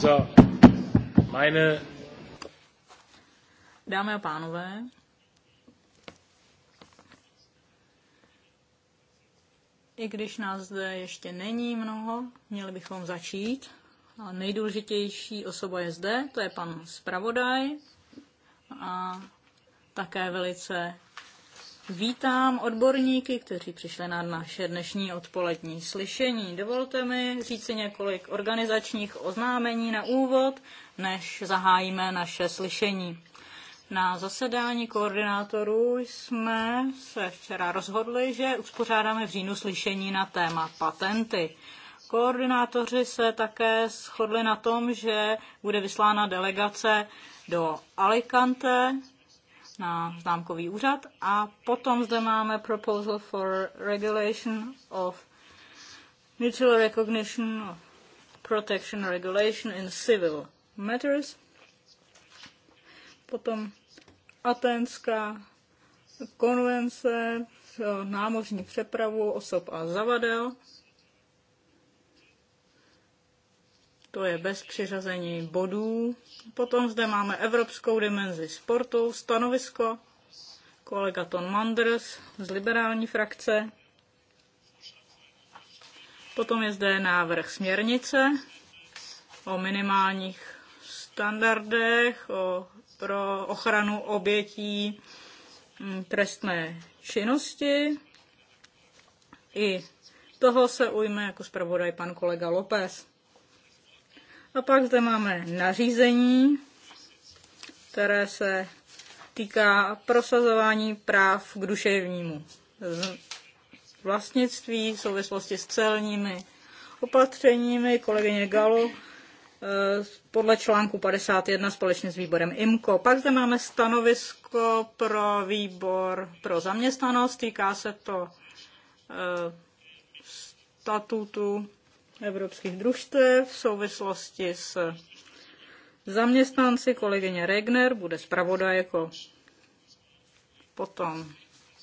So, meine... Dámy a pánové, i když nás zde ještě není mnoho, měli bychom začít. A nejdůležitější osoba je zde, to je pan zpravodaj a také velice Vítám odborníky, kteří přišli na naše dnešní odpolední slyšení. Dovolte mi říci několik organizačních oznámení na úvod, než zahájíme naše slyšení. Na zasedání koordinátorů jsme se včera rozhodli, že uspořádáme v říjnu slyšení na téma patenty. Koordinátoři se také shodli na tom, že bude vyslána delegace do Alicante na známkový úřad. A potom zde máme Proposal for Regulation of Mutual Recognition of Protection Regulation in Civil Matters. Potom Atenská konvence námořní přepravu osob a zavadel to je bez přiřazení bodů. Potom zde máme evropskou dimenzi sportu, stanovisko, kolega Ton Manders z liberální frakce. Potom je zde návrh směrnice o minimálních standardech o, pro ochranu obětí mm, trestné činnosti. I toho se ujme jako zpravodaj pan kolega López. A pak zde máme nařízení, které se týká prosazování práv k duševnímu vlastnictví v souvislosti s celními opatřeními. Kolegyně Galo eh, podle článku 51 společně s výborem IMKO. Pak zde máme stanovisko pro výbor pro zaměstnanost. Týká se to eh, statutu evropských družstev v souvislosti s zaměstnanci. Kolegyně Regner bude zpravodajko. Jako potom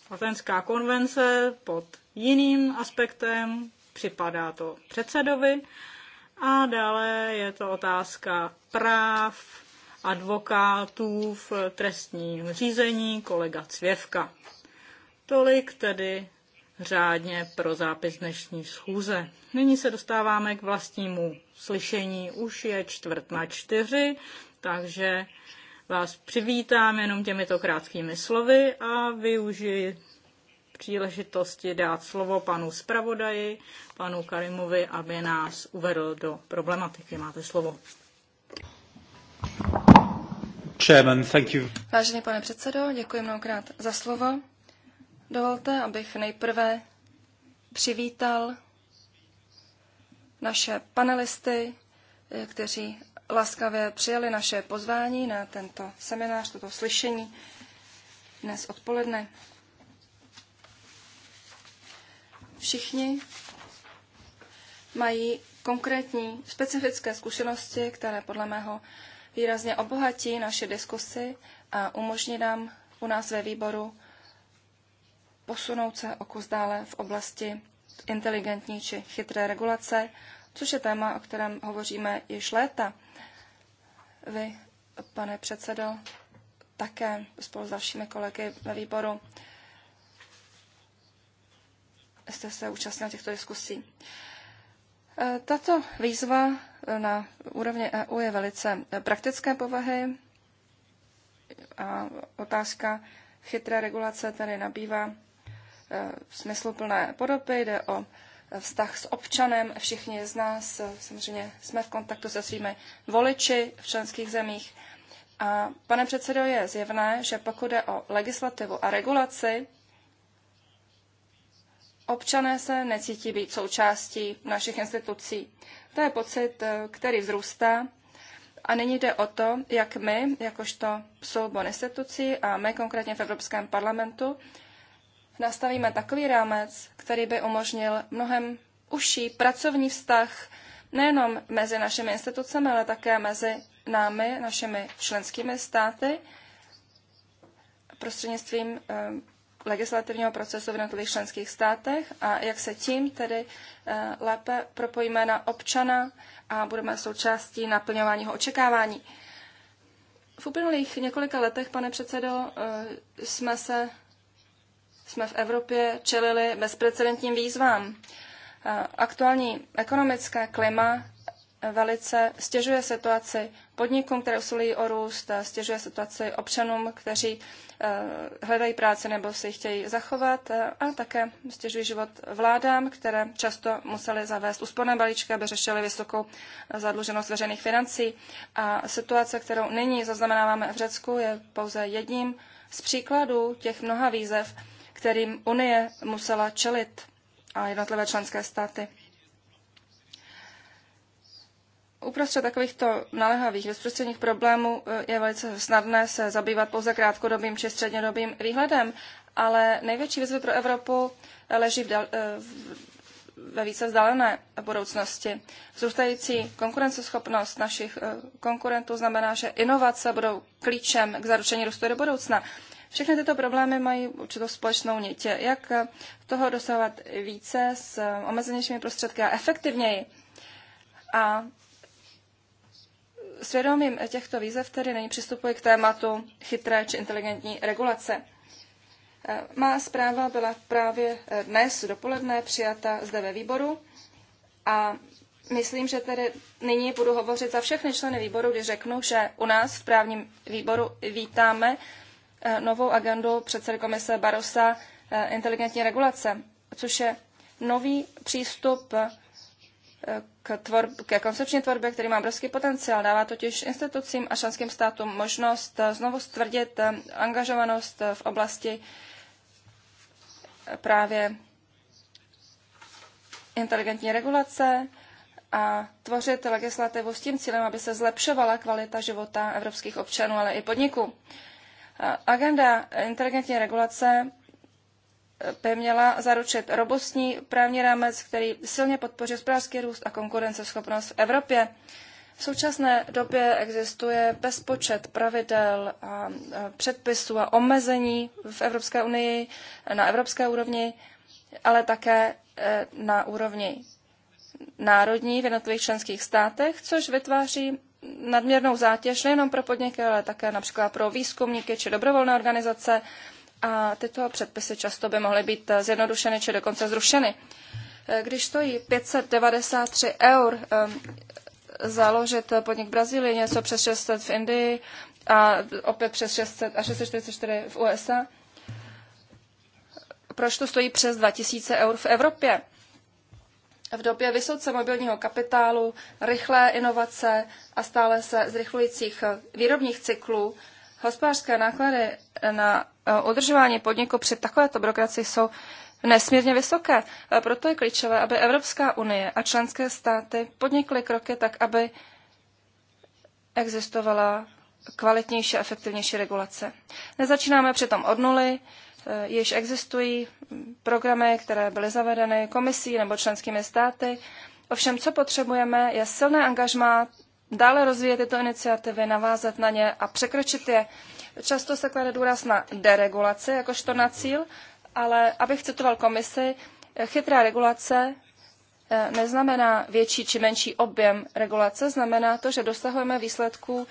Atenská konvence pod jiným aspektem, připadá to předsedovi. A dále je to otázka práv advokátů v trestním řízení kolega Cvěvka. Tolik tedy řádně pro zápis dnešní schůze. Nyní se dostáváme k vlastnímu slyšení. Už je čtvrt na čtyři, takže vás přivítám jenom těmito krátkými slovy a využiji příležitosti dát slovo panu zpravodaji, panu Karimovi, aby nás uvedl do problematiky. Máte slovo. Chairman, thank you. Vážený pane předsedo, děkuji mnohokrát za slovo. Dovolte, abych nejprve přivítal naše panelisty, eh, kteří laskavě přijali naše pozvání na tento seminář, toto slyšení dnes odpoledne. Všichni mají konkrétní, specifické zkušenosti, které podle mého výrazně obohatí naše diskusy a umožní nám u nás ve výboru posunout se o kus dále v oblasti inteligentní či chytré regulace, což je téma, o kterém hovoříme již léta. Vy, pane předsedo, také spolu s dalšími kolegy ve výboru jste se účastnil těchto diskusí. E, tato výzva na úrovni EU je velice praktické povahy a otázka chytré regulace tady nabývá Eh, smysluplné podoby, jde o eh, vztah s občanem. Všichni z nás eh, samozřejmě jsme v kontaktu se svými voliči v členských zemích. A pane předsedo, je zjevné, že pokud jde o legislativu a regulaci, občané se necítí být součástí našich institucí. To je pocit, který vzrůstá. A nyní jde o to, jak my, jakožto soubor institucí a my konkrétně v Evropském parlamentu, nastavíme takový rámec, který by umožnil mnohem užší pracovní vztah nejenom mezi našimi institucemi, ale také mezi námi, našimi členskými státy, prostřednictvím eh, legislativního procesu v jednotlivých členských státech a jak se tím tedy eh, lépe propojíme na občana a budeme součástí naplňování jeho očekávání. V uplynulých několika letech, pane předsedo, eh, jsme se jsme v Evropě čelili bezprecedentním výzvám. Eh, aktuální ekonomické klima eh, velice stěžuje situaci podnikům, které usilují o růst, stěžuje situaci občanům, kteří eh, hledají práci nebo si ji chtějí zachovat a také stěžují život vládám, které často musely zavést úsporné balíčky, aby řešily vysokou zadluženost veřejných financí. A situace, kterou nyní zaznamenáváme v Řecku, je pouze jedním z příkladů těch mnoha výzev, kterým Unie musela čelit a jednotlivé členské státy. Uprostřed takovýchto naléhavých bezprostředních problémů eh, je velice snadné se zabývat pouze krátkodobým či střednědobým výhledem, ale největší výzvy pro Evropu eh, leží v, dal, eh, v ve více vzdálené budoucnosti. Zrůstající konkurenceschopnost našich konkurentů znamená, že inovace budou klíčem k zaručení růstu do budoucna. Všechny tyto problémy mají určitou společnou nit. Jak toho dosahovat více s omezenějšími prostředky a efektivněji? A svědomím těchto výzev tedy není přistupuji k tématu chytré či inteligentní regulace. Má zpráva byla právě dnes dopoledne přijata zde ve výboru a myslím, že tedy nyní budu hovořit za všechny členy výboru, když řeknu, že u nás v právním výboru vítáme Eh, novou agendu předsedy komise Barosa eh, inteligentní regulace, což je nový přístup eh, k, tvorb, ke koncepční tvorbě, který má obrovský potenciál. Dává totiž institucím a členským státům možnost znovu stvrdit angažovanost v oblasti právě inteligentní regulace a tvořit legislativu s tím cílem, aby se zlepšovala kvalita života evropských občanů, ale i podniků. Agenda inteligentní regulace eh, by měla zaručit robustní právní rámec, který silně podpoří hospodářský růst a konkurenceschopnost v Evropě. V současné době existuje bezpočet pravidel a předpisů a omezení v Evropské unii, na evropské úrovni, ale také eh, na úrovni národní v jednotlivých členských státech, což vytváří nadměrnou zátěž nejenom pro podniky, ale také například pro výzkumníky či dobrovolné organizace a tyto předpisy často by mohly být zjednodušeny či dokonce zrušeny. Eh, když stojí 593 eur eh, založit podnik v Brazílii, něco přes 600 v Indii a opět přes 600 a 644 v USA, proč to stojí přes 2000 eur v Evropě? v době vysoce mobilního kapitálu, rychlé inovace a stále se zrychlujících eh, výrobních cyklů hospodářské náklady na eh, udržování podniku při takovéto byrokracii jsou nesmírně vysoké. Eh, proto je klíčové, aby Evropská unie a členské státy podnikly kroky tak, aby existovala kvalitnější a efektivnější regulace. Nezačínáme přitom od nuly, Eh, již existují programy, které byly zavedeny komisí nebo členskými státy. Ovšem, co potřebujeme, je silné angažmá, dále rozvíjet tyto iniciativy, navázat na ně a překročit je. Často se klade důraz na deregulaci jakožto na cíl, ale abych citoval komisi, eh, chytrá regulace eh, neznamená větší či menší objem regulace, znamená to, že dosahujeme výsledků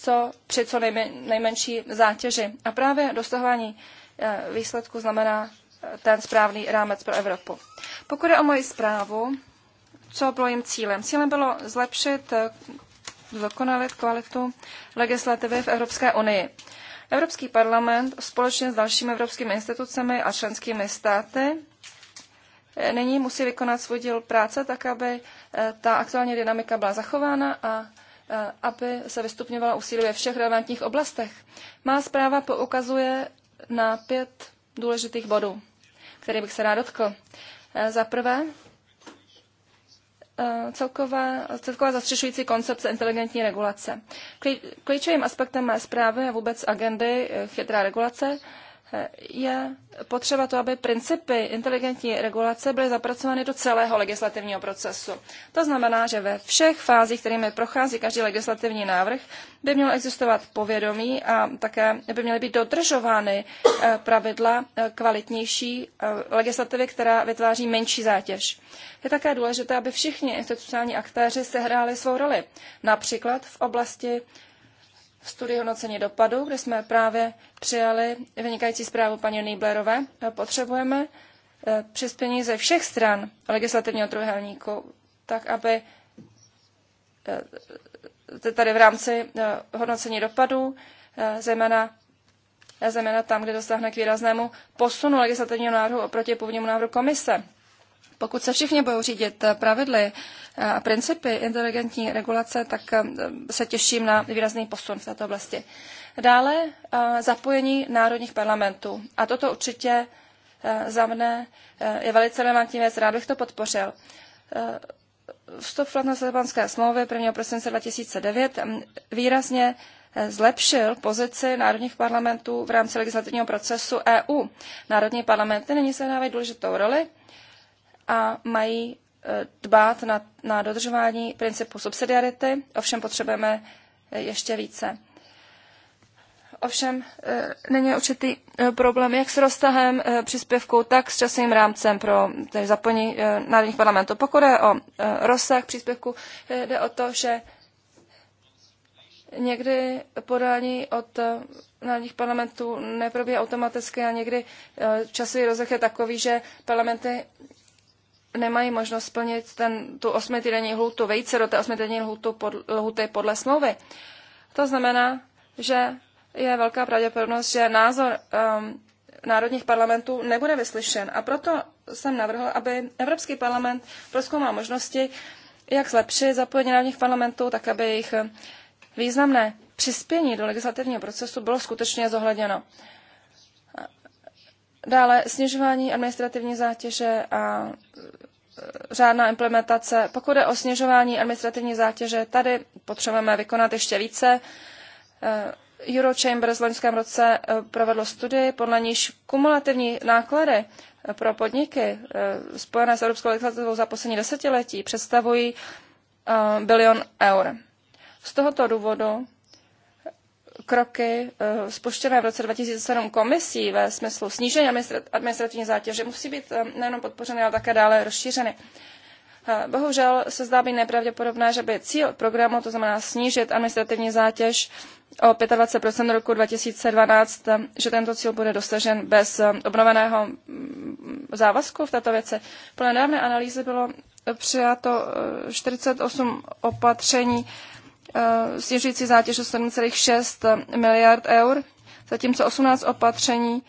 co, při co nejmenší zátěži. A právě dosahování Eh, výsledku znamená eh, ten správný rámec pro Evropu. Pokud je o moji zprávu, co bylo jim cílem? Cílem bylo zlepšit, zdokonalit eh, kvalitu legislativy v Evropské unii. Evropský parlament společně s dalšími evropskými institucemi a členskými státy nyní musí vykonat svůj díl práce tak, aby ta aktuální dynamika byla zachována a aby se vystupňovala úsilí ve všech relevantních oblastech. Má zpráva poukazuje na pět důležitých bodů, které bych se rád dotkl. Eh, za prvé, eh, celková, celková zastřešující koncepce inteligentní regulace. Klíčovým aspektem mé zprávy je vůbec agendy eh, chytrá regulace, je potřeba to, aby principy inteligentní regulace byly zapracovány do celého legislativního procesu. To znamená, že ve všech fázích, kterými prochází každý legislativní návrh, by mělo existovat povědomí a také by měly být dodržovány eh, pravidla eh, kvalitnější eh, legislativy, která vytváří menší zátěž. Je také důležité, aby všichni institucionální aktéři sehráli svou roli, například v oblasti studii hodnocení dopadu, kde jsme právě přijali vynikající zprávu paní Nýblerové. Potřebujeme eh, přispění ze všech stran legislativního trojuhelníku, tak aby eh, tady v rámci eh, hodnocení dopadů, zejména, zejména tam, kde dosáhne k výraznému posunu legislativního návrhu oproti původnímu návrhu komise. Pokud se všichni budou řídit eh, pravidly eh, a principy inteligentní regulace, tak eh, se těším na výrazný posun v této oblasti. Dále zapojení národních parlamentů. A toto určitě za mne je velice relevantní věc, rád bych to podpořil. Vstup v platnost Lisabonské smlouvy 1. prosince 2009 mm, výrazně zlepšil pozici národních parlamentů v rámci legislativního procesu EU. Národní parlamenty nyní se dávají důležitou roli a mají e, dbát na, na dodržování principu subsidiarity, ovšem potřebujeme e, ještě více. Ovšem e, není určitý problém jak s roztahem příspěvku, tak s časovým rámcem pro tedy národních parlamentů. Pokud je o rozsah příspěvku, jde o to, že někdy podání od národních parlamentů neprobíhá automaticky a někdy časový rozsah je takový, že parlamenty nemají možnost splnit ten, tu osmitýdenní lhutu, vejít se do té osmitýdenní lhutu pod, lhuty podle smlouvy. To znamená, že je velká pravděpodobnost, že názor um, národních parlamentů nebude vyslyšen. A proto jsem navrhl, aby Evropský parlament proskoumal možnosti, jak zlepšit zapojení národních parlamentů, tak aby jejich významné přispění do legislativního procesu bylo skutečně zohledněno. Dále snižování administrativní zátěže a e, řádná implementace. Pokud je o snižování administrativní zátěže, tady potřebujeme vykonat ještě více. E, Eurochamber v loňském roce e, provedlo studii, podle níž kumulativní náklady pro podniky spojené s evropskou legislativou za poslední desetiletí představují bilion eur. Z tohoto důvodu kroky eh, spuštěné v roce 2007 komisí ve smyslu snížení administrativní zátěže musí být eh, nejenom podpořeny, ale také dále rozšířeny. Eh, bohužel se zdá být nepravděpodobné, že by cíl programu, to znamená snížit administrativní zátěž o 25 roku 2012, že tento cíl bude dosažen bez obnoveného mm, závazku v této věci. Podle nedávné analýzy bylo přijato 48 opatření Eh, snižující zátěž o 7,6 miliard eur, zatímco 18 opatření,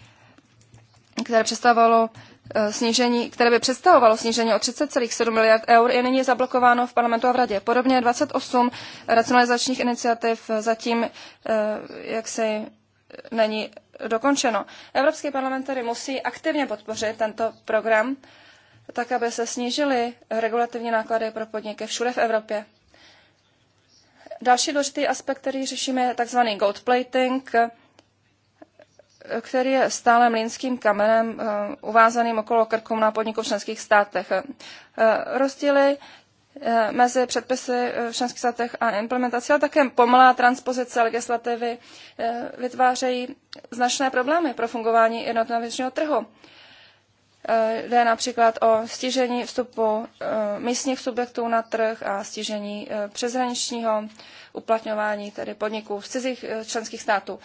které představovalo eh, snížení, které by představovalo snížení o 30,7 miliard eur, je nyní zablokováno v parlamentu a v radě. Podobně 28 racionalizačních iniciativ zatím eh, jak se není dokončeno. Evropský parlament tedy musí aktivně podpořit tento program, tak aby se snížily regulativní náklady pro podniky všude v Evropě. Další důležitý aspekt, který řešíme, je tzv. gold plating, který je stále mlínským kamenem eh, uvázaným okolo krku na podniku v členských státech. Eh, rozdíly eh, mezi předpisy v členských státech a implementací, ale také pomalá transpozice legislativy vytvářejí značné problémy pro fungování jednotného vnitřního trhu. Eh, jde například o stížení vstupu eh, místních subjektů na trh a stížení eh, přeshraničního uplatňování tedy podniků z cizích členských států.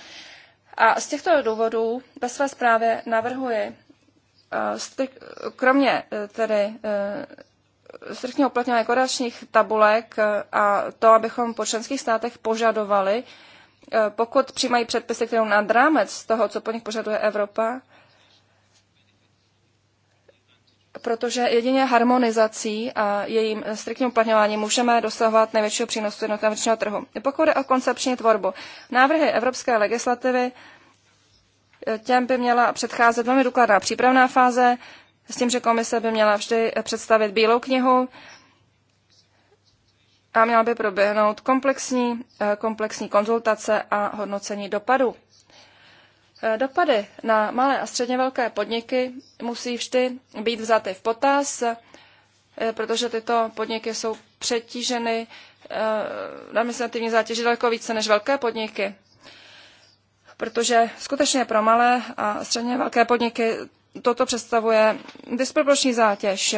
A z těchto důvodů ve své zprávě navrhuji, kromě tedy striktně uplatňování kodačních tabulek a to, abychom po členských státech požadovali, pokud přijímají předpisy, které nad rámec toho, co po nich požaduje Evropa, protože jedině harmonizací a jejím striktním uplatňováním můžeme dosahovat největšího přínosu jednotného vnitřního trhu. Pokud jde o koncepční tvorbu, návrhy evropské legislativy eh, těm by měla předcházet velmi důkladná přípravná fáze, s tím, že komise by měla vždy představit bílou knihu a měla by proběhnout komplexní, eh, komplexní konzultace a hodnocení dopadu. Eh, dopady na malé a středně velké podniky musí vždy být vzaty v potaz, eh, protože tyto podniky jsou přetíženy eh, administrativní zátěží daleko více než velké podniky. Protože skutečně pro malé a středně velké podniky toto představuje disproporční zátěž.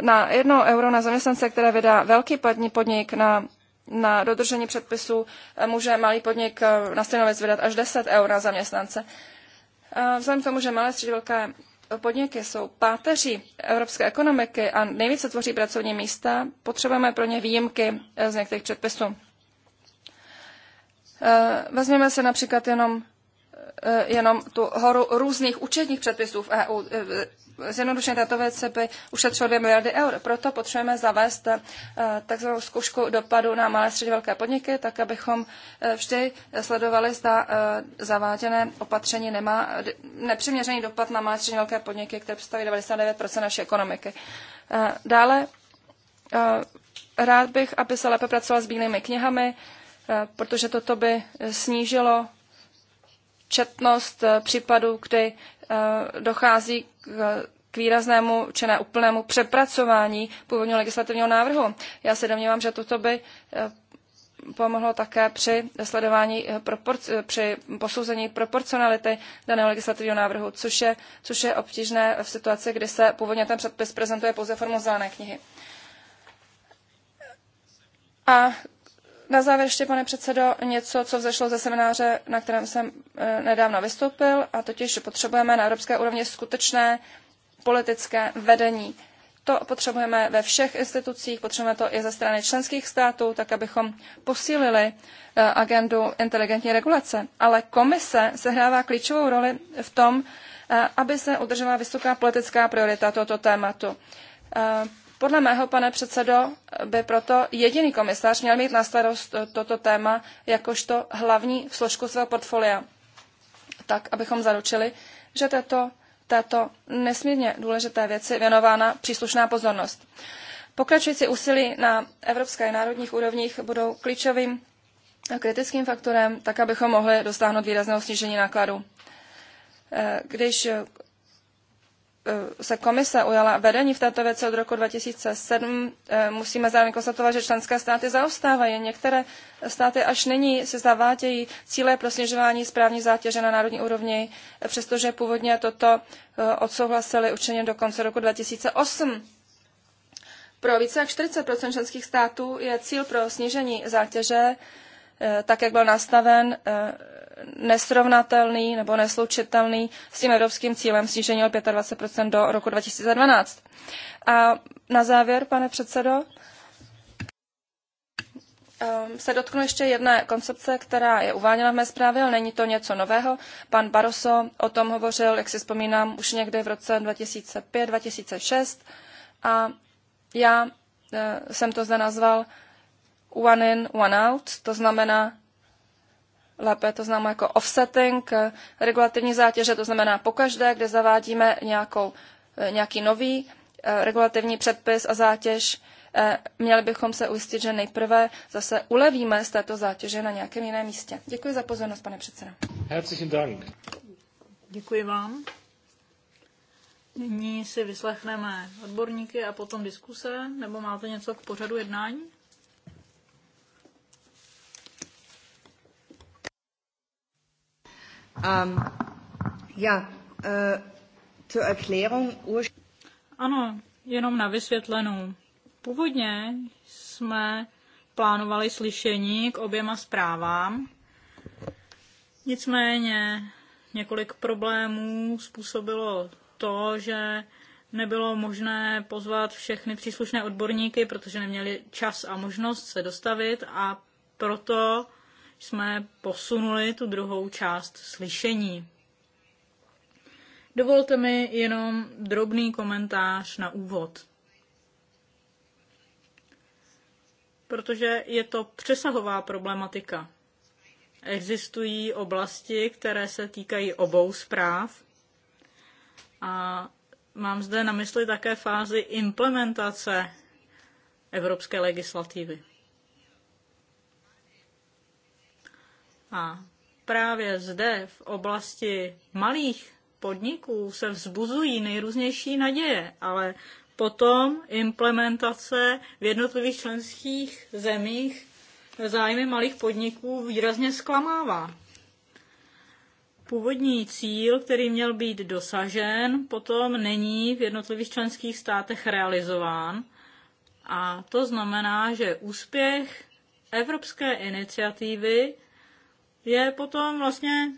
Na jedno euro na zaměstnance, které vydá velký podnik na na dodržení předpisů eh, může malý podnik eh, na stejnou věc vydat až 10 eur na zaměstnance. Eh, vzhledem k tomu, že malé střední velké podniky jsou páteří evropské ekonomiky a nejvíce tvoří pracovní místa, potřebujeme pro ně výjimky z některých předpisů. Vezměme se například jenom jenom tu horu různých účetních předpisů v EU, zjednodušené věc, by ušetřilo 2 miliardy eur. Proto potřebujeme zavést eh, takzvanou zkoušku dopadu na malé středně velké podniky, tak abychom eh, vždy sledovali, zda eh, zaváděné opatření nemá nepřiměřený dopad na malé středně velké podniky, které představují 99 naší ekonomiky. Dále rád bych, aby se lépe pracovala s bílými knihami, protože toto by snížilo četnost eh, případů, kdy eh, dochází k k výraznému či ne úplnému přepracování původního legislativního návrhu. Já se domnívám, že toto by eh, pomohlo také při sledování, při posouzení proporcionality daného legislativního návrhu, což je, což je obtížné v situaci, kdy se původně ten předpis prezentuje pouze formou zelené knihy. A na závěr ještě, pane předsedo, něco, co vzešlo ze semináře, na kterém jsem eh, nedávno vystoupil, a totiž, že potřebujeme na evropské úrovni skutečné politické vedení. To potřebujeme ve všech institucích, potřebujeme to i ze strany členských států, tak abychom posílili eh, agendu inteligentní regulace. Ale komise sehrává klíčovou roli v tom, eh, aby se udržela vysoká politická priorita tohoto tématu podle mého, pane předsedo, by proto jediný komisař měl mít na starost eh, toto téma jakožto hlavní složku svého portfolia, tak, abychom zaručili, že této, této nesmírně důležité věci věnována příslušná pozornost. Pokračující úsilí na evropské i národních úrovních budou klíčovým kritickým faktorem, tak abychom mohli dosáhnout výrazného snížení nákladů. Eh, když Eh, se komise ujala vedení v této věci od roku 2007, eh, musíme zároveň konstatovat, že členské státy zaostávají. Některé státy až nyní se zavádějí cíle pro snižování správní zátěže na národní úrovni, eh, přestože původně toto odsouhlasili učeně do konce roku 2008. Pro více jak 40 členských států je cíl pro snížení zátěže, tak jak byl nastaven, nesrovnatelný nebo neslučitelný s tím evropským cílem snížení o 25 do roku 2012. A na závěr, pane předsedo, ehm, se dotknu ještě jedné koncepce, která je uváděna v mé zprávě, ale není to něco nového. Pan Baroso o tom hovořil, jak si vzpomínám, už někdy v roce 2005-2006 a já eh, jsem to zde nazval One in, one out, to znamená lépe to známo jako offsetting eh, regulativní zátěže, to znamená pokaždé, kde zavádíme nějakou, eh, nějaký nový eh, regulativní předpis a zátěž, měli bychom se ujistit, že nejprve zase ulevíme z této zátěže na nějakém jiném místě. Děkuji za pozornost, pane předseda. Herzlichen Dank. Děkuji vám. Nyní si vyslechneme odborníky a potom diskuse, nebo máte něco k pořadu jednání? Ähm, ja, äh, Ano, jenom na vysvětlenou. Původně jsme plánovali slyšení k oběma zprávám. Nicméně několik problémů způsobilo to, že nebylo možné pozvat všechny příslušné odborníky, protože neměli čas a možnost se dostavit a proto jsme posunuli tu druhou část slyšení. Dovolte mi jenom drobný komentář na úvod. Protože je to přesahová problematika. Existují oblasti, které se týkají obou zpráv a mám zde na mysli také fázi implementace evropské legislativy. A právě zde v oblasti malých podniků se vzbuzují nejrůznější naděje, ale potom implementace v jednotlivých členských zemích zájmy malých podniků výrazně zklamává. Původní cíl, který měl být dosažen, potom není v jednotlivých členských státech realizován. A to znamená, že úspěch evropské iniciativy je potom vlastně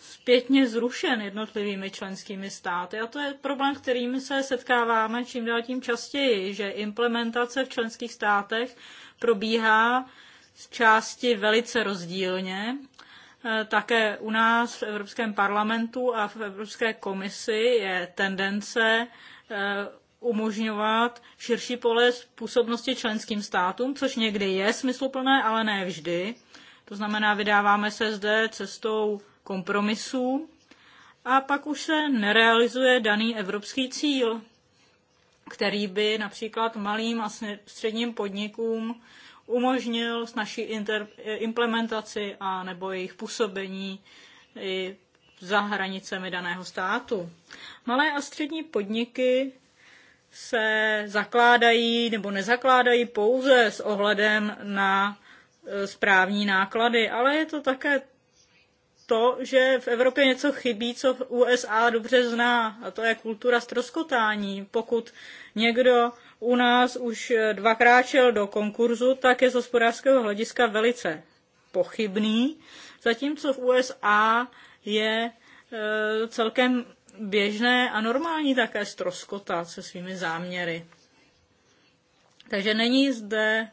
zpětně zrušen jednotlivými členskými státy. A to je problém, kterým se setkáváme čím dál tím častěji, že implementace v členských státech probíhá z části velice rozdílně. Eh, také u nás v Evropském parlamentu a v Evropské komisi je tendence eh, umožňovat širší pole působnosti členským státům, což někdy je smysluplné, ale ne vždy. To znamená, vydáváme se zde cestou kompromisů a pak už se nerealizuje daný evropský cíl, který by například malým a středním podnikům umožnil s naší inter- implementaci a nebo jejich působení i za hranicemi daného státu. Malé a střední podniky se zakládají nebo nezakládají pouze s ohledem na E, správní náklady, ale je to také to, že v Evropě něco chybí, co v USA dobře zná, a to je kultura stroskotání. Pokud někdo u nás už dvakrát šel do konkurzu, tak je z hospodářského hlediska velice pochybný, zatímco v USA je e, celkem běžné a normální také stroskotat se svými záměry. Takže není zde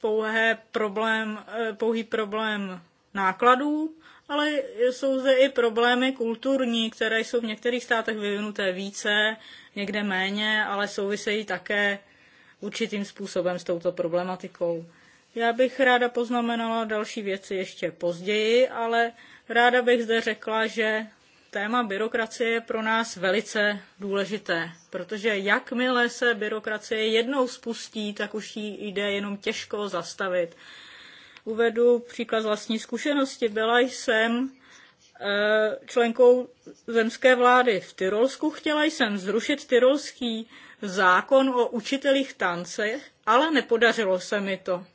pouhé problém, eh, pouhý problém nákladů, ale jsou zde i problémy kulturní, které jsou v některých státech vyvinuté více, někde méně, ale souvisejí také určitým způsobem s touto problematikou. Já bych ráda poznamenala další věci ještě později, ale ráda bych zde řekla, že téma byrokracie je pro nás velice důležité, protože jakmile se byrokracie jednou spustí, tak už ji jde jenom těžko zastavit. Uvedu příklad z vlastní zkušenosti. Byla jsem eh, členkou zemské vlády v Tyrolsku. Chtěla jsem zrušit tyrolský zákon o učitelích tance, ale nepodařilo se mi to.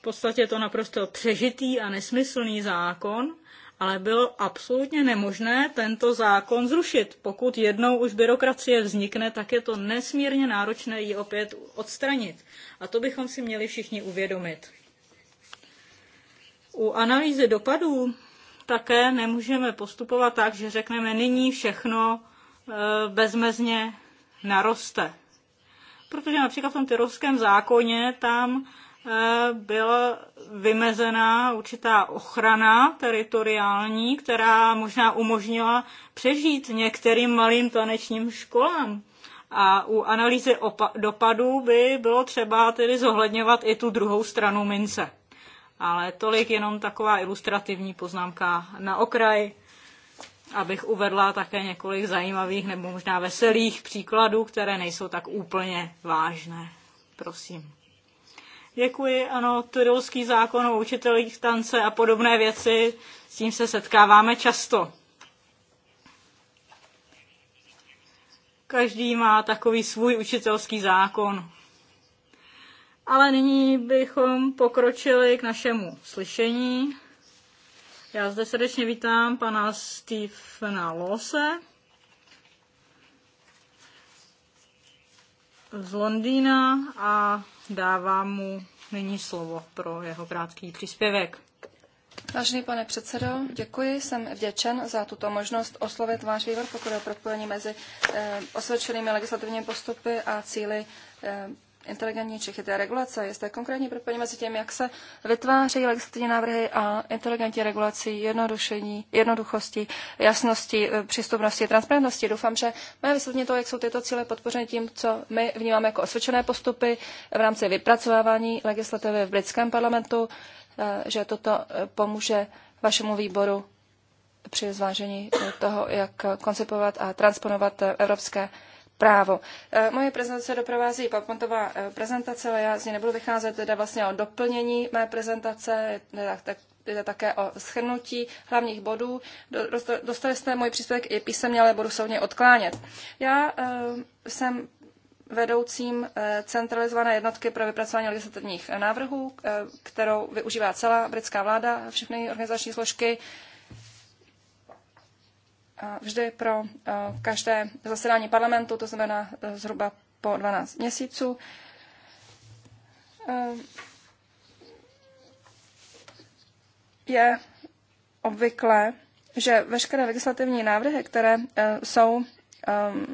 V podstatě to naprosto přežitý a nesmyslný zákon, ale bylo absolutně nemožné tento zákon zrušit. Pokud jednou už byrokracie vznikne, tak je to nesmírně náročné ji opět odstranit. A to bychom si měli všichni uvědomit. U analýzy dopadů také nemůžeme postupovat tak, že řekneme, nyní všechno e, bezmezně naroste. Protože například v tom tyrovském zákoně tam Eh, byla vymezená určitá ochrana teritoriální, která možná umožnila přežít některým malým tanečním školám. A u analýzy dopadů by bylo třeba tedy zohledňovat i tu druhou stranu mince. Ale tolik jenom taková ilustrativní poznámka na okraj, abych uvedla také několik zajímavých nebo možná veselých příkladů, které nejsou tak úplně vážné. Prosím. Děkuji, ano, tyrolský zákon o učitelích tance a podobné věci, s tím se setkáváme často. Každý má takový svůj učitelský zákon. Ale nyní bychom pokročili k našemu slyšení. Já zde srdečně vítám pana Stephena Lose z Londýna a dávám mu nyní slovo pro jeho krátký příspěvek. Vážený pane předsedo, děkuji, jsem vděčen za tuto možnost oslovit váš výbor, pokud je o propojení mezi eh, osvědčenými legislativními postupy a cíly eh, Inteligentní čechy chytré regulace. Jestli konkrétní propojení mezi tím, jak se vytvářejí legislativní návrhy a inteligentní regulací, jednodušení, jednoduchosti, jasnosti, eh, přístupnosti, transparentnosti. Doufám, že mé vysvětlení to, jak jsou tyto cíle podpořeny tím, co my vnímáme jako osvědčené postupy v rámci vypracovávání legislativy v britském parlamentu, eh, že toto eh, pomůže vašemu výboru při zvážení toho, jak koncipovat a transponovat evropské právo. Eh, moje prezentace doprovází PowerPointová eh, prezentace, ale já z ní nebudu vycházet teda vlastně o doplnění mé prezentace, tak, to také o schrnutí hlavních bodů. Dostali jste můj příspěvek i písemně, ale budu soudně odklánět. Já eh, jsem vedoucím centralizované jednotky pro vypracování legislativních návrhů, kterou využívá celá britská vláda, všechny organizační složky, vždy pro eh, každé zasedání parlamentu, to znamená eh, zhruba po 12 měsíců. Eh, je obvyklé, že veškeré legislativní návrhy, které jsou ehm,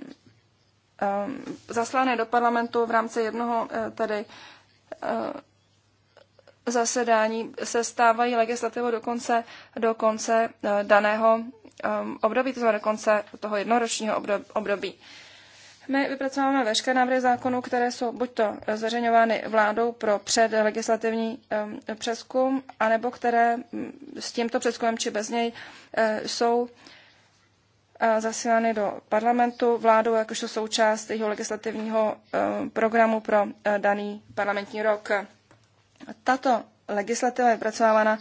ehm, zaslány do parlamentu v rámci jednoho tedy zasedání se stávají legislativou do konce, do konce daného um, období, to znamená konce toho jednoročního období. My vypracováváme veškeré návrhy zákonů, které jsou buďto zveřejňovány vládou pro předlegislativní um, přeskum, anebo které mm, s tímto přeskumem či bez něj eh, jsou eh, zasílány do parlamentu vládou jakožto součást jeho legislativního eh, programu pro daný parlamentní rok. Tato legislativa je vypracovávána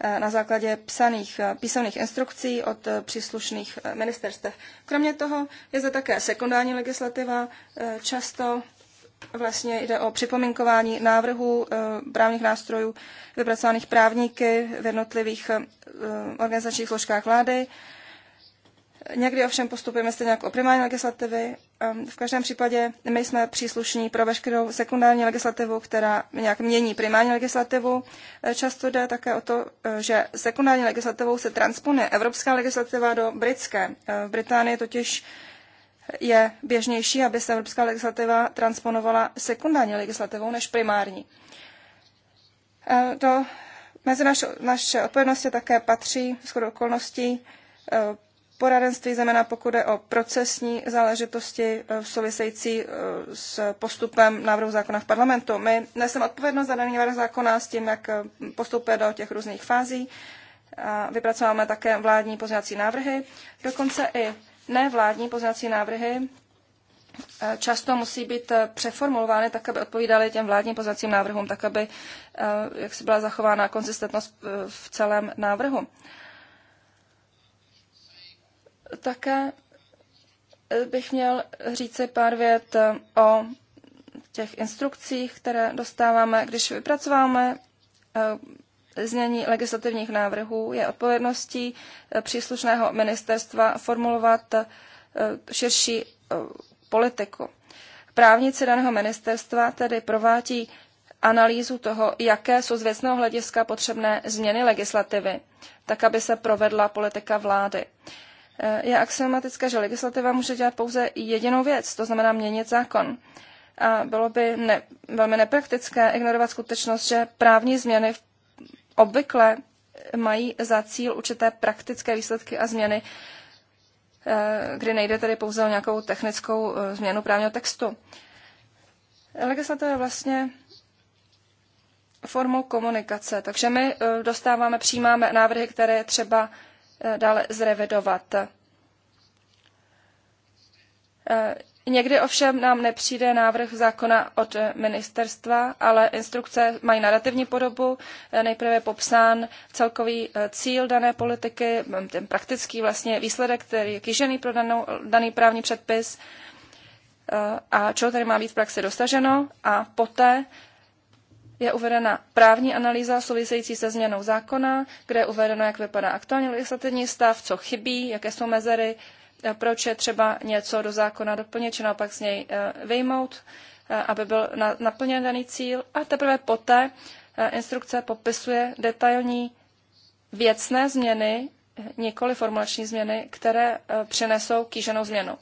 Eh, na základě psaných, eh, písaných instrukcí od eh, příslušných ministerstev. Kromě toho je zde také sekundární legislativa, často vlastně jde o připomínkování návrhů právních nástrojů vypracovaných právníky v jednotlivých organizačních složkách vlády Někdy ovšem postupujeme stejně jako primární legislativy. Ehm, v každém případě my jsme příslušní pro veškerou sekundární legislativu, která nějak mění primární legislativu. Eh, často jde také o to, eh, že sekundární legislativou se transponuje evropská legislativa do britské. Eh, v Británii totiž je běžnější, aby se evropská legislativa transponovala sekundární legislativou než primární. To mezi naše, naše odpovědnosti také patří shodou okolností poradenství, zejména pokud jde o procesní záležitosti eh, související eh, s postupem návrhu zákona v parlamentu. My nesem odpovědnost za daný návrh zákona s tím, jak eh, postupuje do těch různých fází. A vypracováme také vládní pozměňovací návrhy, dokonce i nevládní pozměňovací návrhy, často musí být přeformulovány tak, aby odpovídaly těm vládním pozacím návrhům, tak, aby jak si byla zachována konzistentnost v celém návrhu. Také bych měl říci pár vět o těch instrukcích, které dostáváme, když vypracováme eh, znění legislativních návrhů, je odpovědností eh, příslušného ministerstva formulovat eh, širší politiku. Právníci daného ministerstva tedy provádí analýzu toho, jaké jsou z věcného hlediska potřebné změny legislativy, tak aby se provedla politika vlády. Eh, je axiomatické, že legislativa může dělat pouze jedinou věc, to znamená měnit zákon. A bylo by ne, velmi nepraktické ignorovat skutečnost, že právní změny obvykle mají za cíl určité praktické výsledky a změny, eh, kdy nejde tedy pouze o nějakou technickou eh, změnu právního textu. Legislativa je vlastně formou komunikace, takže my dostáváme, přijímáme návrhy, které třeba Eh, dále zrevidovat. Eh, někdy ovšem nám nepřijde návrh zákona od ministerstva, ale instrukce mají narrativní podobu. Eh, nejprve je popsán celkový cíl dané politiky, mm, ten praktický vlastně výsledek, který je kýžený pro danou, daný právní předpis a čeho tady má být v praxi dosaženo. A poté je uvedena právní analýza související se změnou zákona, kde je uvedeno, jak vypadá aktuální legislativní stav, co chybí, jaké jsou mezery, eh, proč je třeba něco do zákona doplnit, či naopak z něj eh, vyjmout, eh, aby byl naplněn daný cíl. A teprve poté instrukce popisuje detailní věcné změny, nikoli formulační změny, které přinesou kýženou změnu.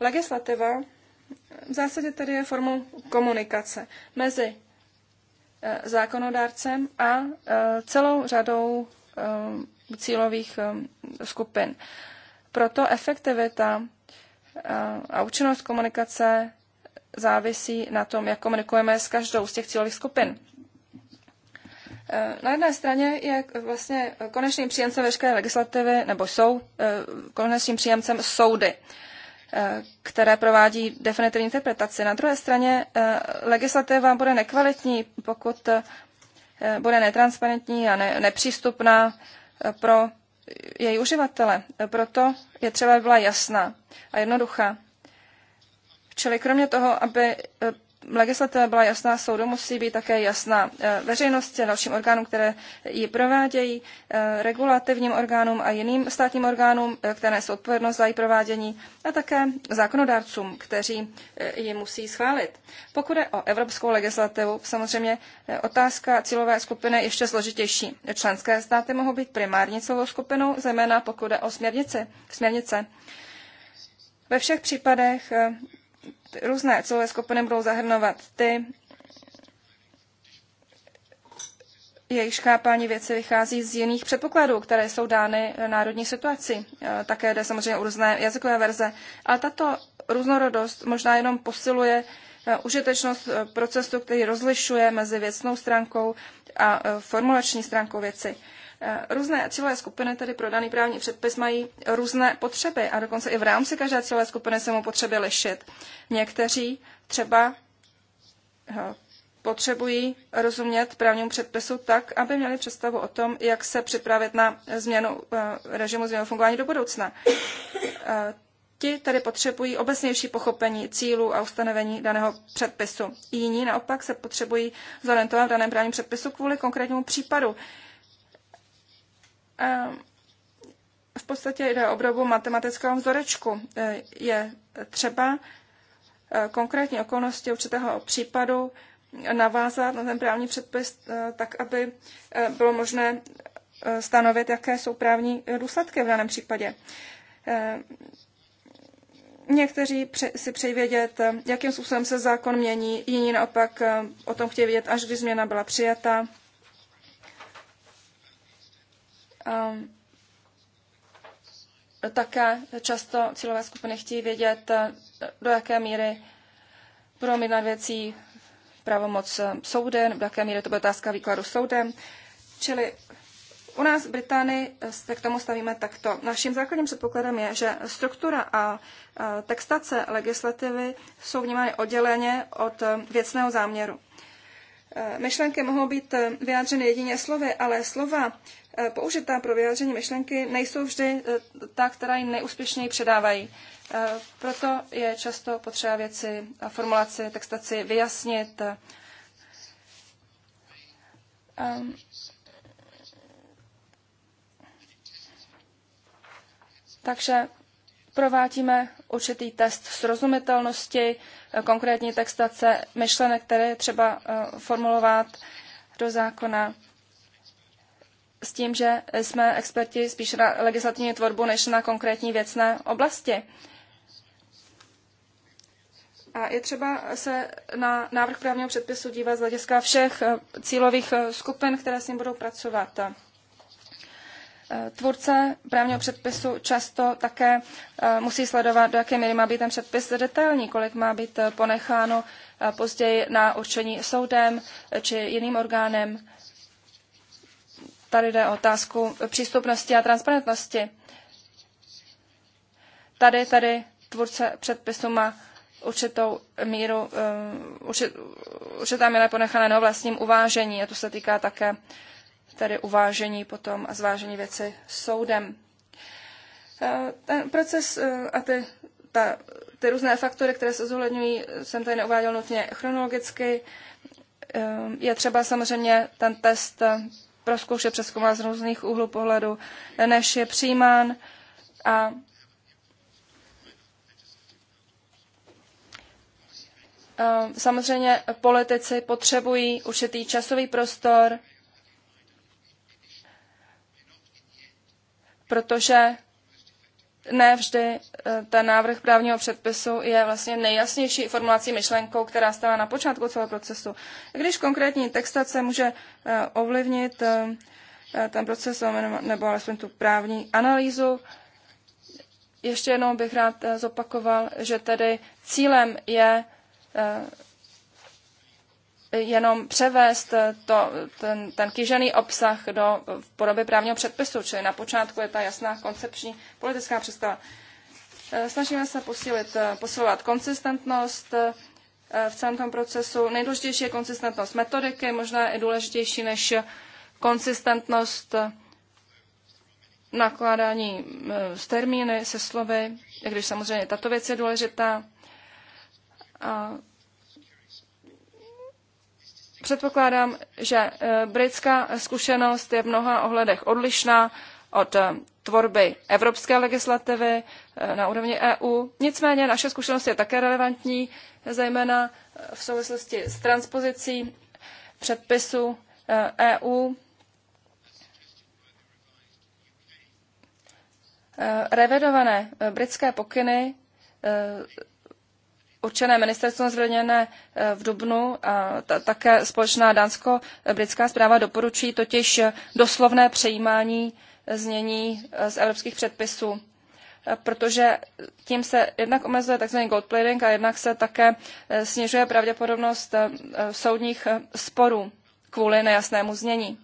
Legislativa v zásadě tedy je formou komunikace mezi Eh, zákonodárcem a eh, celou řadou eh, cílových skupin. Proto efektivita a účinnost komunikace závisí na tom, jak komunikujeme s každou z těch cílových skupin. Na jedné straně je vlastně konečným příjemcem veškeré legislativy, nebo jsou konečným příjemcem soudy. Eh, které provádí definitivní interpretaci. Na druhé straně eh, legislativa bude nekvalitní, pokud eh, bude netransparentní a ne, nepřístupná pro její uživatele. Proto je třeba byla jasná a jednoduchá. Čili kromě toho, aby legislativa byla jasná, soudu musí být také jasná eh, veřejnosti a dalším orgánům, které ji provádějí, eh, regulativním orgánům a jiným státním orgánům, eh, které jsou odpovědnost za její provádění a také zákonodárcům, kteří ji musí schválit. Pokud je o evropskou legislativu, samozřejmě otázka cílové skupiny je ještě složitější. Členské státy mohou být primární cílovou skupinou, zejména pokud je o směrnice. Ve všech případech různé cílové skupiny budou zahrnovat ty, jejich škápání věci vychází z jiných předpokladů, které jsou dány národní situaci. E, také jde samozřejmě o různé jazykové verze. Ale tato různorodost možná jenom posiluje e, užitečnost e, procesu, který rozlišuje mezi věcnou stránkou a formulační stránkou věci. Eh, různé cílové skupiny, tedy pro daný právní předpis, mají různé potřeby a dokonce i v rámci každé cílové skupiny se mu potřeby lišit. Někteří třeba eh, potřebují rozumět právnímu předpisu tak, aby měli představu o tom, jak se připravit na změnu eh, režimu změnu fungování do budoucna. Ti tedy potřebují obecnější pochopení cílů a ustanovení daného předpisu. Jiní naopak se potřebují zorientovat v daném právním předpisu kvůli konkrétnímu případu. Eh, v podstatě jde o obdobu matematického vzorečku. Eh, je třeba eh, konkrétní okolnosti určitého případu navázat na ten právní předpis tak, aby bylo možné stanovit, jaké jsou právní důsledky v daném případě. Někteří si přejí vědět, jakým způsobem se zákon mění, jiní naopak o tom chtějí vědět, až když změna byla přijata. Ehm, také často cílové skupiny chtějí vědět, eh, do jaké míry budou mít nad věcí pravomoc eh, soudy, do jaké míry to bude otázka výkladu soudem. Čili u nás v Británii eh, se k tomu stavíme takto. Naším základním předpokladem je, že struktura a textace legislativy jsou vnímány odděleně od věcného záměru. Myšlenky mohou být vyjádřeny jedině slovy, ale slova Eh, použitá pro vyjádření myšlenky, nejsou vždy eh, ta, která ji nejúspěšněji předávají. Eh, proto je často potřeba věci, a formulaci, textaci vyjasnit. Takže provádíme určitý test srozumitelnosti, konkrétní textace myšlenek, které je třeba formulovat do zákona s tím, že jsme experti spíš na legislativní tvorbu než na konkrétní věcné oblasti. A je třeba se na návrh právního předpisu dívat z hlediska všech eh, cílových eh, skupin, které s ním budou pracovat. Eh, tvůrce právního předpisu často také musí sledovat, do jaké míry má být ten předpis detailní, kolik má být ponecháno později na určení soudem či jiným orgánem Tady jde o otázku přístupnosti a transparentnosti. Tady, tady tvůrce předpisu má určitou míru, eh, určit, určitá míra ponechané na vlastním uvážení a to se týká také tedy uvážení potom a zvážení věci soudem. Eh, ten proces eh, a ty, ta, ty různé faktory, které se zohledňují, jsem tady neuváděl nutně chronologicky. Je třeba samozřejmě ten test proskoušet, přeskoumat z různých úhlů pohledu, než je přijímán a ehm, Samozřejmě politici potřebují určitý časový prostor, protože ne vždy eh, ten návrh právního předpisu je vlastně nejjasnější formulací myšlenkou, která stává na počátku celého procesu. Když konkrétní textace může eh, ovlivnit eh, ten proces nebo alespoň tu právní analýzu, ještě jednou bych rád zopakoval, že tedy cílem je jenom převést to, ten, ten kýžený obsah do podoby právního předpisu, čili na počátku je ta jasná koncepční politická představa. Eh, snažíme se posílit, eh, posilovat konsistentnost eh, v celém tom procesu. Nejdůležitější je konsistentnost metodiky, možná i důležitější než konsistentnost nakládání s termíny, se slovy, i když samozřejmě tato věc je důležitá. A Předpokládám, že eh, britská zkušenost je v mnoha ohledech odlišná od eh, tvorby evropské legislativy eh, na úrovni EU. Nicméně naše zkušenost je také relevantní, zejména v souvislosti s transpozicí předpisu EU. E revidované britské pokyny určené ministerstvem zveřejněné eh, v Dubnu a také společná dánsko-britská zpráva doporučí totiž doslovné přejímání znění eh, z evropských předpisů, eh, protože tím se jednak omezuje tzv. gold plating a jednak se také snižuje pravděpodobnost soudních sporů kvůli nejasnému znění.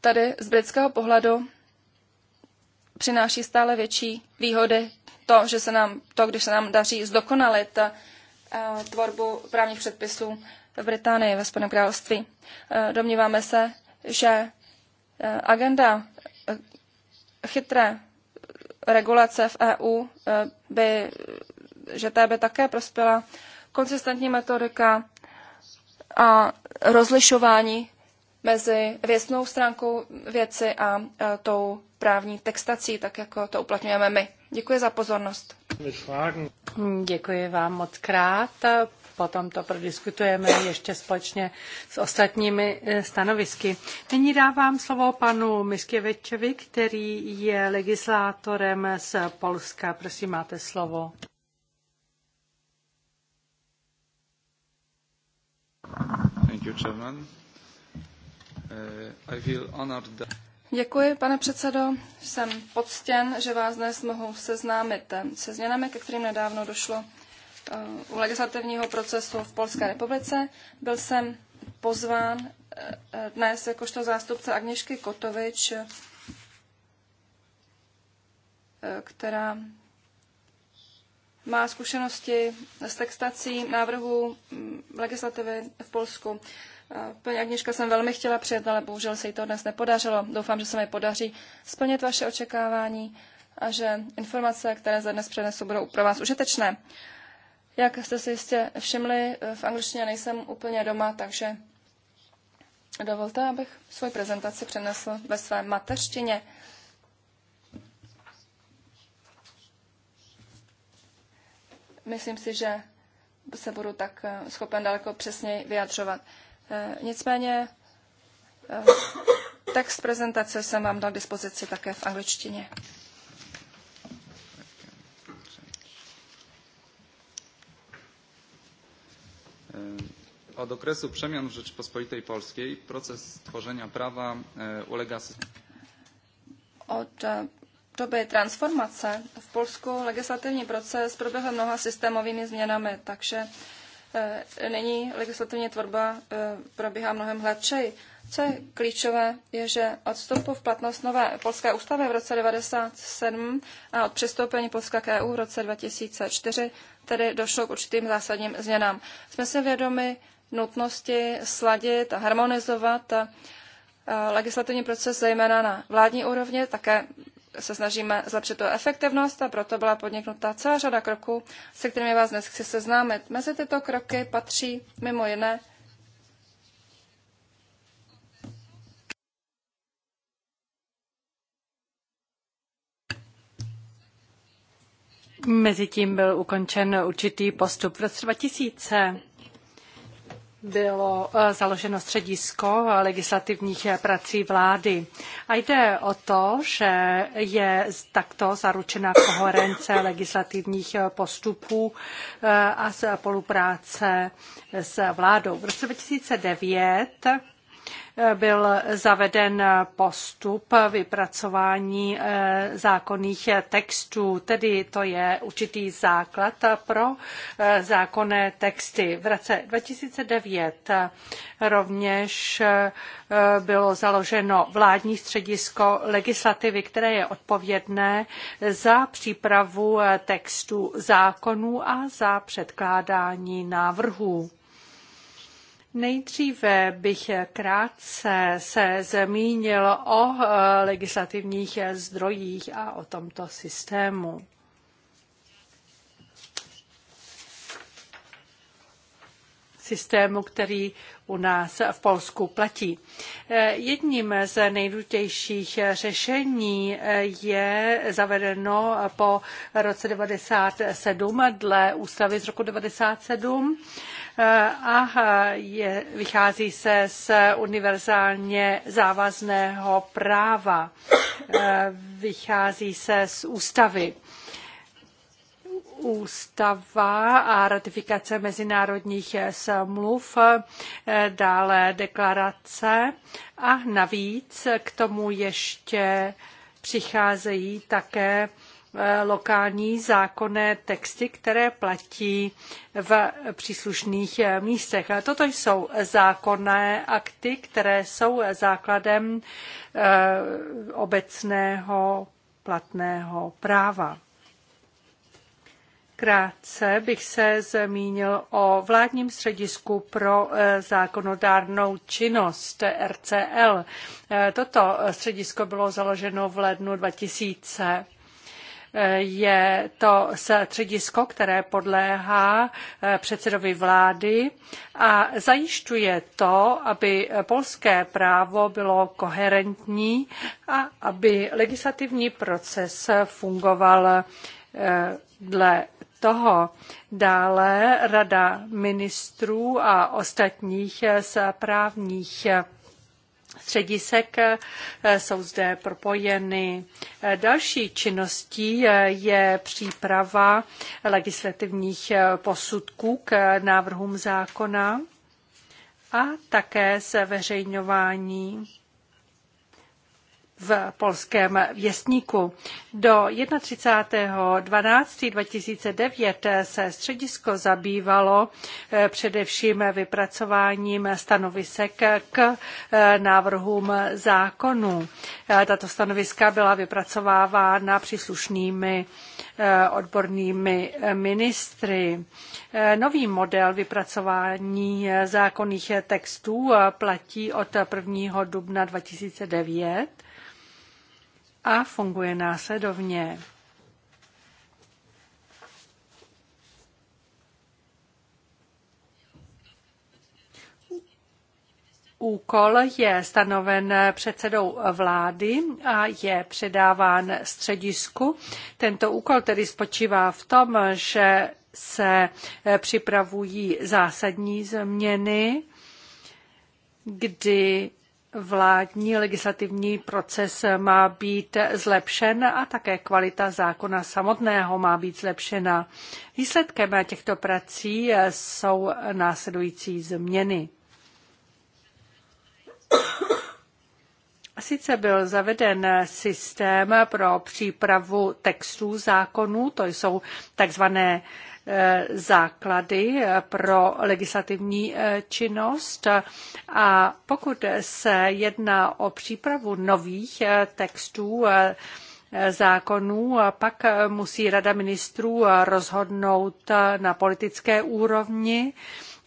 Tady z britského pohledu přináší stále větší výhody to, že se nám, to, když se nám daří zdokonalit eh, tvorbu právních předpisů v Británii, ve Spojeném království. Eh, domníváme se, že eh, agenda chytré regulace v EU by, že té by také prospěla konsistentní metodika a rozlišování mezi věcnou stránkou věci a tou právní textací, tak jako to uplatňujeme my. Děkuji za pozornost. Děkuji vám moc krát. Potom to prodiskutujeme ještě společně s ostatními eh, stanovisky. Nyní dávám slovo panu Miskěvečovi, který je legislátorem z Polska. Prosím, máte slovo. Thank you, Chairman. Uh, I Děkuji, pane předsedo. Jsem poctěn, že vás dnes mohu seznámit eh, se změnami, ke kterým nedávno došlo eh, u legislativního procesu v Polské republice. Byl jsem pozván eh, dnes jakožto zástupce Agněšky Kotovič, která má zkušenosti s textací návrhu mm, legislativy v Polsku. Eh, paní Agněška jsem velmi chtěla přijet, ale bohužel se jí to dnes nepodařilo. Doufám, že se mi podaří splnit vaše očekávání a že informace, které za dnes přenesu, budou pro vás užitečné. Jak jste si jistě všimli, eh, v angličtině nejsem úplně doma, takže dovolte, abych svoji prezentaci přenesl ve své mateřštině. myslím si, že se budu tak eh, schopen daleko přesněji vyjadřovat. Eh, nicméně eh, text prezentace jsem vám dal dispozici také v angličtině. Od okresu přeměn w Rzeczypospolitej Polskiej proces tworzenia prawa ulega od doby transformace v Polsku legislativní proces proběhl mnoha systémovými změnami, takže eh, nyní legislativní tvorba eh, probíhá mnohem hladčeji. Co je klíčové, je, že od vstupu v platnost nové polské ústavy v roce 1997 a od přistoupení Polska k EU v roce 2004 tedy došlo k určitým zásadním změnám. Jsme si vědomi nutnosti sladit a harmonizovat eh, legislativní proces zejména na vládní úrovni, také se snažíme zlepšit tu efektivnost a proto byla podniknuta celá řada kroků, se kterými vás dnes chci seznámit. Mezi tyto kroky patří mimo jiné Mezitím byl ukončen určitý postup. V roce 2000 bylo eh, založeno středisko legislativních eh, prací vlády. A jde o to, že je takto zaručena koherence legislativních eh, postupů a spolupráce s vládou. V roce 2009 byl zaveden postup vypracování eh, zákonných textů, tedy to je určitý základ pro eh, zákonné texty. V roce 2009 eh, rovněž bylo založeno vládní středisko legislativy, které je odpovědné za přípravu textů zákonů a za předkládání návrhů. Nejdříve bych krátce se zmínil o eh, legislativních zdrojích a o tomto systému. systému, který u nás v Polsku platí. Eh, jedním z nejdůležitějších řešení eh, je zavedeno po roce 97 dle ústavy z roku 97 Eh, a eh, je, vychází se z univerzálně závazného práva. Eh, vychází se z ústavy ústava a ratifikace mezinárodních smluv, dále deklarace a navíc k tomu ještě přicházejí také Eh, lokální zákonné texty, které platí v příslušných eh, místech. Toto jsou zákonné akty, které jsou základem eh, obecného platného práva. Krátce bych se zmínil o vládním středisku pro zákonodárnou činnost RCL. Toto středisko bylo založeno v lednu 2000 je to středisko, které podléhá eh, předsedovi vlády a zajišťuje to, aby polské právo bylo koherentní a aby legislativní proces fungoval eh, dle toho. Dále Rada ministrů a ostatních správních eh, středisek eh, jsou zde propojeny. Eh, další činností eh, je příprava legislativních posudků k návrhům zákona a také zveřejňování v polském věstníku. Do 31.12.2009 se středisko zabývalo eh, především vypracováním stanovisek k eh, návrhům zákonů. Eh, tato stanoviska byla vypracovávána příslušnými odbornými ministry. Nový model vypracování zákonných textů platí od 1. dubna 2009 a funguje následovně. Úkol je stanoven předsedou vlády a je předáván středisku. Tento úkol tedy spočívá v tom, že se připravují zásadní změny, kdy vládní legislativní proces má být zlepšen a také kvalita zákona samotného má být zlepšena. Výsledkem těchto prací jsou následující změny. Sice byl zaveden systém pro přípravu textů zákonů, to jsou takzvané Eh, základy eh, pro legislativní eh, činnost a pokud se jedná o přípravu nových textů, zákonů, pak musí Rada ministrů rozhodnout na politické úrovni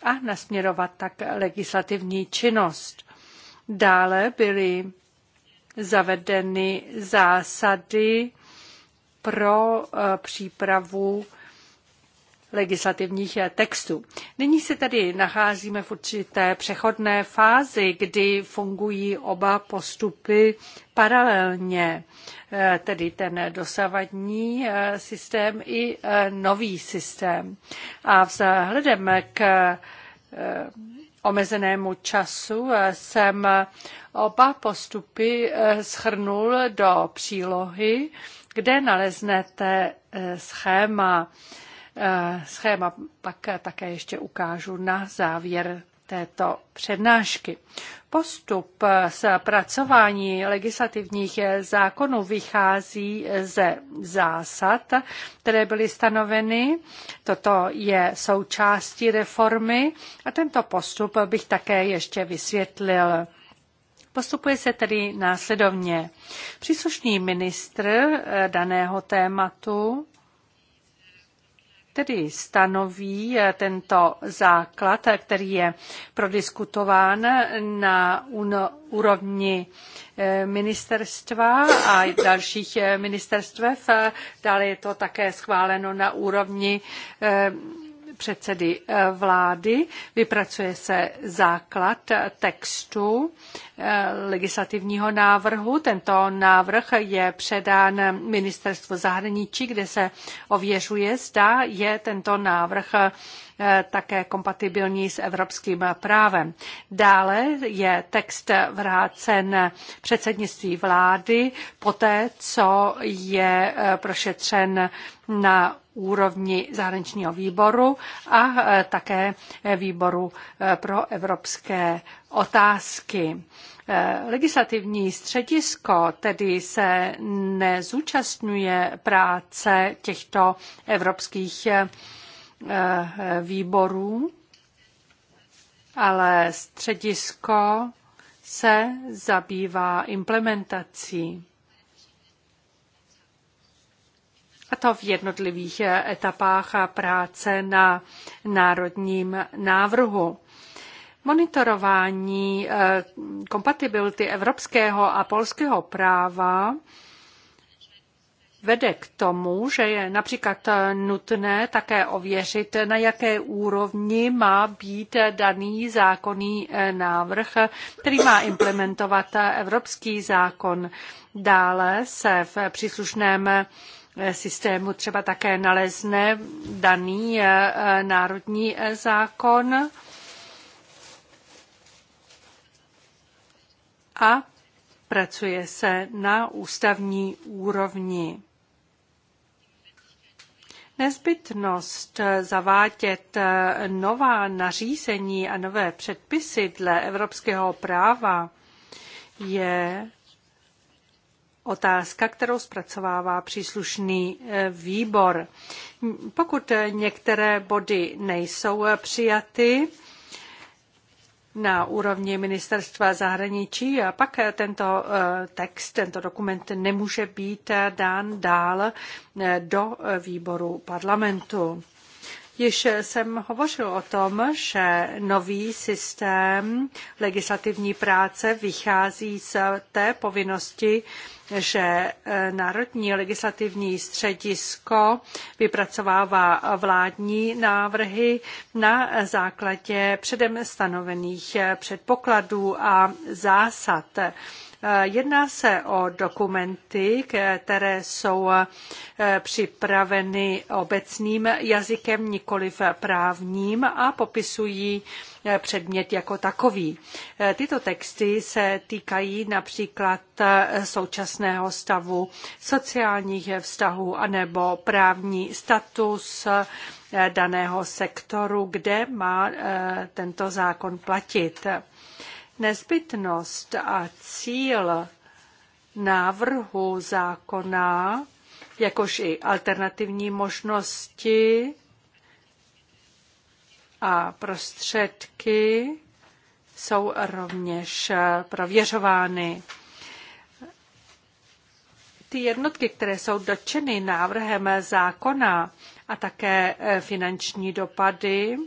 a nasměrovat tak legislativní činnost. Dále byly zavedeny zásady pro přípravu legislativních eh, textů. Nyní se tady nacházíme v určité přechodné fázi, kdy fungují oba postupy paralelně, eh, tedy ten dosavadní eh, systém i nový systém. A vzhledem k omezenému času jsem oba postupy schrnul do přílohy, kde naleznete schéma Eh, schéma pak také ještě ukážu na závěr této přednášky. Postup s pracování legislativních zákonů vychází ze zásad, které byly stanoveny. Toto je součástí reformy a tento postup bych také ještě vysvětlil. Postupuje se tedy následovně. Příslušný ministr eh, daného tématu tedy stanoví eh, tento základ, eh, který je prodiskutován na úrovni eh, ministerstva a dalších ministerstev. Dále je to také schváleno na úrovni předsedy eh, vlády. Vypracuje se základ textu eh, legislativního návrhu. Tento návrh je předán ministerstvu zahraničí, kde se ověřuje, zda je tento návrh Eh, také kompatibilní s evropským právem. Dále je text vrácen předsednictví vlády poté, co je eh, prošetřen na úrovni zahraničního výboru a eh, také výboru pro evropské otázky. Legislativní středisko tedy se nezúčastňuje práce těchto evropských Eh, výborů, ale středisko se zabývá implementací. A to v jednotlivých eh, etapách a práce na národním návrhu. Monitorování eh, kompatibility evropského a polského práva vede k tomu, že je například nutné také ověřit, na jaké úrovni má být daný zákonný eh, návrh, který má implementovat eh, evropský zákon. Dále se v příslušném eh, systému třeba také nalezne daný národní zákon. A pracuje se na ústavní úrovni. Nezbytnost eh, zavádět eh, nová nařízení a nové předpisy dle evropského práva je otázka, kterou zpracovává příslušný eh, výbor. Pokud některé body nejsou přijaty, na úrovni ministerstva zahraničí a pak eh, tento eh, text, tento dokument nemůže být eh, dán dál do výboru parlamentu. Již jsem hovořil o tom, že nový systém legislativní práce vychází z té povinnosti, že eh, Národní legislativní středisko vypracovává vládní návrhy na základě předem stanovených eh, předpokladů a zásad. Eh, jedná se o dokumenty, které jsou eh, připraveny obecným jazykem, nikoliv právním a popisují eh, předmět jako takový. Tyto texty se týkají například současného stavu sociálních vztahů anebo právní status daného sektoru, kde má tento zákon platit. Nezbytnost a cíl návrhu zákona, jakož i alternativní možnosti a prostředky jsou rovněž prověřovány. Ty jednotky, které jsou dotčeny návrhem zákona a také finanční dopady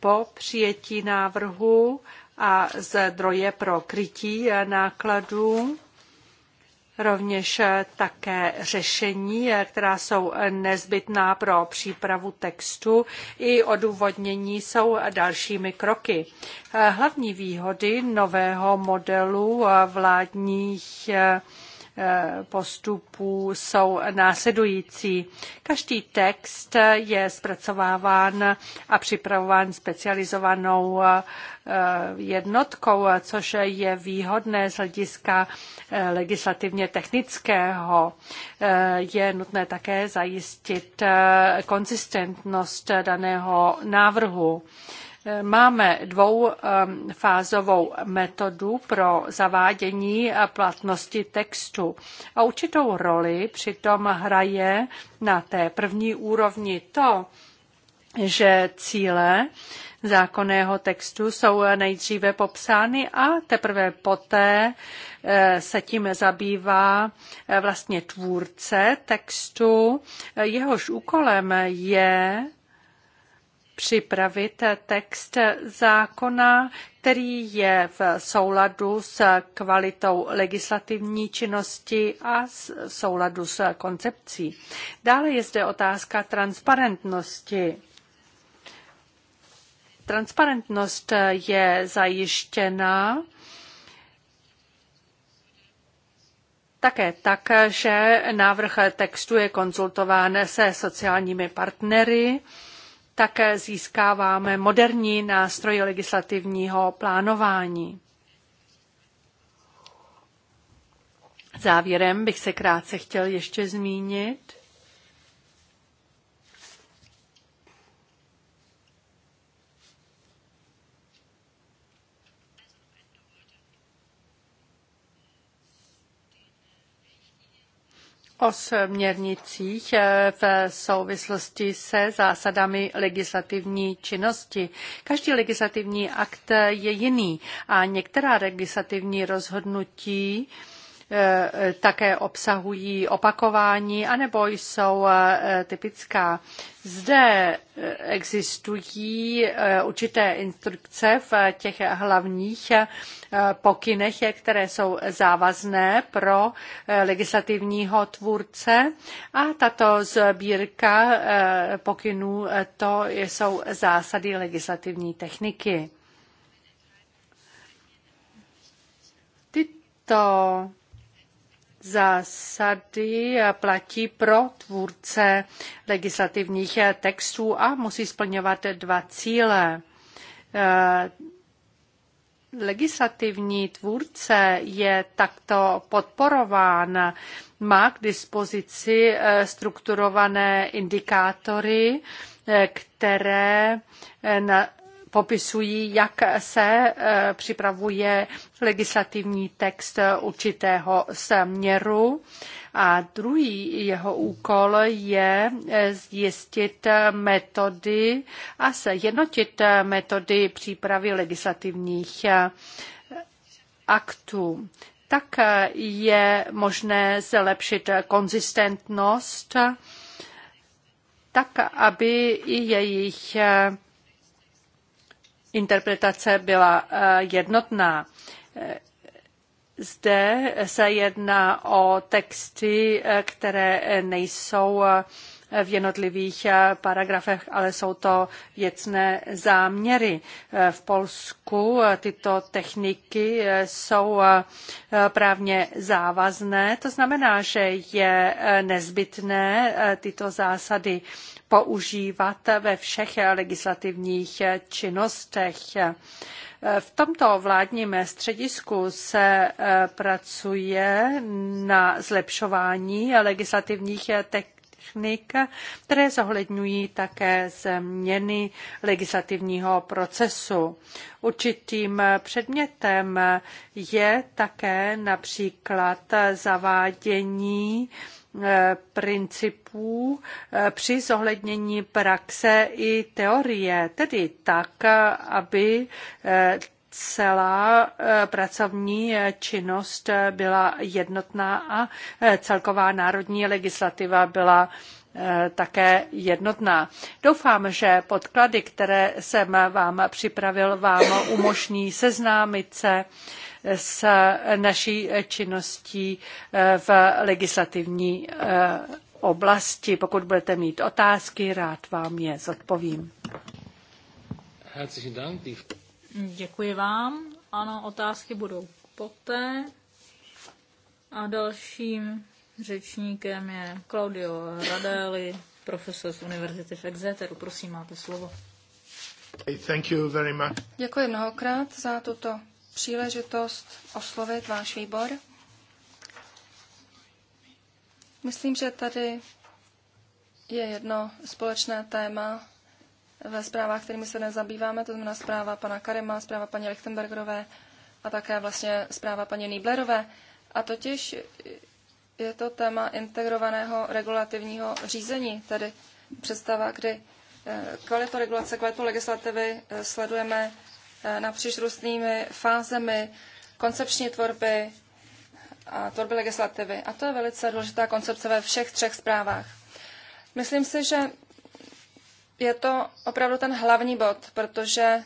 po přijetí návrhu, a zdroje pro krytí nákladů rovněž také řešení, která jsou nezbytná pro přípravu textu i odůvodnění jsou dalšími kroky. Hlavní výhody nového modelu vládních postupů jsou následující. Každý text je zpracováván a připravován specializovanou eh, jednotkou, což je výhodné z hlediska eh, legislativně technického. Eh, je nutné také zajistit konzistentnost daného návrhu. Máme dvoufázovou metodu pro zavádění platnosti textu a určitou roli přitom hraje na té první úrovni to, že cíle zákonného textu jsou nejdříve popsány a teprve poté eh, se tím zabývá eh, vlastně tvůrce textu. Jehož úkolem je připravit text zákona, který je v souladu s kvalitou legislativní činnosti a v souladu s koncepcí. Dále je zde otázka transparentnosti. Transparentnost je zajištěna Také tak, že návrh textu je konzultován se sociálními partnery, také získáváme moderní nástroje legislativního plánování. Závěrem bych se krátce chtěl ještě zmínit o směrnicích eh, v souvislosti se zásadami legislativní činnosti. Každý legislativní akt je jiný a některá legislativní rozhodnutí Eh, také obsahují opakování anebo jsou eh, typická. Zde eh, existují určité instrukce v těch hlavních pokynech, které jsou závazné pro legislativního tvůrce a tato sbírka pokynů to jsou zásady legislativní techniky. Tyto zásady platí pro tvůrce legislativních textů a musí splňovat dva cíle. Eh, legislativní tvůrce je takto podporován, má k dispozici eh, strukturované indikátory, eh, které popisují, jak se eh, připravuje legislativní text určitého směru. A druhý jeho úkol je eh, zjistit metody a se jednotit metody přípravy legislativních eh, aktů tak je možné zlepšit konzistentnost, tak aby i jejich interpretace byla eh, jednotná. Eh, zde se jedná o texty, eh, které nejsou v jednotlivých paragrafech, ale jsou to věcné záměry. V Polsku tyto techniky jsou právně závazné, to znamená, že je nezbytné tyto zásady používat ve všech legislativních činnostech. V tomto vládním středisku se eh, pracuje na zlepšování legislativních technik, které zohledňují také změny legislativního procesu. Určitým předmětem je také například zavádění Eh, principů eh, při zohlednění praxe i teorie, tedy tak, eh, aby celá pracovní činnost byla jednotná a celková národní legislativa byla také jednotná. Doufám, že podklady, které jsem vám připravil, vám umožní seznámit se s naší činností eh, v legislativní eh, oblasti. Pokud budete mít otázky, rád vám je zodpovím. Děkuji vám. Ano, otázky budou poté. A dalším řečníkem je Claudio Radeli, profesor z Univerzity v Exeteru. Prosím, máte slovo. Děkuji mnohokrát za tuto příležitost oslovit váš výbor. Myslím, že tady je jedno společné téma ve zprávách, kterými se nezabýváme, to znamená zpráva pana Karima, zpráva paní Lichtenbergerové a také vlastně zpráva paní Nýblerové. A totiž je to téma integrovaného regulativního řízení, tedy představa, kdy eh, kvalitu regulace, kvalitu legislativy eh, sledujeme Eh, napříč různými fázemi koncepční tvorby a tvorby legislativy. A to je velice důležitá koncepce ve všech třech zprávách. Myslím si, že je to opravdu ten hlavní bod, protože eh,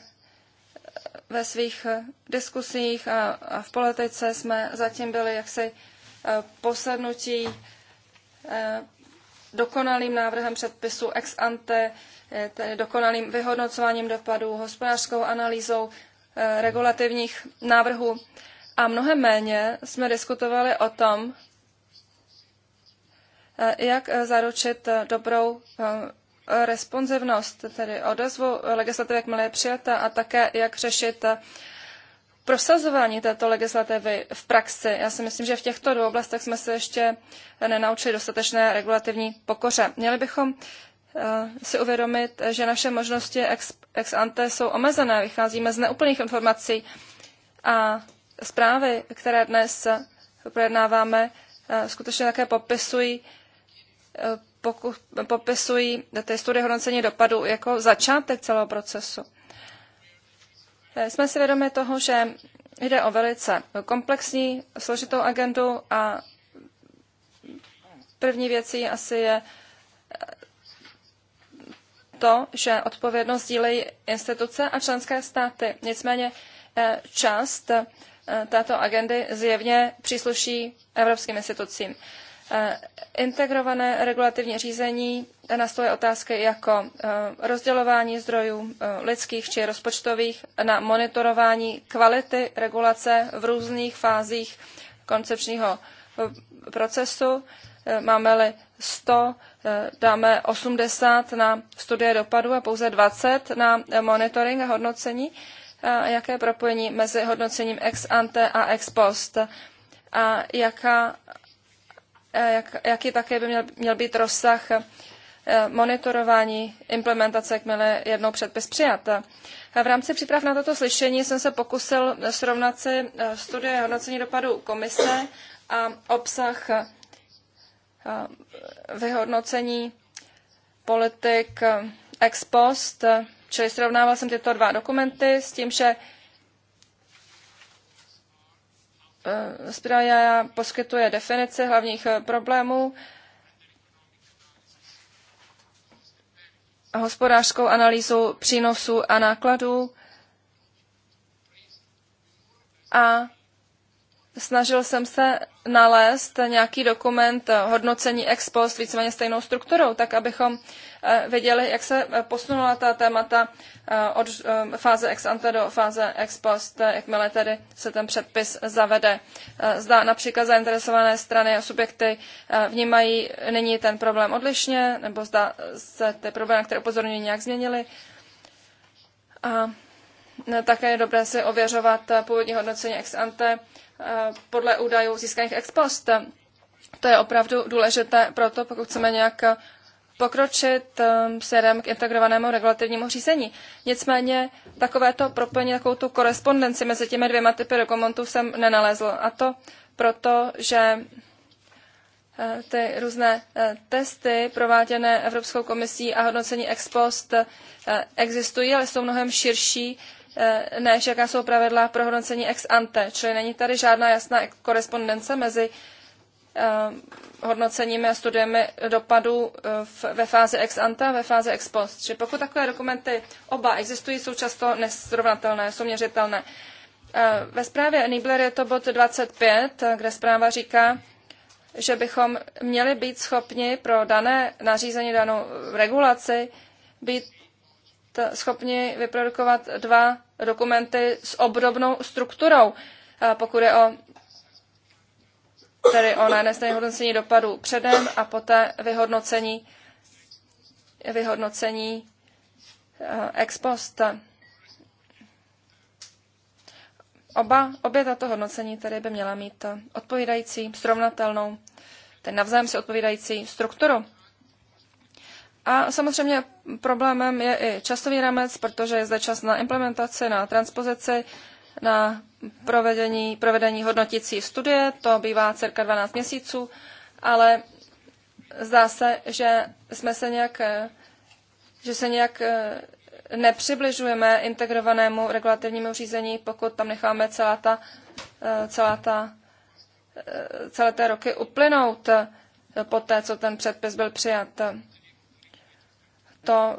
ve svých eh, diskusích a, v politice jsme zatím byli jaksi posednutí dokonalým návrhem předpisu ex ante, eh, tedy dokonalým vyhodnocováním dopadů, hospodářskou analýzou eh, regulativních návrhů. A mnohem méně jsme diskutovali o tom, eh, jak zaručit dobrou responsivnost, tedy odezvu legislativy, jakmile je přijata, a také jak řešit prosazování této legislativy v praxi. Já si myslím, že v těchto dvou oblastech jsme se ještě nenaučili dostatečné regulativní pokoře. Měli bychom eh, si uvědomit, že naše možnosti ex, ex ante jsou omezené, vycházíme z neúplných informací a zprávy, které dnes projednáváme, eh, skutečně také popisují, eh, poku, popisují ty studie hodnocení dopadu jako začátek celého procesu. Eh, jsme si vědomi toho, že jde o velice komplexní, složitou agendu a první věcí asi je eh, to, že odpovědnost dílejí instituce a členské státy. Nicméně eh, část této agendy zjevně přísluší evropským institucím. Eh, integrované regulativní řízení nastoje otázky jako eh, rozdělování zdrojů eh, lidských či rozpočtových na monitorování kvality regulace v různých fázích koncepčního procesu. Máme-li 100, dáme 80 na studie dopadu a pouze 20 na monitoring a hodnocení. A jaké propojení mezi hodnocením ex ante a ex post a jaká Eh, jak, jaký také by měl, měl být rozsah eh, monitorování implementace, jakmile jednou předpis přijat. V rámci příprav na toto slyšení jsem se pokusil srovnat si eh, studie hodnocení dopadu komise a obsah vyhodnocení politik ex post, čili srovnával jsem tyto dva dokumenty s tím, že Eh, zpráva poskytuje definici hlavních eh, problémů a hospodářskou analýzu přínosů a nákladů a snažil jsem se nalézt nějaký dokument eh, hodnocení ex post víceméně stejnou strukturou, tak abychom Eh, viděli, jak se eh, posunula ta témata eh, od fáze ex ante do fáze ex post, jakmile tedy se ten předpis zavede. Zda například zainteresované strany a subjekty vnímají nyní ten problém odlišně, nebo zda se ty problémy, které upozorňují, nějak změnily. A také je dobré si ověřovat původní hodnocení ex ante podle údajů získaných ex post. To je opravdu důležité proto, pokud chceme nějak pokročit um, směrem k integrovanému regulativnímu řízení. Nicméně takovéto propojení, takovou tu korespondenci mezi těmi dvěma typy dokumentů jsem nenalezl. A to proto, že eh, ty různé eh, testy prováděné Evropskou komisí a hodnocení ex post eh, existují, ale jsou mnohem širší než jaká jsou pravidla pro hodnocení ex ante. Čili není tady žádná jasná korespondence mezi Eh, hodnoceními a studiemi dopadů eh, ve fázi ex ante a ve fázi ex post. Že pokud takové dokumenty oba existují, jsou často nesrovnatelné, jsou měřitelné. Eh, ve zprávě Nibler je to bod 25, kde zpráva říká, že bychom měli být schopni pro dané nařízení, danou regulaci, být schopni vyprodukovat dva dokumenty s obdobnou strukturou, pokud je o tedy o stejné hodnocení dopadů předem a poté vyhodnocení, vyhodnocení eh, ex post. Oba, obě tato hodnocení tedy by měla mít eh, odpovídající, srovnatelnou, tedy navzájem si odpovídající strukturu. A samozřejmě problémem je i časový rámec, protože je zde čas na implementaci, na transpozici, na provedení, provedení hodnotící studie, to bývá cirka 12 měsíců, ale zdá se, že jsme se nějak, eh, že se nějak eh, nepřibližujeme integrovanému regulativnímu řízení, pokud tam necháme celá ta, eh, celá ta, celé té roky uplynout po té, co ten předpis byl přijat. To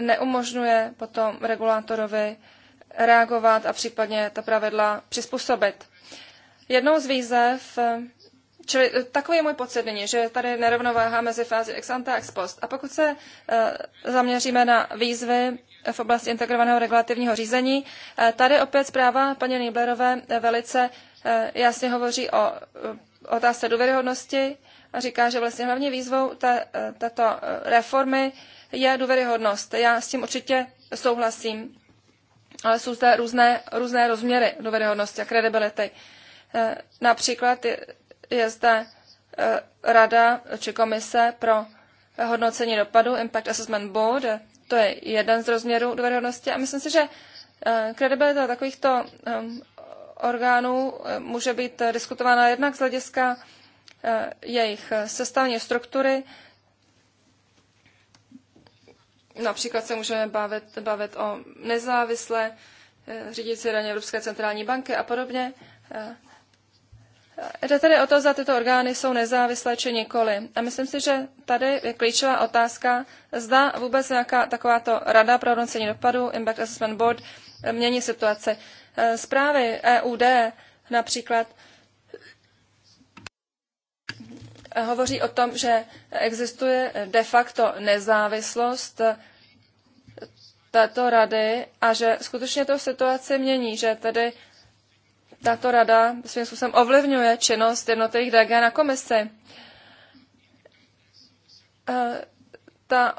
neumožňuje potom regulátorovi reagovat a případně ta pravidla přizpůsobit. Jednou z výzev, čili takový je můj pocit nyní, že je tady nerovnováha mezi fázi ex ante a ex post. A pokud se eh, zaměříme na výzvy v oblasti integrovaného regulativního řízení, eh, tady opět zpráva paní Nýblerové eh, velice jasně hovoří o otázce důvěryhodnosti a říká, že vlastně hlavní výzvou té, této reformy je důvěryhodnost. Já s tím určitě souhlasím ale jsou zde různé, různé rozměry důvěryhodnosti a kredibility. Eh, například je, zde eh, rada či komise pro hodnocení dopadu, Impact Assessment Board, to je jeden z rozměrů důvěryhodnosti a myslím si, že eh, kredibilita takovýchto orgánů může být diskutována jednak z hlediska jejich sestavení struktury, Například se můžeme bavit, bavit o nezávislé eh, řídící raně Evropské centrální banky a podobně. Eh, jde tedy o to, zda tyto orgány jsou nezávislé či nikoli. A myslím si, že tady je klíčová otázka, zda vůbec nějaká takováto rada pro hodnocení dopadu, Impact Assessment Board, eh, mění situaci. Zprávy EUD například hovoří o tom, že existuje de facto nezávislost této rady a že skutečně to situaci mění, že tedy tato rada svým způsobem ovlivňuje činnost jednotlivých DG na komisi. Eh, ta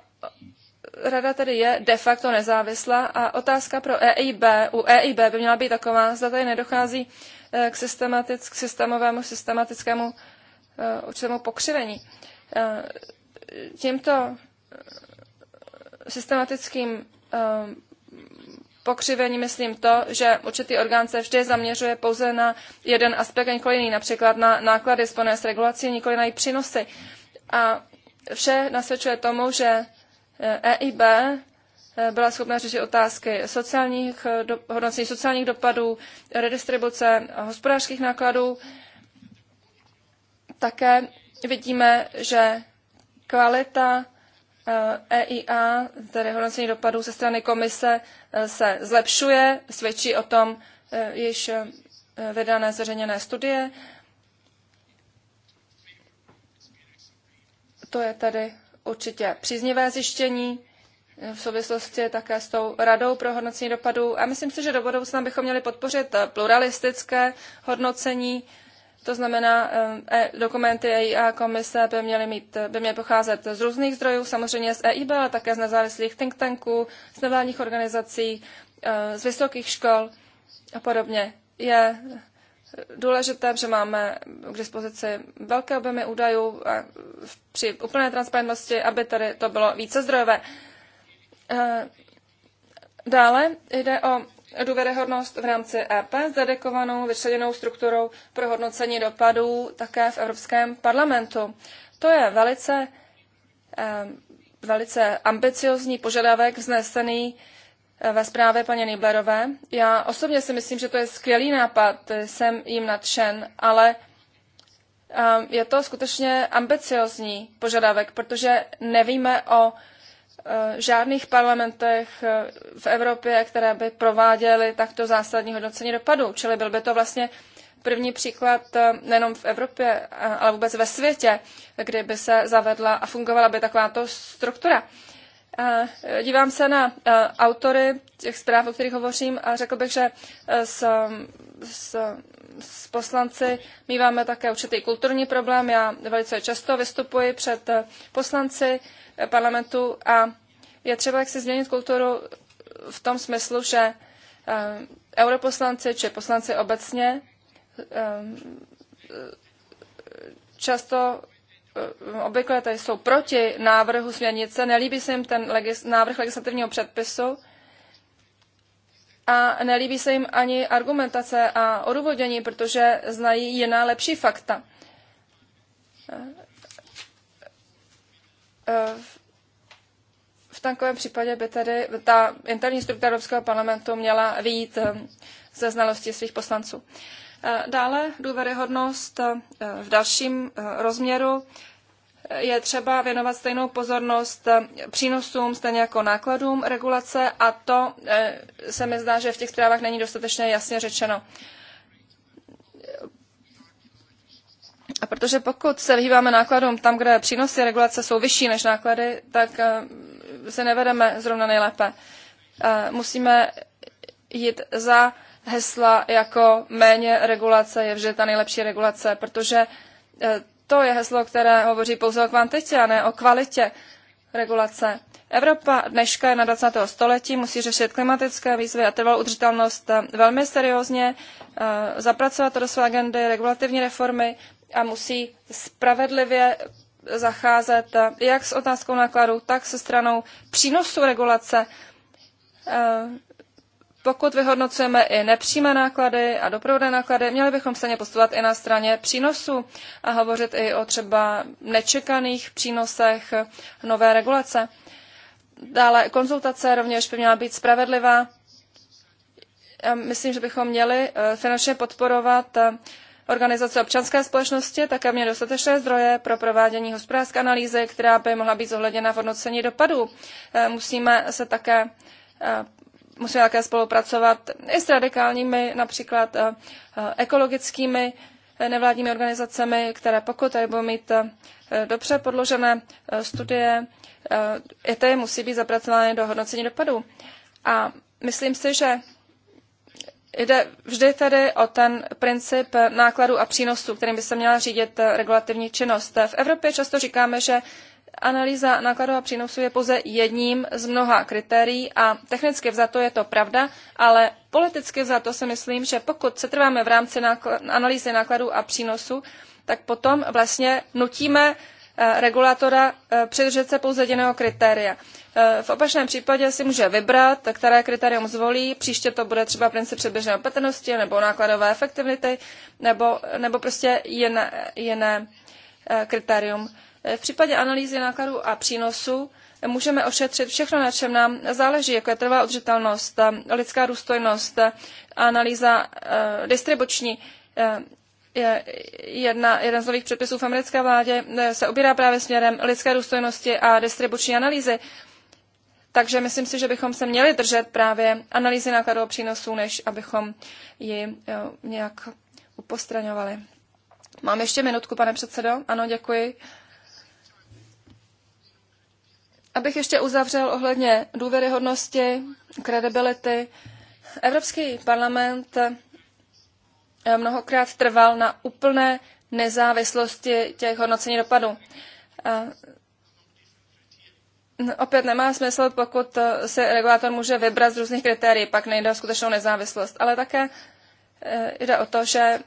rada tedy je de facto nezávislá a otázka pro EIB, u EIB by měla být taková, zda tady nedochází eh, k, systematick, k systémovému, systematickému určitému eh, pokřivení. Eh, tímto eh, systematickým pokřivení myslím to, že určitý orgán se vždy zaměřuje pouze na jeden aspekt a nikoli jiný, například na náklady spojené s regulací, nikoli na její přínosy. A vše nasvědčuje tomu, že EIB e byla schopna řešit otázky sociálních, do, hodnocení sociálních dopadů, redistribuce hospodářských nákladů také vidíme, že kvalita EIA, eh, e tedy hodnocení dopadů ze strany komise, eh, se zlepšuje, svědčí o tom eh, již vydané zveřejněné studie. To je tedy určitě příznivé zjištění v souvislosti také s tou radou pro hodnocení dopadů. A myslím si, že do budoucna bychom měli podpořit pluralistické hodnocení to znamená, eh, e, dokumenty EIA komise by měly, mít, eh, by měly pocházet z různých zdrojů, samozřejmě z EIB, ale také z nezávislých think tanků, z nevládních organizací, eh, z vysokých škol a podobně. Je důležité, že máme k dispozici velké objemy údajů a při úplné transparentnosti, aby tady to bylo více zdrojové. Dále jde o důvěryhodnost v rámci EP s dedikovanou vyčleněnou strukturou pro hodnocení dopadů také v Evropském parlamentu. To je velice, eh, velice ambiciozní požadavek vznesený eh, ve zprávě paní Niblerové. Já osobně si myslím, že to je skvělý nápad, jsem jim nadšen, ale eh, je to skutečně ambiciozní požadavek, protože nevíme o Eh, žádných parlamentech eh, v Evropě, které by prováděly takto zásadní hodnocení dopadů. Čili byl by to vlastně první příklad eh, nejenom v Evropě, ale vůbec ve světě, kdyby se zavedla a fungovala by takováto struktura. E, dívám se na e, autory těch zpráv, o kterých hovořím, a řekl bych, že e, s, s, s poslanci míváme také určitý kulturní problém. Já velice často vystupuji před poslanci parlamentu a je třeba jak si změnit kulturu v tom smyslu, že europoslanci či poslanci obecně často Eh, obvykle tady jsou proti návrhu směrnice, nelíbí se jim ten legis, návrh legislativního předpisu a nelíbí se jim ani argumentace a odůvodnění, protože znají jiná lepší fakta. Eh, eh, v takovém případě by tedy ta interní struktura Evropského parlamentu měla výjít ze znalosti svých poslanců. Eh, dále důvěryhodnost eh, v dalším eh, rozměru je třeba věnovat stejnou pozornost přínosům, stejně jako nákladům regulace a to se mi zdá, že v těch zprávách není dostatečně jasně řečeno. A protože pokud se vyhýbáme nákladům tam, kde přínosy regulace jsou vyšší než náklady, tak se nevedeme zrovna nejlépe. Musíme jít za hesla jako méně regulace je vždy ta nejlepší regulace, protože e, to je heslo, které hovoří pouze o kvantitě a ne o kvalitě regulace. Evropa dneška je na 20. století, musí řešit klimatické výzvy a trvalou udržitelnost e, velmi seriózně, e, zapracovat to do své agendy, regulativní reformy a musí spravedlivě zacházet jak s otázkou nákladů, tak se stranou přínosu regulace pokud vyhodnocujeme i nepřímé náklady a doprovodné náklady, měli bychom stejně postovat i na straně přínosu a hovořit i o třeba nečekaných přínosech nové regulace. Dále konzultace rovněž by měla být spravedlivá. Já myslím, že bychom měli eh, finančně podporovat eh, organizace občanské společnosti také měly dostatečné zdroje pro provádění hospodářské analýzy, která by mohla být zohledněna v hodnocení dopadů. Eh, musíme se také Musíme také spolupracovat i s radikálními, například eh, eh, ekologickými eh, nevládními organizacemi, které pokud tady budou mít dobře podložené studie, i ty musí být zapracovány do hodnocení dopadů. A myslím si, že jde vždy tedy o ten princip nákladů a přínosů, kterým by se měla řídit regulativní činnost. V Evropě často říkáme, že analýza nákladů a přínosů je pouze jedním z mnoha kritérií a technicky vzato je to pravda, ale politicky vzato si myslím, že pokud se trváme v rámci analýzy nákladů a přínosů, tak potom vlastně nutíme eh, regulatora eh, přidržet se pouze jediného kritéria. Eh, v opačném případě si může vybrat, které kritérium zvolí. Příště to bude třeba princip předběžné opatrnosti nebo nákladové efektivity nebo, nebo prostě jiné, jiné kritérium Eh, v případě analýzy nákladů a přínosů eh, můžeme ošetřit všechno, na čem nám záleží, jako je trvá udržitelnost, eh, lidská důstojnost, analýza distribuční. Jedna, jeden z nových předpisů v americké vládě se ubírá právě směrem lidské důstojnosti a distribuční analýzy. Takže myslím si, že bychom se měli držet právě analýzy nákladů a přínosů, než abychom ji nějak upostraňovali. Mám ještě minutku, pane předsedo. Ano, děkuji. Abych ještě uzavřel ohledně důvěryhodnosti, kredibility. Evropský parlament eh, mnohokrát trval na úplné nezávislosti těch hodnocení dopadů. Eh, opět nemá smysl, pokud eh, se regulátor může vybrat z různých kritérií, pak nejde o skutečnou nezávislost. Ale také jde o to, že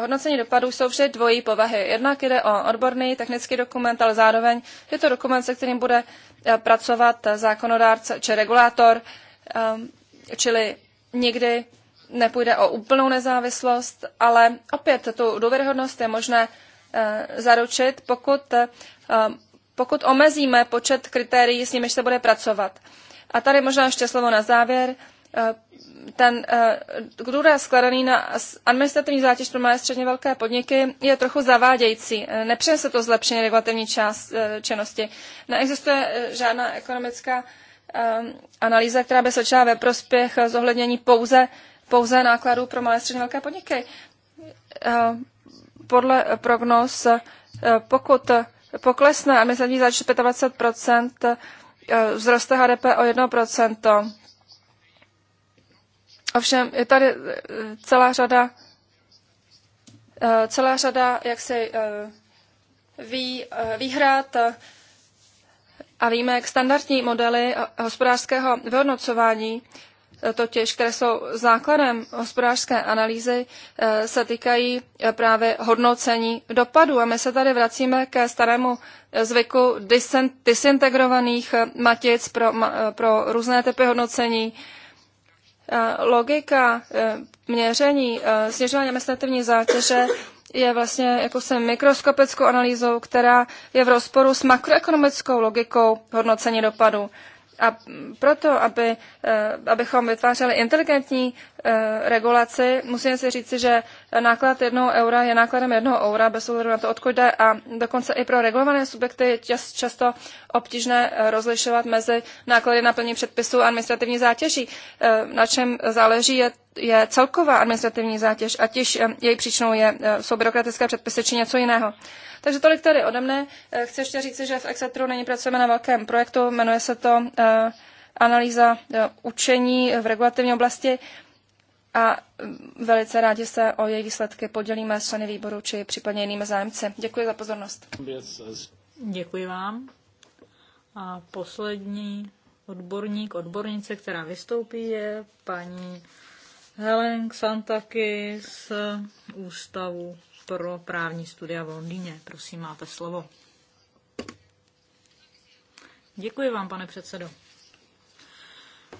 hodnocení dopadů jsou vždy dvojí povahy. Jednak jde o odborný technický dokument, ale zároveň je to dokument, se kterým bude Eh, pracovat zákonodárce či regulátor, ehm, čili nikdy nepůjde o úplnou nezávislost, ale opět tu důvěrhodnost je možné eh, zaručit, pokud, ehm, pokud omezíme počet kritérií, s nimiž se bude pracovat. A tady možná ještě slovo na závěr. Eh, ten uh, eh, důraz skladaný na administrativní zátěž pro malé středně velké podniky je trochu zavádějící. Eh, nepřinese to zlepšení regulativní část, uh, činnosti. Neexistuje žádná ekonomická analýza, která by sočila ve prospěch zohlednění pouze, pouze nákladů pro malé středně velké podniky. Uh, podle prognóz, uh, pokud poklesne administrativní zátěž 25 vzroste HDP o 1 Ovšem je tady eh, celá řada, eh, celá řada jak se eh, ví výhrad a víme, jak standardní modely hospodářského vyhodnocování, totiž které jsou základem hospodářské analýzy, se týkají právě hodnocení dopadů. A my se tady vracíme ke starému zvyku disintegrovaných matic pro, pro různé typy hodnocení, Eh, logika eh, měření, eh, snižování administrativní zátěže je vlastně jakousi mikroskopickou analýzou, která je v rozporu s makroekonomickou logikou hodnocení dopadu. A proto, aby, abychom vytvářeli inteligentní Eh, regulaci, musíme si říci, že náklad jednoho eura je nákladem jednoho eura bez ohledu na to, odkud jde a dokonce i pro regulované subjekty je často obtížné eh, rozlišovat mezi náklady na plnění předpisů a administrativní zátěží. Eh, na čem záleží je, je celková administrativní zátěž, ať již její příčinou je, jsou byrokratické předpisy či něco jiného. Takže tolik tady ode mne. Chci ještě říci, že v Exetru nyní pracujeme na velkém projektu, jmenuje se to analýza učení v regulativní oblasti a velice rádi se o její výsledky podělíme s členy výboru či případně jinými zájemci. Děkuji za pozornost. Děkuji vám. A poslední odborník, odbornice, která vystoupí, je paní Helen Santaky z Ústavu pro právní studia v Londýně. Prosím, máte slovo. Děkuji vám, pane předsedo.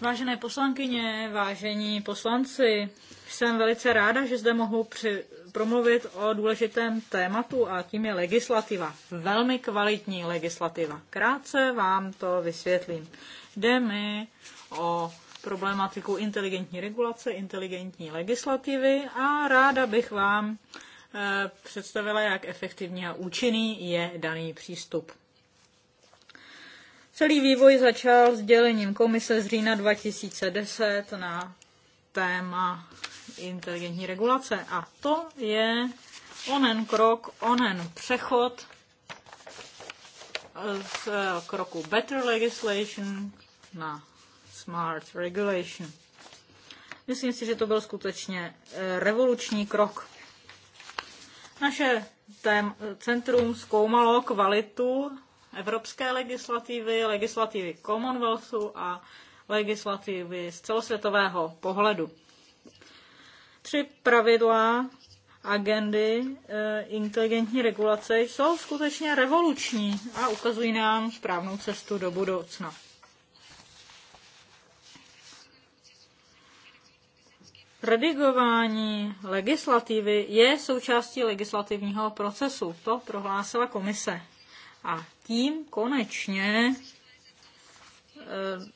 Vážené poslankyně, vážení poslanci, jsem velice ráda, že zde mohu při- promluvit o důležitém tématu a tím je legislativa. Velmi kvalitní legislativa. Krátce vám to vysvětlím. Jde mi o problematiku inteligentní regulace, inteligentní legislativy a ráda bych vám eh, představila, jak efektivní a účinný je daný přístup. Celý vývoj začal dělením komise z října 2010 na téma inteligentní regulace. A to je onen krok, onen přechod z eh, kroku Better Legislation na Smart Regulation. Myslím si, že to byl skutečně eh, revoluční krok. Naše tém, eh, centrum zkoumalo kvalitu evropské legislativy, legislativy Commonwealthu a legislativy z celosvětového pohledu. Tři pravidla agendy eh, inteligentní regulace jsou skutečně revoluční a ukazují nám správnou cestu do budoucna. Redigování legislativy je součástí legislativního procesu, to prohlásila komise. A tím konečně eh,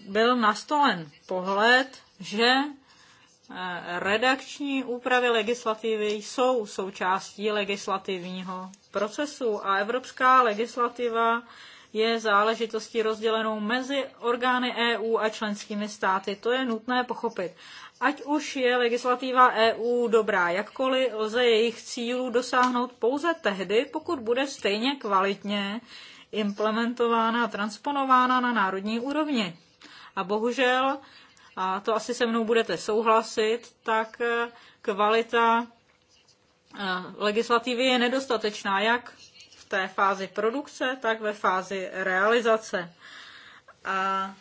byl nastolen pohled, že eh, redakční úpravy legislativy jsou součástí legislativního procesu a evropská legislativa je záležitostí rozdělenou mezi orgány EU a členskými státy. To je nutné pochopit. Ať už je legislativa EU dobrá jakkoliv, lze jejich cílů dosáhnout pouze tehdy, pokud bude stejně kvalitně implementována a transponována na národní úrovni. A bohužel, a to asi se mnou budete souhlasit, tak eh, kvalita eh, legislativy je nedostatečná jak té fázi produkce, tak ve fázi realizace. A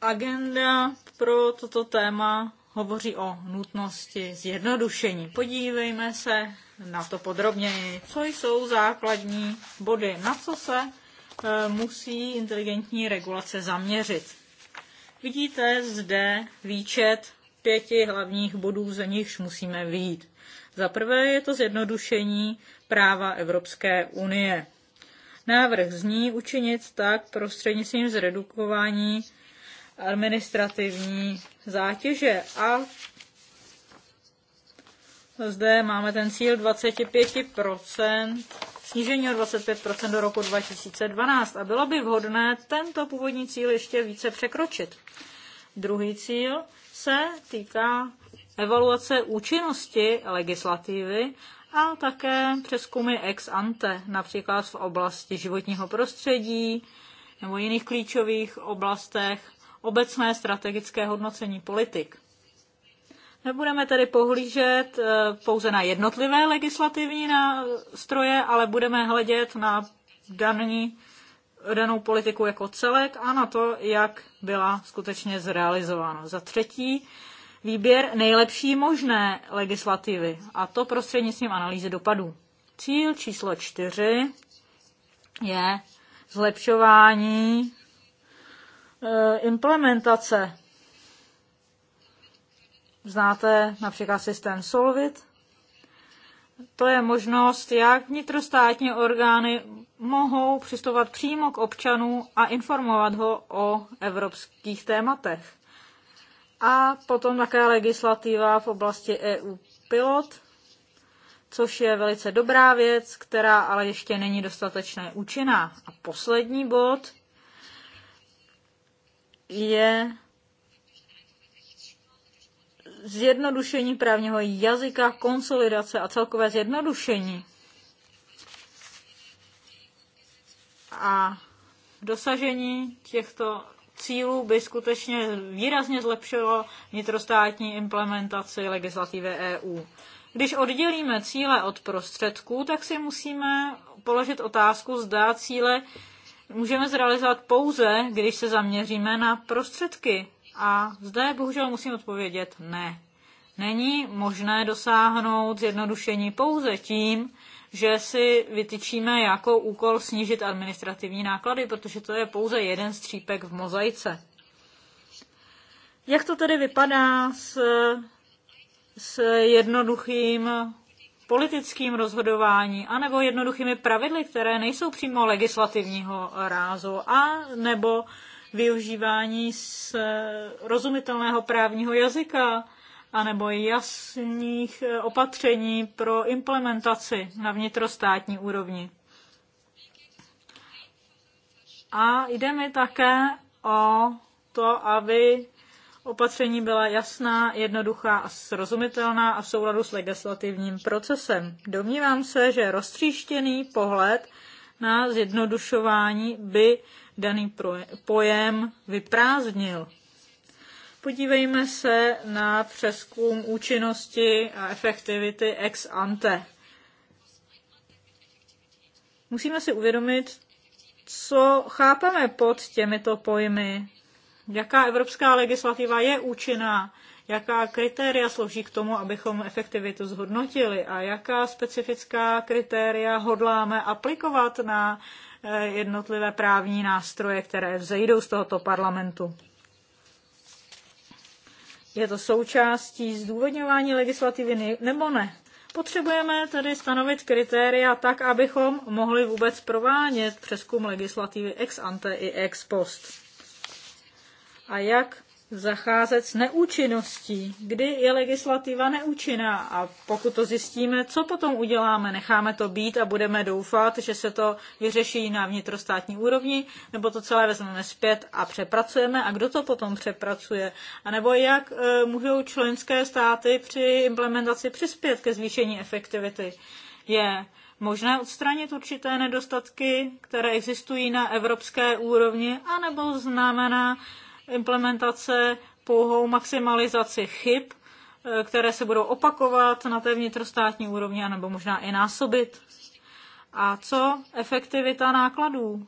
agenda pro toto téma hovoří o nutnosti zjednodušení. Podívejme se na to podrobněji. Co jsou základní body? Na co se e, musí inteligentní regulace zaměřit? Vidíte zde výčet pěti hlavních bodů, ze nichž musíme vyjít. Za prvé je to zjednodušení práva Evropské unie. Návrh zní učinit tak prostřednictvím zredukování administrativní zátěže a zde máme ten cíl 25%, snížení o 25% do roku 2012 a bylo by vhodné tento původní cíl ještě více překročit. Druhý cíl se týká evaluace účinnosti legislativy a také přeskumy ex ante, například v oblasti životního prostředí nebo jiných klíčových oblastech obecné strategické hodnocení politik. Nebudeme tedy pohlížet eh, pouze na jednotlivé legislativní nástroje, ale budeme hledět na daný, danou politiku jako celek a na to, jak byla skutečně zrealizována. Za třetí, výběr nejlepší možné legislativy, a to prostřednictvím analýzy dopadů. Cíl číslo čtyři je zlepšování eh, implementace. Znáte například systém Solvit? To je možnost, jak vnitrostátní orgány mohou přistupovat přímo k občanům a informovat ho o evropských tématech. A potom také legislativa v oblasti EU pilot, což je velice dobrá věc, která ale ještě není dostatečně účinná. A poslední bod je zjednodušení právního jazyka, konsolidace a celkové zjednodušení. A dosažení těchto cílů by skutečně výrazně zlepšilo vnitrostátní implementaci legislativy EU. Když oddělíme cíle od prostředků, tak si musíme položit otázku, zda cíle můžeme zrealizovat pouze, když se zaměříme na prostředky. A zde bohužel musím odpovědět ne. Není možné dosáhnout zjednodušení pouze tím, že si vytyčíme jako úkol snížit administrativní náklady, protože to je pouze jeden střípek v mozaice. Jak to tedy vypadá s, s jednoduchým politickým rozhodování, anebo jednoduchými pravidly, které nejsou přímo legislativního rázu, a nebo využívání z rozumitelného právního jazyka, anebo jasných eh, opatření pro implementaci na vnitrostátní úrovni. A jde mi také o to, aby opatření byla jasná, jednoduchá a srozumitelná a v souladu s legislativním procesem. Domnívám se, že roztříštěný pohled na zjednodušování by daný pojem vyprázdnil. Podívejme se na přeskum účinnosti a efektivity ex ante. Musíme si uvědomit, co chápeme pod těmito pojmy. Jaká evropská legislativa je účinná, jaká kritéria slouží k tomu, abychom efektivitu zhodnotili a jaká specifická kritéria hodláme aplikovat na eh, jednotlivé právní nástroje, které vzejdou z tohoto parlamentu. Je to součástí zdůvodňování legislativy nebo ne? Potřebujeme tedy stanovit kritéria tak, abychom mohli vůbec provádět přeskum legislativy ex ante i ex post. A jak zacházet s neúčinností, kdy je legislativa neúčinná a pokud to zjistíme, co potom uděláme? Necháme to být a budeme doufat, že se to vyřeší na vnitrostátní úrovni, nebo to celé vezmeme zpět a přepracujeme a kdo to potom přepracuje? A nebo jak e, můžou členské státy při implementaci přispět ke zvýšení efektivity? Je možné odstranit určité nedostatky, které existují na evropské úrovni, anebo znamená, implementace pouhou maximalizaci chyb, eh, které se budou opakovat na té vnitrostátní úrovni, anebo možná i násobit. A co efektivita nákladů?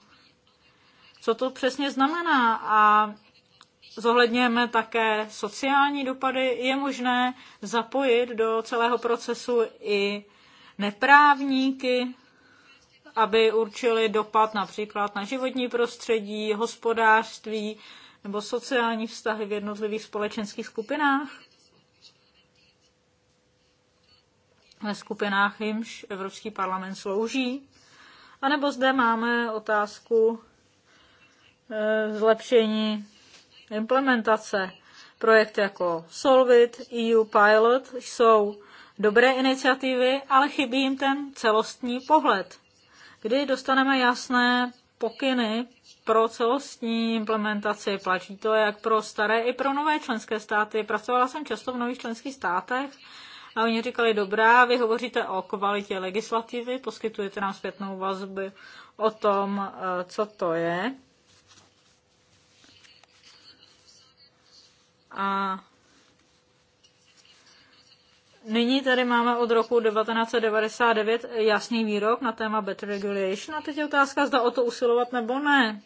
Co to přesně znamená? A zohledněme také sociální dopady. Je možné zapojit do celého procesu i neprávníky, aby určili dopad například na životní prostředí, hospodářství, nebo sociální vztahy v jednotlivých společenských skupinách? Ve skupinách jimž Evropský parlament slouží? A nebo zde máme otázku eh, zlepšení implementace. Projekty jako Solvit, EU Pilot jsou dobré iniciativy, ale chybí jim ten celostní pohled, kdy dostaneme jasné pokyny pro celostní implementaci, platí to jak pro staré, i pro nové členské státy. Pracovala jsem často v nových členských státech a oni říkali, dobrá, vy hovoříte o kvalitě legislativy, poskytujete nám zpětnou vazbu o tom, eh, co to je. A Nyní tady máme od roku 1999 jasný výrok na téma better regulation a teď je otázka, zda o to usilovat nebo ne.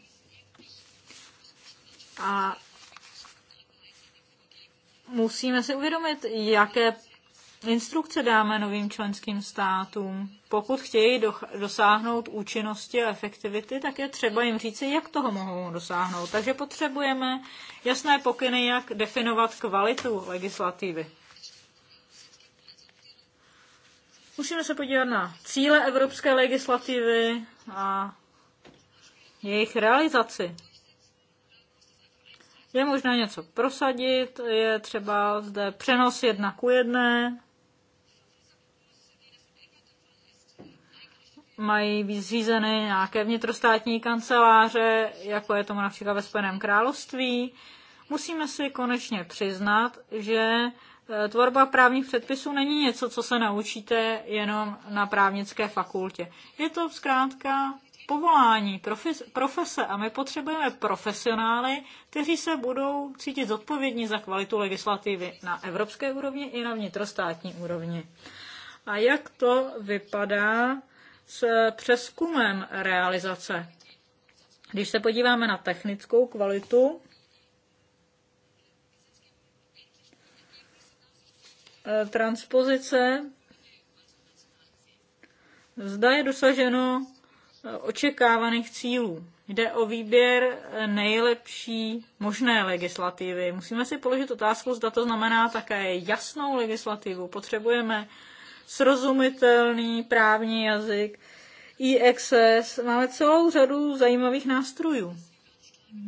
A musíme si uvědomit, jaké instrukce dáme novým členským státům. Pokud chtějí dosáhnout účinnosti a efektivity, tak je třeba jim říci, jak toho mohou dosáhnout. Takže potřebujeme jasné pokyny, jak definovat kvalitu legislativy. Musíme se podívat na cíle evropské legislativy a jejich realizaci je možné něco prosadit, je třeba zde přenos jedna ku jedné, mají zřízeny nějaké vnitrostátní kanceláře, jako je tomu například ve Spojeném království. Musíme si konečně přiznat, že e, tvorba právních předpisů není něco, co se naučíte jenom na právnické fakultě. Je to zkrátka povolání, profes, profese a my potřebujeme profesionály, kteří se budou cítit zodpovědní za kvalitu legislativy na evropské úrovni i na vnitrostátní úrovni. A jak to vypadá s přeskumem realizace? Když se podíváme na technickou kvalitu, eh, transpozice Zda je dosaženo očekávaných cílů. Jde o výběr eh, nejlepší možné legislativy. Musíme si položit otázku, zda to znamená také jasnou legislativu. Potřebujeme srozumitelný právní jazyk, e-access. Máme celou řadu zajímavých nástrojů.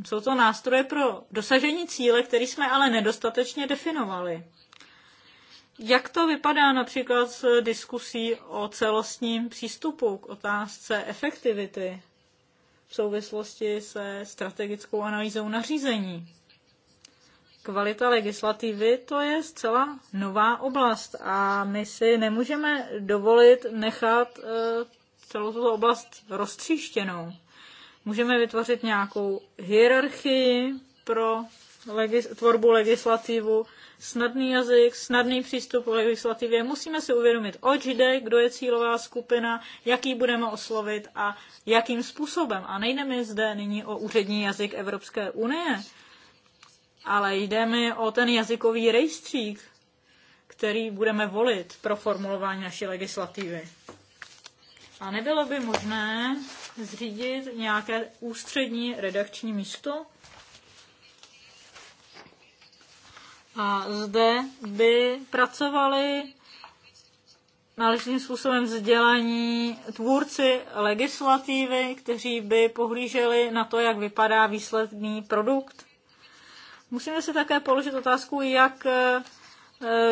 Jsou to nástroje pro dosažení cíle, který jsme ale nedostatečně definovali. Jak to vypadá například s diskusí o celostním přístupu k otázce efektivity v souvislosti se strategickou analýzou nařízení? Kvalita legislativy to je zcela nová oblast a my si nemůžeme dovolit nechat eh, celou tuto oblast roztříštěnou. Můžeme vytvořit nějakou hierarchii pro legis, tvorbu legislativu, snadný jazyk, snadný přístup k legislativě. Musíme si uvědomit, o jde, kdo je cílová skupina, jaký budeme oslovit a jakým způsobem. A nejde mi zde nyní o úřední jazyk Evropské unie, ale jde mi o ten jazykový rejstřík, který budeme volit pro formulování naší legislativy. A nebylo by možné zřídit nějaké ústřední redakční místo? A zde by pracovali náležitým způsobem vzdělaní tvůrci legislativy, kteří by pohlíželi na to, jak vypadá výsledný produkt. Musíme si také položit otázku, jak eh,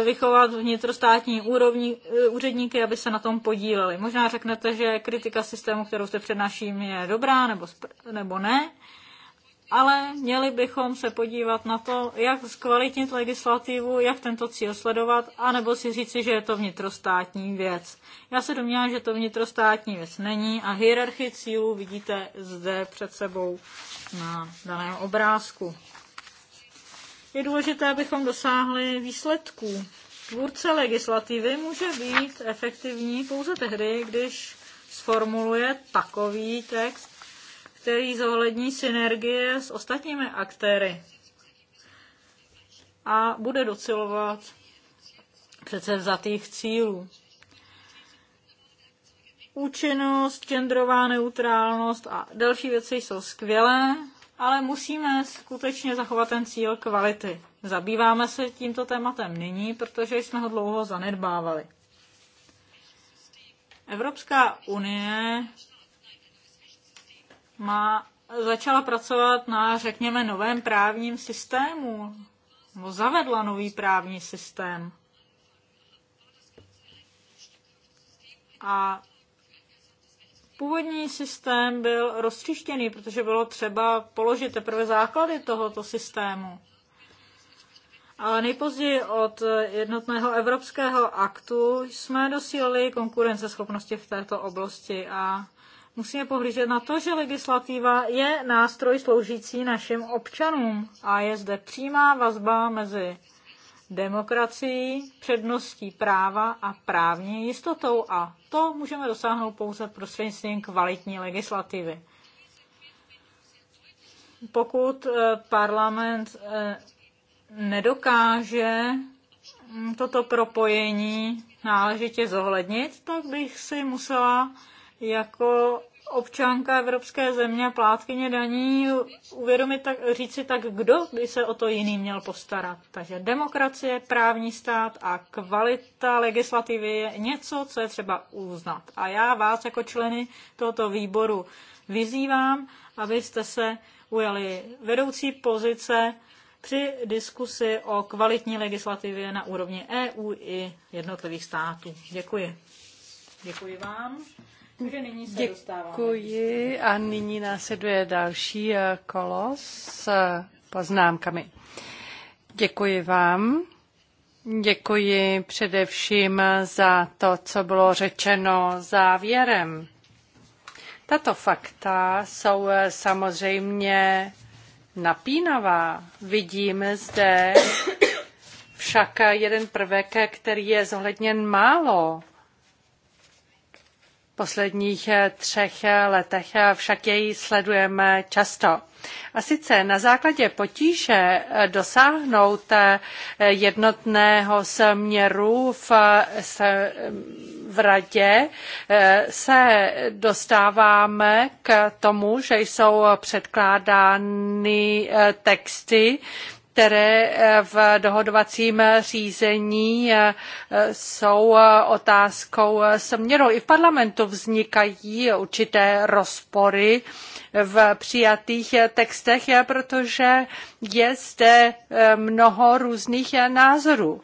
vychovat vnitrostátní úrovni, eh, úředníky, aby se na tom podíleli. Možná řeknete, že kritika systému, kterou se přednáším, je dobrá nebo, nebo ne, ale měli bychom se podívat na to, jak zkvalitnit legislativu, jak tento cíl sledovat, anebo si říci, že je to vnitrostátní věc. Já se domnívám, že to vnitrostátní věc není a hierarchii cílů vidíte zde před sebou na daném obrázku. Je důležité, abychom dosáhli výsledků. Tvůrce legislativy může být efektivní pouze tehdy, když sformuluje takový text, který zohlední synergie s ostatními aktéry a bude docilovat přece vzatých cílů. Účinnost, genderová neutrálnost a další věci jsou skvělé, ale musíme skutečně zachovat ten cíl kvality. Zabýváme se tímto tématem nyní, protože jsme ho dlouho zanedbávali. Evropská unie má, začala pracovat na, řekněme, novém právním systému, nebo zavedla nový právní systém. A původní systém byl roztříštěný, protože bylo třeba položit teprve základy tohoto systému. Ale nejpozději od jednotného evropského aktu jsme dosílili konkurenceschopnosti v této oblasti a musíme pohlížet na to, že legislativa je nástroj sloužící našim občanům a je zde přímá vazba mezi demokracií, předností práva a právní jistotou a to můžeme dosáhnout pouze prostřednictvím kvalitní legislativy. Pokud eh, parlament eh, nedokáže hm, toto propojení náležitě zohlednit, tak bych si musela jako občanka evropské země, plátkyně daní, uvědomit tak, říci tak, kdo by se o to jiný měl postarat. Takže demokracie, právní stát a kvalita legislativy je něco, co je třeba uznat. A já vás jako členy tohoto výboru vyzývám, abyste se ujali vedoucí pozice při diskusi o kvalitní legislativě na úrovni EU i jednotlivých států. Děkuji. Děkuji vám. Takže nyní se Děkuji a nyní následuje další eh, kolo s eh, poznámkami. Děkuji vám. Děkuji především eh, za to, co bylo řečeno závěrem. Tato fakta jsou samozřejmě napínavá. Vidím zde však jeden prvek, který je zohledněn málo posledních eh, třech eh, letech eh, však jej sledujeme často. A sice na základě potíže dosáhnout jednotného směru v, v radě se dostáváme k tomu, že jsou předkládány texty, které eh, v dohodovacím řízení eh, jsou eh, otázkou směru. I v parlamentu vznikají určité rozpory v přijatých textech, protože je zde mnoho různých názorů.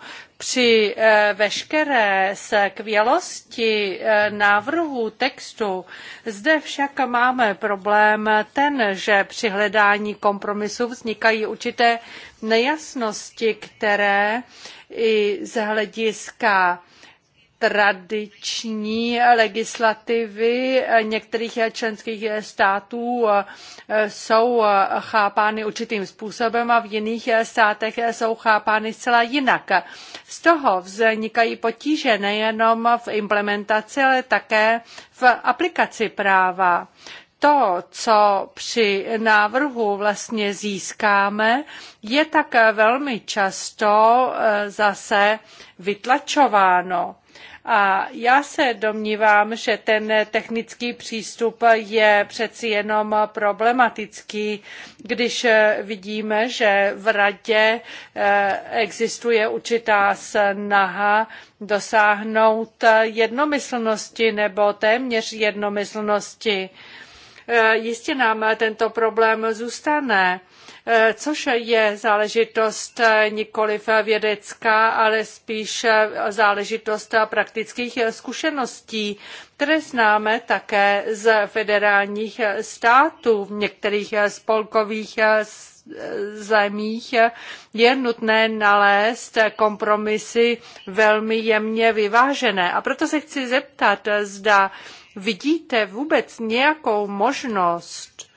Při eh, veškeré skvělosti eh, návrhu textu zde však máme problém ten, že při hledání kompromisu vznikají určité nejasnosti, které i z hlediska tradiční legislativy některých členských států eh, jsou eh, chápány určitým způsobem a v jiných eh, státech jsou chápány zcela jinak. Z toho vznikají potíže nejenom v implementaci, ale také v aplikaci práva to, co při návrhu vlastně získáme, je tak velmi často zase vytlačováno. A já se domnívám, že ten technický přístup je přeci jenom problematický, když vidíme, že v radě eh, existuje určitá snaha dosáhnout jednomyslnosti nebo téměř jednomyslnosti. Eh, jistě nám tento problém zůstane což je záležitost nikoliv vědecká, ale spíš záležitost praktických zkušeností, které známe také z federálních států, v některých spolkových zemích je nutné nalézt kompromisy velmi jemně vyvážené. A proto se chci zeptat, zda vidíte vůbec nějakou možnost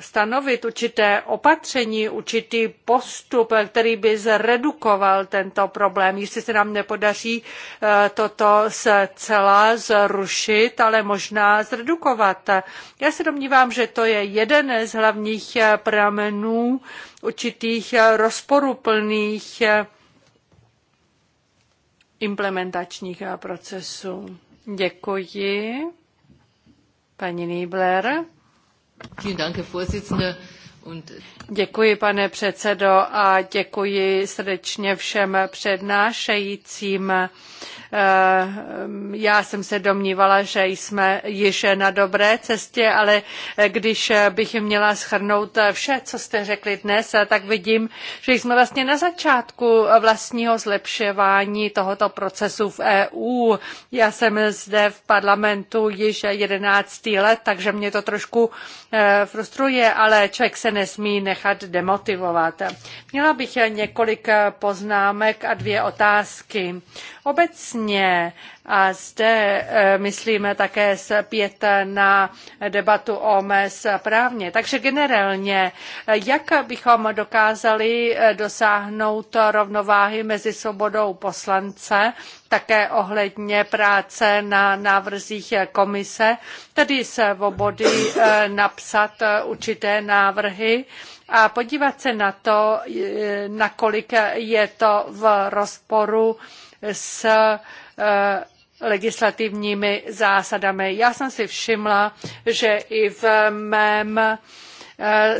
stanovit určité opatření, určitý postup, který by zredukoval tento problém. Jistě se nám nepodaří eh, toto zcela zrušit, ale možná zredukovat. Já se domnívám, že to je jeden z hlavních eh, pramenů určitých eh, rozporuplných implementačních procesů. Děkuji. Paní Niebler. Äh, děkuji, pane předsedo, a děkuji srdečně všem přednášejícím. Eh, já jsem se domnívala, že jsme již na dobré cestě, ale když bych měla schrnout vše, co jste řekli dnes, tak vidím, že jsme vlastně na začátku vlastního zlepšování tohoto procesu v EU. Já jsem zde v parlamentu již 11 let, takže mě to trošku eh, frustruje, ale člověk se nesmí nechat demotivovat. Měla bych několik poznámek a dvě otázky obecně. A zde e, myslíme také zpět na debatu o MES právně. Takže generálně, jak bychom dokázali e, dosáhnout rovnováhy mezi svobodou poslance, také ohledně práce na návrzích komise, tedy svobody e, napsat určité návrhy a podívat se na to, nakolik je to v rozporu s eh, legislativními zásadami. Já jsem si všimla, že i v mém eh,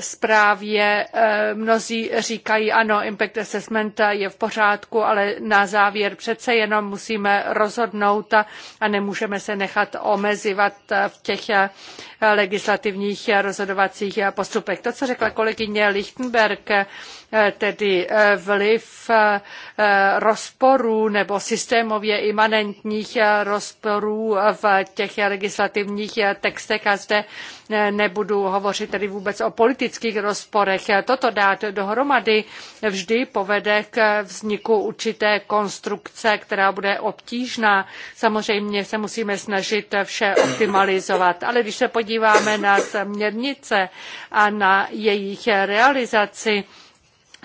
zprávě eh, mnozí říkají, ano, impact assessment je v pořádku, ale na závěr přece jenom musíme rozhodnout a nemůžeme se nechat omezovat v těch legislativních rozhodovacích postupech. To, co řekla kolegyně Lichtenberg, Eh, tedy eh, vliv eh, rozporů nebo systémově imanentních rozporů v těch legislativních textech a zde nebudu hovořit tedy vůbec o politických rozporech. Toto dát dohromady vždy povede k vzniku určité konstrukce, která bude obtížná. Samozřejmě se musíme snažit vše optimalizovat, ale když se podíváme na směrnice a na jejich realizaci,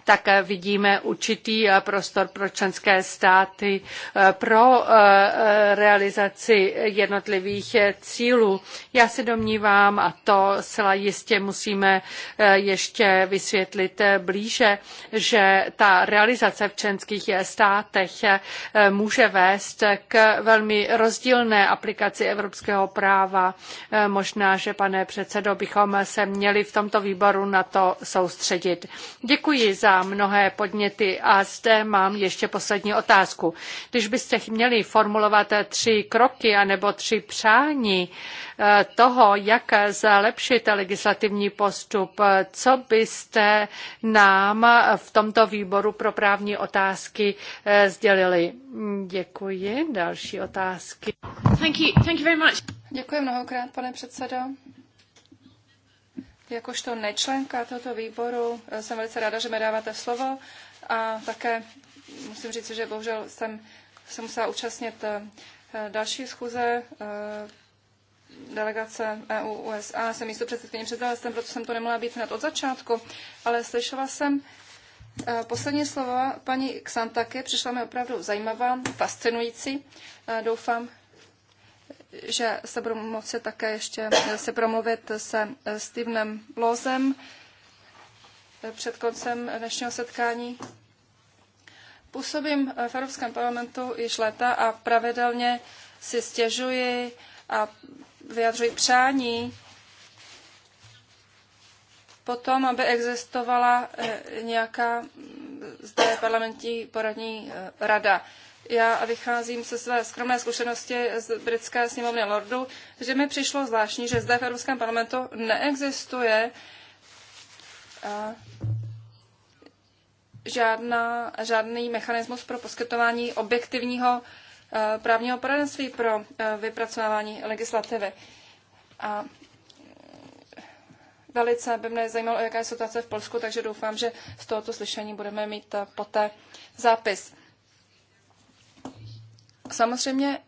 tak vidíme určitý eh, prostor pro členské státy eh, pro eh, realizaci jednotlivých cílů. Já se domnívám, a to zcela jistě musíme ještě vysvětlit blíže, že ta realizace v členských státech může vést k velmi rozdílné aplikaci evropského práva. Možná, že pane předsedo, bychom se měli v tomto výboru na to soustředit. Děkuji za mnohé podněty a zde mám ještě poslední otázku. Když byste měli formulovat tři kroky anebo tři přání eh, toho, jak zlepšit legislativní postup, co byste nám v tomto výboru pro právní otázky eh, sdělili? Děkuji. Další otázky. Thank you. Thank you very much. Děkuji mnohokrát, pane předsedo. Jakožto nečlenka tohoto výboru eh, jsem velice ráda, že mi dáváte slovo a také musím říct, že bohužel jsem se musela účastnit eh, eh, další schůze delegace EU-USA. Jsem místo předsedkyně předsedala, proto jsem to nemohla být hned od začátku, ale slyšela jsem Poslední slova paní Xantaky přišla mi opravdu zajímavá, fascinující. Doufám, že se budu moci také ještě eh, se promluvit se eh, Stevenem Lozem eh, před koncem dnešního setkání. Působím v Evropském parlamentu již léta a pravidelně si stěžuji a vyjadřuji přání potom, aby existovala nějaká mm, zde parlamentní poradní rada já vycházím se své skromné zkušenosti z britské sněmovny Lordu, že mi přišlo zvláštní, že zde v Evropském parlamentu neexistuje eh, žádná, žádný mechanismus pro poskytování objektivního eh, právního poradenství pro eh, vypracování legislativy. A velice by mě zajímalo, jaká je situace v Polsku, takže doufám, že z tohoto slyšení budeme mít poté zápis. Samozřejmě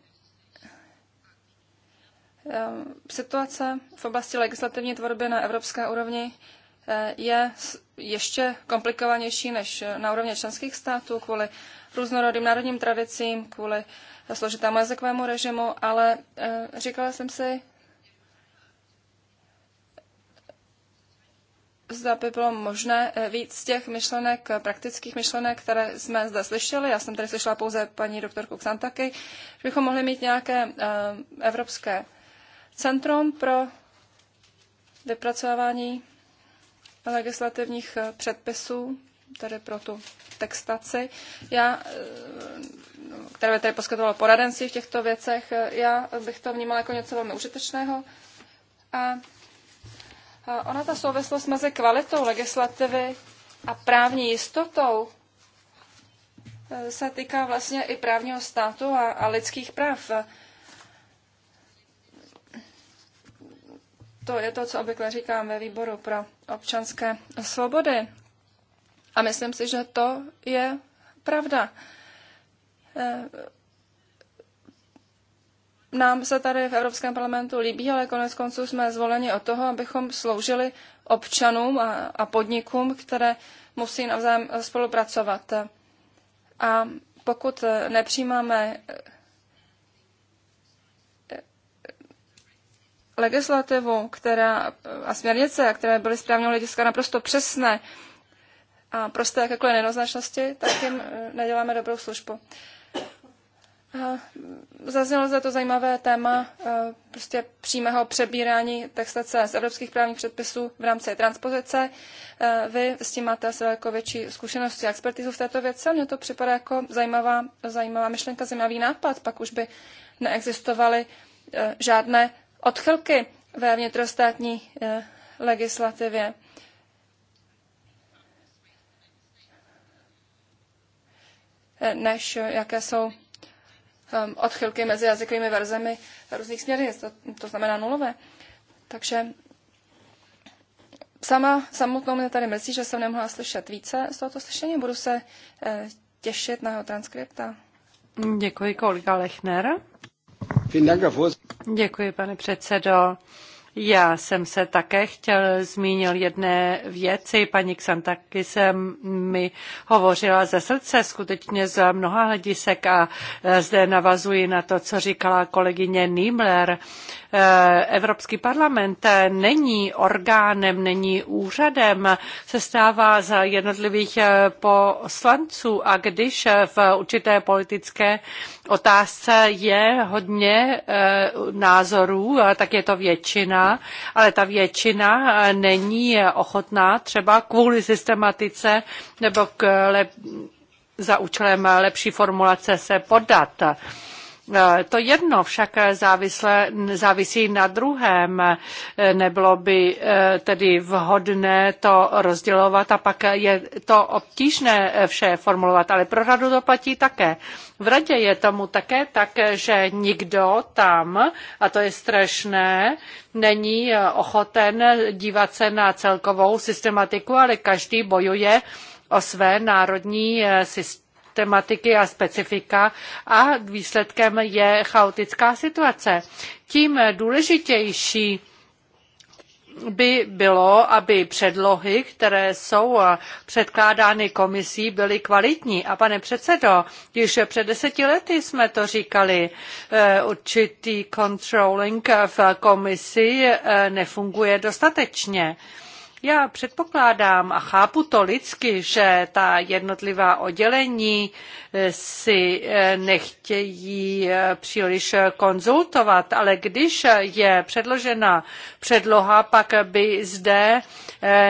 eh, situace v oblasti legislativní tvorby na evropské úrovni eh, je ještě komplikovanější než na úrovni členských států kvůli různorodým národním tradicím, kvůli složitému jazykovému režimu, ale eh, říkala jsem si, zda by bylo možné eh, víc těch myšlenek, eh, praktických myšlenek, které jsme zde slyšeli. Já jsem tady slyšela pouze paní doktorku Xantaky, že bychom mohli mít nějaké eh, evropské centrum pro vypracování legislativních předpisů, tedy pro tu textaci. Já, no, které by tady poskytovalo poradenství v těchto věcech, já bych to vnímala jako něco velmi užitečného. A ona ta souvislost mezi kvalitou legislativy a právní jistotou eh, se týká vlastně i právního státu a, a lidských práv. To je to, co obvykle říkám ve výboru pro občanské svobody. A myslím si, že to je pravda. Eh, nám se tady v Evropském parlamentu líbí, ale konec konců jsme zvoleni o toho, abychom sloužili občanům a, a podnikům, které musí navzájem spolupracovat. A pokud nepřijímáme eh, eh, legislativu která, eh, a směrnice, které byly správně hlediska naprosto přesné a prosté jakékoliv nenoznačnosti, tak jim neděláme dobrou službu. Eh, zaznělo za to zajímavé téma eh, prostě přímého přebírání textace z evropských právních předpisů v rámci transpozice. Eh, vy s tím máte asi daleko větší zkušenosti a expertizu v této věci. Mně to připadá jako zajímavá, zajímavá myšlenka, zajímavý nápad. Pak už by neexistovaly žádné odchylky ve vnitrostátní legislativě. než jaké jsou Um, odchylky mezi jazykovými verzemi různých směrnic, to, to znamená nulové. Takže sama, samotnou mě tady mrzí, že jsem nemohla slyšet více z tohoto slyšení. Budu se eh, těšit na jeho transkripta. Děkuji, kolega Lechner. Děkuji, pane předsedo. Já jsem se také chtěl zmínil jedné věci. Paní taky jsem mi hovořila ze srdce, skutečně z mnoha hledisek a e, zde navazuji na to, co říkala kolegyně Niemler. E, Evropský parlament není orgánem, není úřadem, se stává za jednotlivých e, poslanců a když v určité politické otázce je hodně názorů, tak je to většina ale ta většina eh, není ochotná třeba kvůli systematice nebo k lep, za účelem lepší formulace se podat. E, to jedno však závisle, závisí na druhém. E, nebylo by e, tedy vhodné to rozdělovat a pak je to obtížné vše formulovat, ale pro radu to platí také. V radě je tomu také tak, že nikdo tam, a to je strašné, není ochoten dívat se na celkovou systematiku, ale každý bojuje o své národní systémy tematiky a specifika a výsledkem je chaotická situace. Tím důležitější by bylo, aby předlohy, které jsou předkládány komisí, byly kvalitní. A pane předsedo, již před deseti lety jsme to říkali, eh, určitý controlling v komisi eh, nefunguje dostatečně. Já předpokládám a chápu to lidsky, že ta jednotlivá oddělení eh, si eh, nechtějí eh, příliš konzultovat, ale když je předložena předloha, pak by zde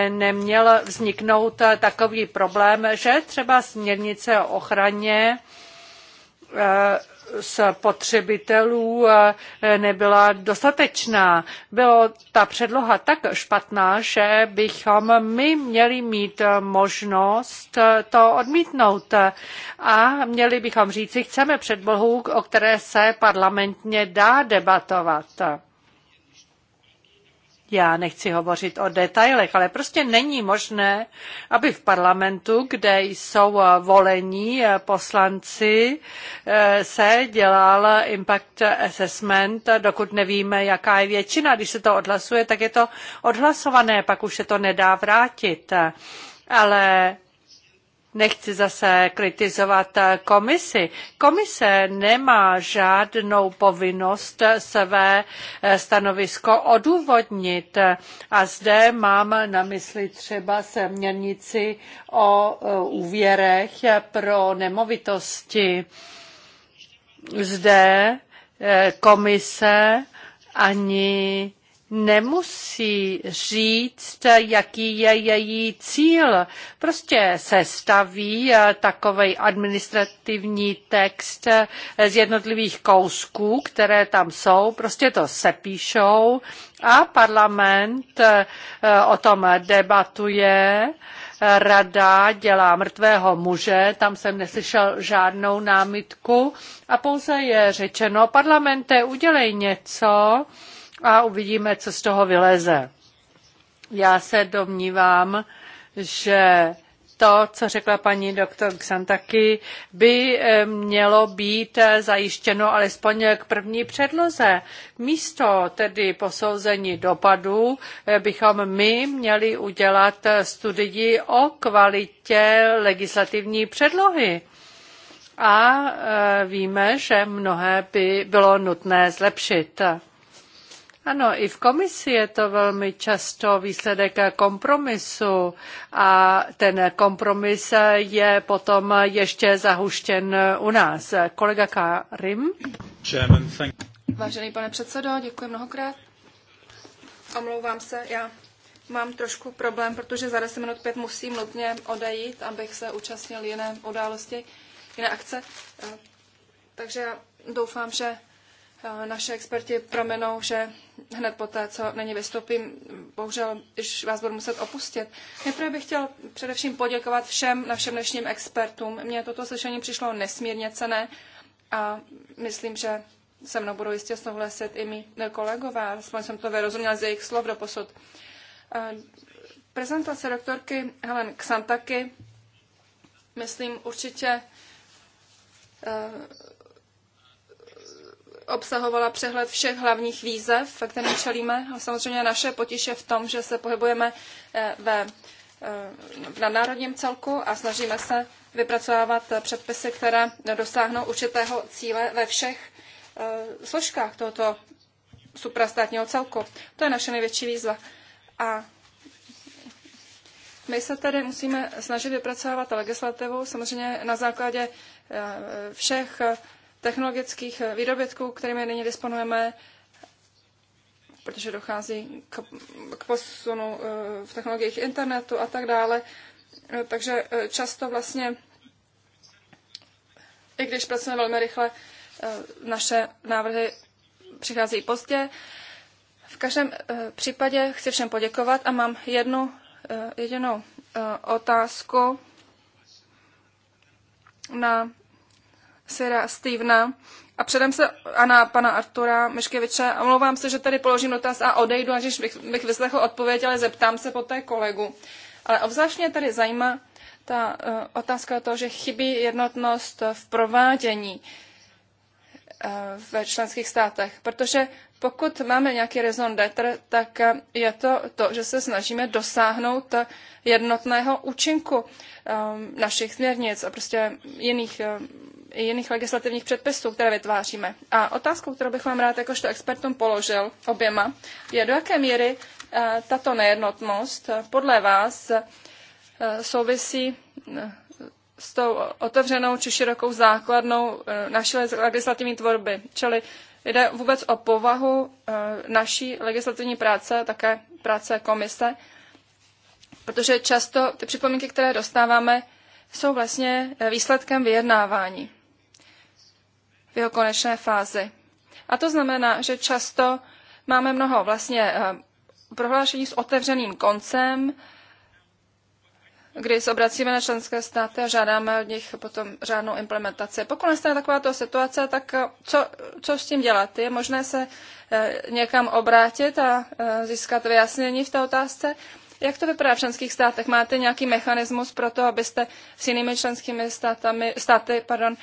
neměl vzniknout takový problém, že třeba směrnice o ochraně spotřebitelů eh, nebyla dostatečná. Byla ta předloha tak špatná, že bychom my měli mít možnost eh, to odmítnout a měli bychom říci, chceme předlohu, o které se parlamentně dá debatovat. Já nechci hovořit o detailech, ale prostě není možné, aby v parlamentu, kde jsou volení poslanci, eh, se dělal impact assessment, dokud nevíme, jaká je většina. Když se to odhlasuje, tak je to odhlasované, pak už se to nedá vrátit. Ale Nechci zase kritizovat eh, komisi. Komise nemá žádnou povinnost své eh, stanovisko odůvodnit. A zde mám na mysli třeba směrnici o eh, úvěrech pro nemovitosti. Zde komise ani nemusí říct, jaký je její cíl. Prostě se staví eh, takový administrativní text eh, z jednotlivých kousků, které tam jsou, prostě to sepíšou a parlament eh, o tom debatuje rada dělá mrtvého muže, tam jsem neslyšel žádnou námitku a pouze je řečeno, parlamente, udělej něco, a uvidíme, co z toho vyleze. Já se domnívám, že to, co řekla paní doktor Xantaky, by eh, mělo být eh, zajištěno alespoň k první předloze. Místo tedy posouzení dopadů eh, bychom my měli udělat studii o kvalitě legislativní předlohy. A víme, že mnohé by bylo nutné zlepšit. Ano, i v komisi je to velmi často výsledek kompromisu a ten kompromis je potom ještě zahuštěn u nás. Kolega Karim. thank... Vážený pane předsedo, děkuji mnohokrát. Omlouvám se, já mám trošku problém, protože za 10 minut 5 musím nutně odejít, abych se účastnil jiné události, jiné akce. Eh, takže já doufám, že Eh, naše experti promenou, že hned po té, co na ní vystoupím, bohužel když vás budu muset opustit. Nejprve bych chtěl především poděkovat všem našim dnešním expertům. Mně toto slyšení přišlo nesmírně cené a myslím, že se mnou budou jistě souhlasit i mý kolegové, alespoň jsem to vyrozuměla z jejich slov do posud. Eh, prezentace doktorky Helen Xantaky, myslím, určitě eh, obsahovala přehled všech hlavních výzev, kterým čelíme. A samozřejmě naše potiše v tom, že se pohybujeme eh, ve, eh, v nadnárodním celku a snažíme se vypracovávat předpisy, které dosáhnou určitého cíle ve všech eh, složkách tohoto suprastátního celku. To je naše největší výzva. A my se tedy musíme snažit vypracovávat legislativu, samozřejmě na základě všech technologických eh, výdobytků, kterými nyní disponujeme, protože dochází k, k posunu eh, v technologiích internetu a tak dále. Eh, takže často vlastně, i když pracujeme velmi rychle, naše návrhy přicházejí pozdě. V každém případě chci všem poděkovat a mám jednu jedinou otázku na Sera, Stevena a předem se a na pana Artura Meškeviče. Omlouvám se, že tady položím dotaz a odejdu, až bych, bych vyslechl odpověď, ale zeptám se poté kolegu. Ale obzvláště tady zajímá ta uh, otázka toho, že chybí jednotnost v provádění eh, ve členských státech, protože pokud máme nějaký raison d'être, tak eh, je to to, že se snažíme dosáhnout jednotného účinku našich směrnic a prostě jiných i jiných legislativních předpisů, které vytváříme. A otázkou, kterou bych vám rád jakožto expertům položil oběma, je do jaké míry eh, tato nejednotnost eh, podle vás eh, souvisí s tou otevřenou či širokou základnou naší legislativní tvorby. Čili jde vůbec o povahu naší legislativní práce, také práce komise, protože často ty připomínky, které dostáváme, jsou vlastně výsledkem vyjednávání jeho konečné fázi. A to znamená, že často máme mnoho vlastně eh, prohlášení s otevřeným koncem, kdy se obracíme na členské státy a žádáme od nich potom řádnou implementaci. Pokud nastane takováto situace, tak eh, co, co s tím dělat? Je možné se eh, někam obrátit a získat vyjasnění v té otázce? Jak to vypadá v členských státech? Máte nějaký mechanismus pro to, abyste s jinými členskými státami, státy pardon,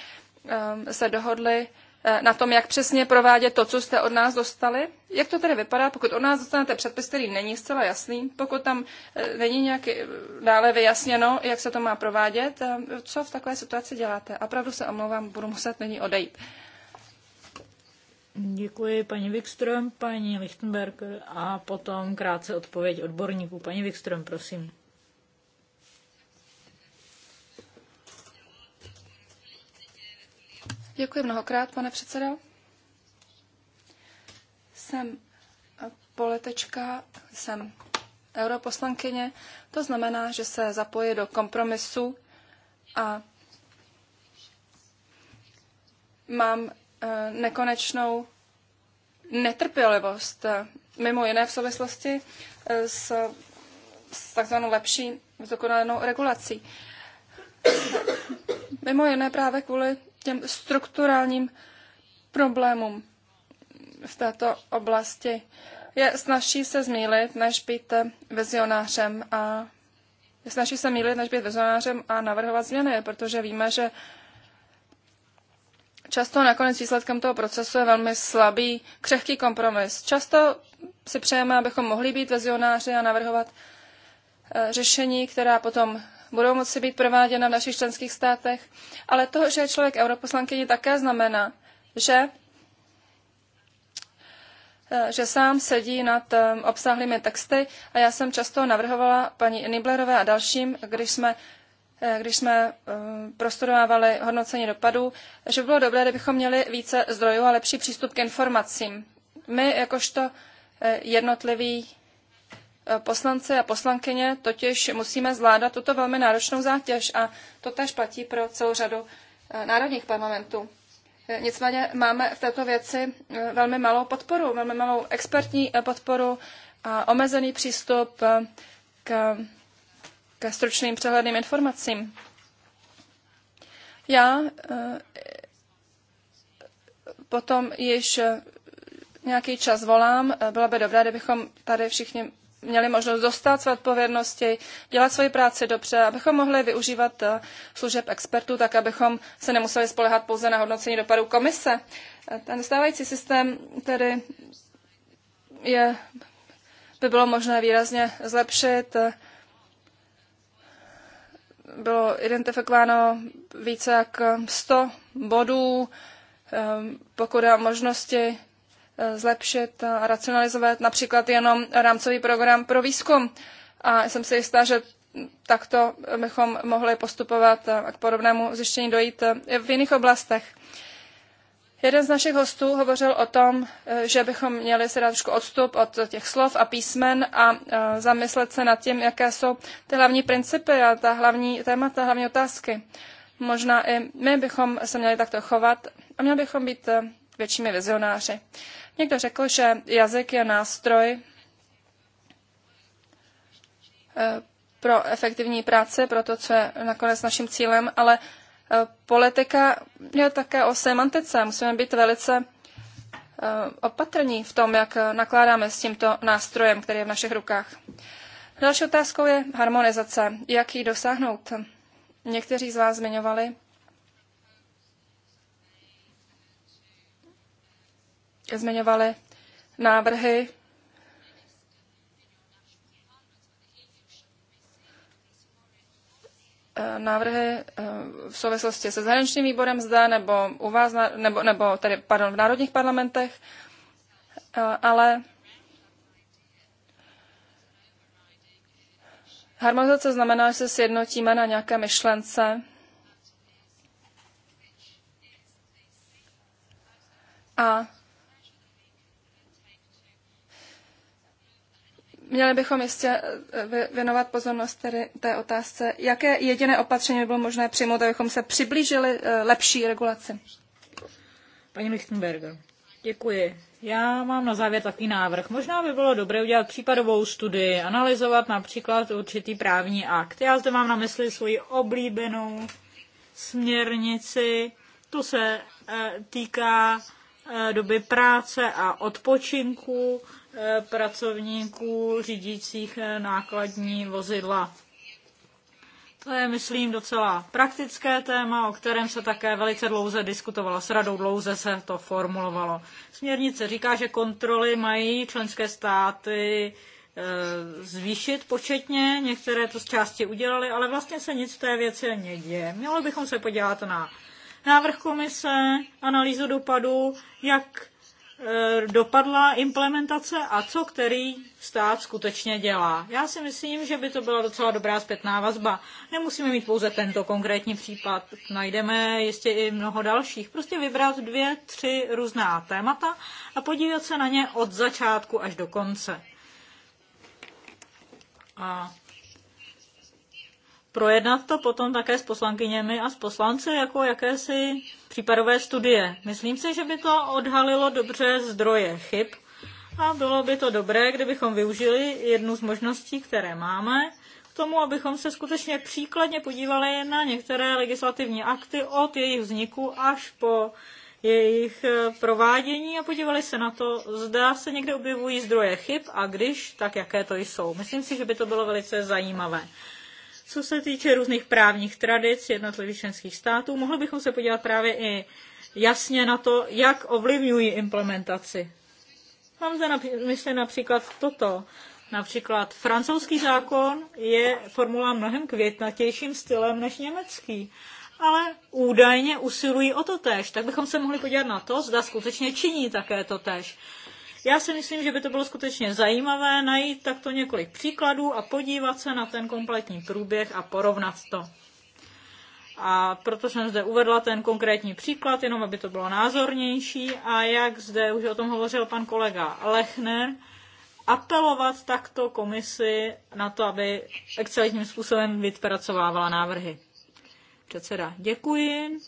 Ehm, se dohodli eh, na tom, jak přesně provádět to, co jste od nás dostali. Jak to tedy vypadá, pokud od nás dostanete předpis, který není zcela jasný, pokud tam eh, není nějak eh, dále vyjasněno, jak se to má provádět, co v takové situaci děláte? A pravdu se omlouvám, budu muset není odejít. Děkuji paní Wikström, paní Lichtenberg a potom krátce odpověď odborníků. Paní Wikström, prosím. Děkuji mnohokrát, pane předsedo. Jsem politička, jsem europoslankyně. To znamená, že se zapojí do kompromisu a mám eh, nekonečnou netrpělivost, eh, mimo jiné v souvislosti eh, s, s takzvanou lepší zdokonalenou regulací. Mimo jiné právě kvůli těm strukturálním problémům v této oblasti. Je snažší se zmílit, než být vizionářem a je snaží se mílit, než být vizionářem a navrhovat změny, protože víme, že často nakonec výsledkem toho procesu je velmi slabý, křehký kompromis. Často si přejeme, abychom mohli být vizionáři a navrhovat eh, řešení, která potom budou moci být prováděna v našich členských státech. Ale to, že je člověk europoslankyní, také znamená, že eh, že sám sedí nad eh, obsáhlými texty a já jsem často navrhovala paní Niblerové a dalším, když jsme eh, když jsme prostudovávali hodnocení dopadů, že by bylo dobré, kdybychom měli více zdrojů a lepší přístup k informacím. My, jakožto jednotliví Eh, poslance a poslankyně totiž musíme zvládat tuto velmi náročnou zátěž a to tež platí pro celou řadu eh, národních parlamentů. Eh, nicméně máme v této věci velmi malou podporu, velmi malou expertní podporu a omezený přístup k, k stručným přehledným informacím. Já potom již nějaký čas volám. Bylo by dobré, kdybychom tady všichni měli možnost dostat své odpovědnosti, dělat svoji práci dobře, abychom mohli využívat eh, služeb expertů, tak abychom se nemuseli spolehat pouze na hodnocení dopadů komise. Eh, ten stávající systém tedy je, by bylo možné výrazně zlepšit. Eh, bylo identifikováno více jak 100 bodů, pokud je možnosti Eh, zlepšit a racionalizovat například jenom rámcový program pro výzkum. A jsem si jistá, že takto bychom mohli postupovat a k podobnému zjištění dojít eh, i v jiných oblastech. Jeden z našich hostů hovořil o tom, eh, že bychom měli si dát trošku odstup od těch slov a písmen a zamyslet se nad tím, jaké jsou ty hlavní principy a ta hlavní témata, hlavní otázky. Možná i my bychom se měli takto chovat a měli bychom být většími vizionáři. Někdo řekl, že jazyk je nástroj eh, pro efektivní práci, pro to, co je nakonec naším cílem, ale eh, politika je také o semantice. Musíme být velice eh, opatrní v tom, jak nakládáme s tímto nástrojem, který je v našich rukách. Další otázkou je harmonizace. Jak ji dosáhnout? Někteří z vás zmiňovali zmiňovali návrhy eh, návrhy eh, v souvislosti se zahraničním výborem zde nebo u vás, nebo, nebo tady, pardon, v národních parlamentech, eh, ale harmonizace znamená, že se sjednotíme na nějaké myšlence a Měli bychom jistě eh, věnovat pozornost tedy té otázce, jaké jediné opatření by bylo možné přijmout, abychom se přiblížili eh, lepší regulaci. Paní Lichtenberger, děkuji. Já mám na závěr takový návrh. Možná by bylo dobré udělat případovou studii, analyzovat například určitý právní akt. Já zde mám na mysli svoji oblíbenou směrnici. To se eh, týká doby práce a odpočinku Eh, pracovníků řídících eh, nákladní vozidla. To je, myslím, docela praktické téma, o kterém se také velice dlouze diskutovalo. S radou dlouze se to formulovalo. Směrnice říká, že kontroly mají členské státy eh, zvýšit početně, některé to z části udělali, ale vlastně se nic v té věci neděje. Mělo bychom se podívat na návrh komise, analýzu dopadu, jak E, dopadla implementace a co který stát skutečně dělá. Já si myslím, že by to byla docela dobrá zpětná vazba. Nemusíme mít pouze tento konkrétní případ, najdeme jistě i mnoho dalších. Prostě vybrat dvě, tři různá témata a podívat se na ně od začátku až do konce. A projednat to potom také s poslankyněmi a s poslanci jako jakési případové studie. Myslím si, že by to odhalilo dobře zdroje chyb a bylo by to dobré, kdybychom využili jednu z možností, které máme, k tomu, abychom se skutečně příkladně podívali na některé legislativní akty od jejich vzniku až po jejich eh, provádění a podívali se na to, zda se někde objevují zdroje chyb a když, tak jaké to jsou. Myslím si, že by to bylo velice zajímavé. Co se týče různých právních tradic jednotlivých členských států, mohli bychom se podívat právě i jasně na to, jak ovlivňují implementaci. Mám zde na mysli například toto. Například francouzský zákon je formulován mnohem květnatějším stylem než německý, ale údajně usilují o to tež. Tak bychom se mohli podívat na to, zda skutečně činí také to tež. Já si myslím, že by to bylo skutečně zajímavé najít takto několik příkladů a podívat se na ten kompletní průběh a porovnat to. A proto jsem zde uvedla ten konkrétní příklad, jenom aby to bylo názornější. A jak zde už o tom hovořil pan kolega Lechner, apelovat takto komisi na to, aby excelentním způsobem vypracovávala návrhy. Předseda, děkuji.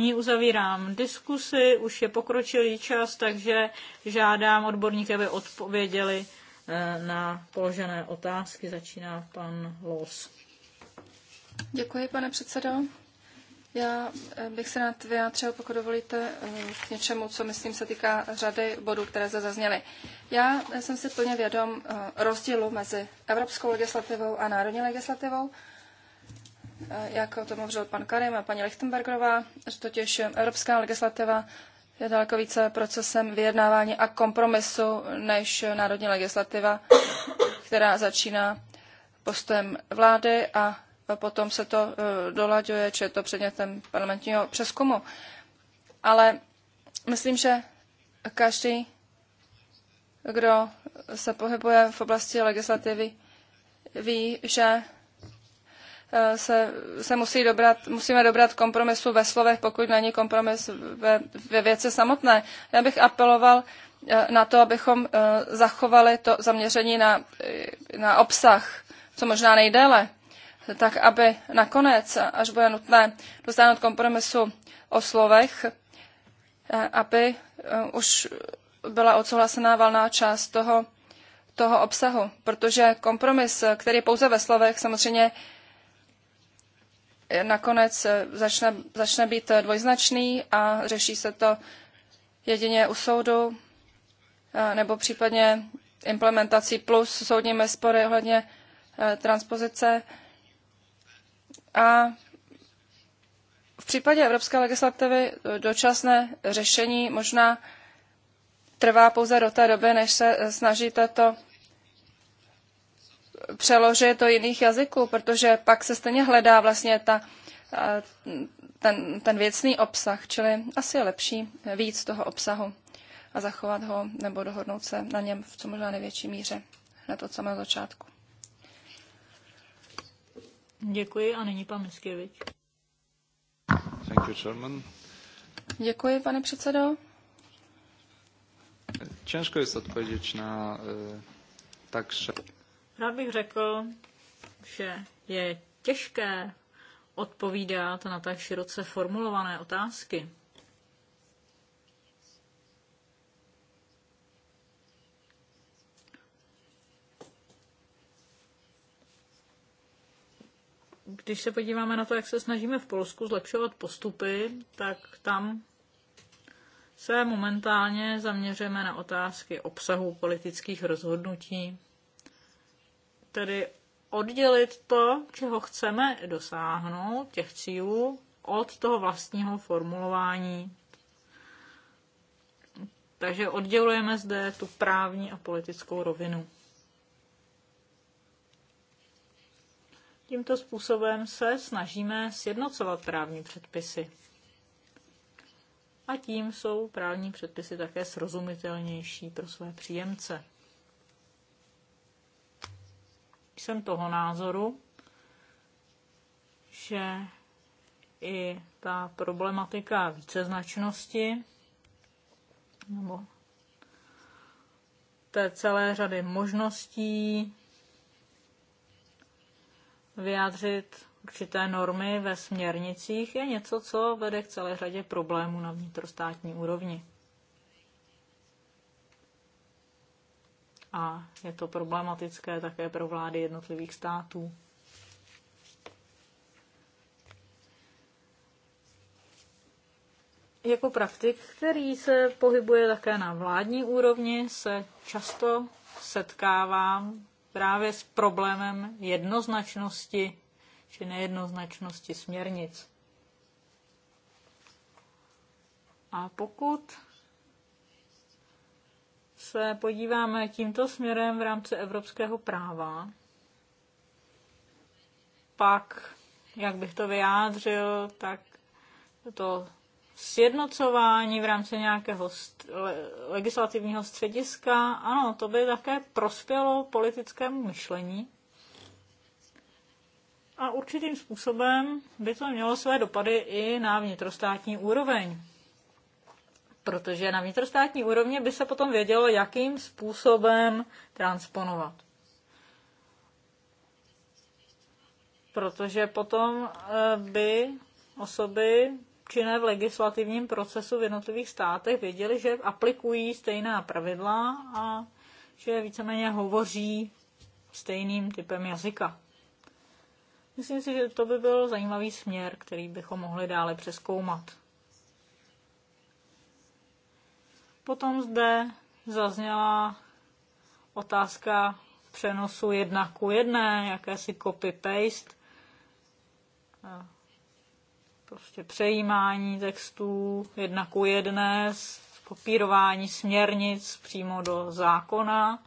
Nyní uzavírám diskusi, už je pokročilý čas, takže žádám odborníky, aby odpověděli eh, na položené otázky. Začíná pan Los. Děkuji, pane předsedo. Já eh, bych se rád vyjádřil, pokud dovolíte, eh, k něčemu, co myslím se týká řady bodů, které zde zazněly. Já jsem si plně vědom rozdílu mezi evropskou legislativou a národní legislativou Eh, jak o tom hovořil pan Karim a paní Lichtenbergerová, že totiž evropská legislativa je daleko více procesem vyjednávání a kompromisu než národní legislativa, která začíná postem vlády a potom se to eh, dolaďuje, či je to předmětem parlamentního přeskumu. Ale myslím, že každý, kdo se pohybuje v oblasti legislativy, ví, že se, se musí dobrat, musíme dobrat kompromisu ve slovech, pokud není kompromis ve, ve věci samotné. Já bych apeloval eh, na to, abychom eh, zachovali to zaměření na, eh, na obsah, co možná nejdéle, tak aby nakonec, až bude nutné dosáhnout kompromisu o slovech, aby už byla odsouhlasená valná část toho, toho obsahu. Protože kompromis, který je pouze ve slovech, samozřejmě nakonec eh, začne, začne být eh, dvojznačný a řeší se to jedině u soudu eh, nebo případně implementací plus soudními spory ohledně transpozice. A v případě evropské legislativy dočasné řešení možná trvá pouze do té doby, než se snaží tato přeložit do jiných jazyků, protože pak se stejně hledá vlastně ta, ten, ten věcný obsah, čili asi je lepší víc toho obsahu a zachovat ho nebo dohodnout se na něm v co možná největší míře na to samého začátku. Děkuji a nyní pan Miskevič. Thank you, Chairman. Děkuji, pane předsedo. Těžko je odpovědět na e, tak Rád bych řekl, že je těžké odpovídat na tak široce formulované otázky. Když se podíváme na to, jak se snažíme v Polsku zlepšovat postupy, tak tam se momentálně zaměřujeme na otázky obsahu politických rozhodnutí, tedy oddělit to, čeho chceme dosáhnout, těch cílů, od toho vlastního formulování. Takže oddělujeme zde tu právní a politickou rovinu. Tímto způsobem se snažíme sjednocovat právní předpisy. A tím jsou právní předpisy také srozumitelnější pro své příjemce. Jsem toho názoru, že i ta problematika víceznačnosti nebo té celé řady možností vyjádřit určité normy ve směrnicích je něco, co vede k celé řadě problémů na vnitrostátní úrovni. a je to problematické také pro vlády jednotlivých států. Jako praktik, který se pohybuje také na vládní úrovni, se často setkávám právě s problémem jednoznačnosti či nejednoznačnosti směrnic. A pokud se podíváme tímto směrem v rámci evropského práva, pak, jak bych to vyjádřil, tak to sjednocování v rámci nějakého st- legislativního střediska, ano, to by také prospělo politickému myšlení. A určitým způsobem by to mělo své dopady i na vnitrostátní úroveň protože na vnitrostátní úrovni by se potom vědělo, jakým způsobem transponovat. Protože potom eh, by osoby činné v legislativním procesu v jednotlivých státech věděli, že aplikují stejná pravidla a že víceméně hovoří stejným typem jazyka. Myslím si, že to by byl zajímavý směr, který bychom mohli dále přeskoumat. Potom zde zazněla otázka přenosu jedna ku jedné, jakési copy-paste, prostě přejímání textů jedna ku jedné, kopírování směrnic přímo do zákona.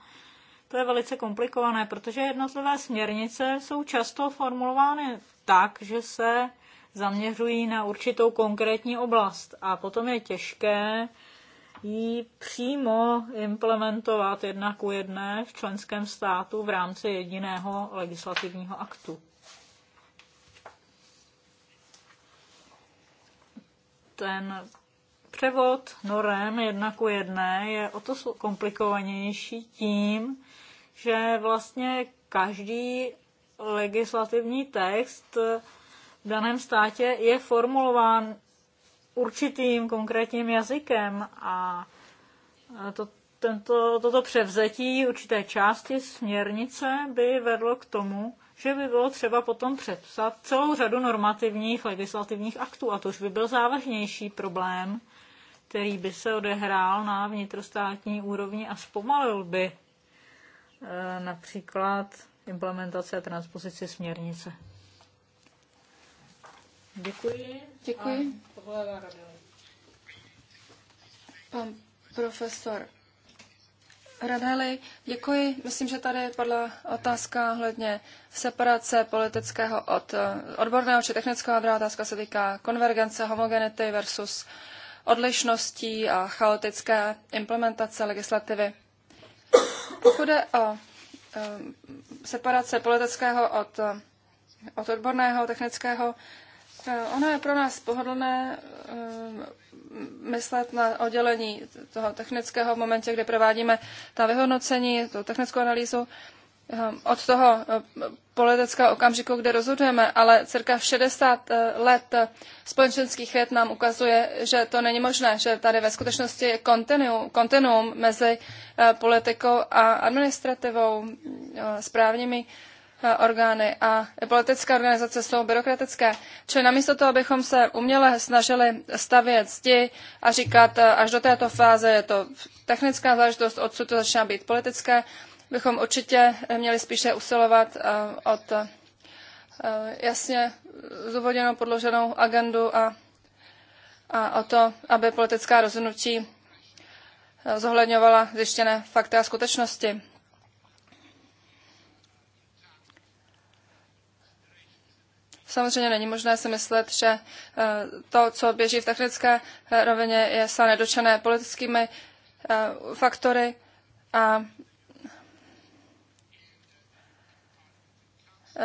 To je velice komplikované, protože jednotlivé směrnice jsou často formulovány tak, že se zaměřují na určitou konkrétní oblast a potom je těžké ji přímo implementovat jedna ku jedné v členském státu v rámci jediného legislativního aktu. Ten převod norem jedna ku jedné je o to komplikovanější tím, že vlastně každý legislativní text v daném státě je formulován určitým konkrétním jazykem a to, tento, toto převzetí určité části směrnice by vedlo k tomu, že by bylo třeba potom předpsat celou řadu normativních legislativních aktů a to už by byl závažnější problém, který by se odehrál na vnitrostátní úrovni a zpomalil by eh, například implementace a transpozici směrnice. Děkuji. Děkuji. Pan profesor Radheli, děkuji. Myslím, že tady padla otázka hledně separace politického od eh, odborného či technického jádra. Otázka se týká konvergence, homogenity versus odlišností a chaotické implementace legislativy. Pokud jde o eh, separace politického od, eh, od odborného, technického, Eh, ono je pro nás pohodlné eh, myslet na oddělení toho technického v momentě, kde provádíme ta vyhodnocení, tu technickou analýzu, eh, od toho politického okamžiku, kde rozhodujeme, ale cirka 60 let společenských věd nám ukazuje, že to není možné, že tady ve skutečnosti je kontinuum, kontinuum mezi politikou a administrativou, správními Eh, orgány a politické organizace jsou byrokratické. Čili namísto toho, abychom se uměle snažili stavět zdi a říkat, eh, až do této fáze je to technická záležitost, odsud to začíná být politické, bychom určitě měli spíše usilovat eh, od jasně zúvoděnou podloženou agendu a, a o to, aby politická rozhodnutí zohledňovala zjištěné fakty a skutečnosti. Samozřejmě není možné si myslet, že eh, to, co běží v technické eh, rovině, je se nedočené politickými eh, faktory a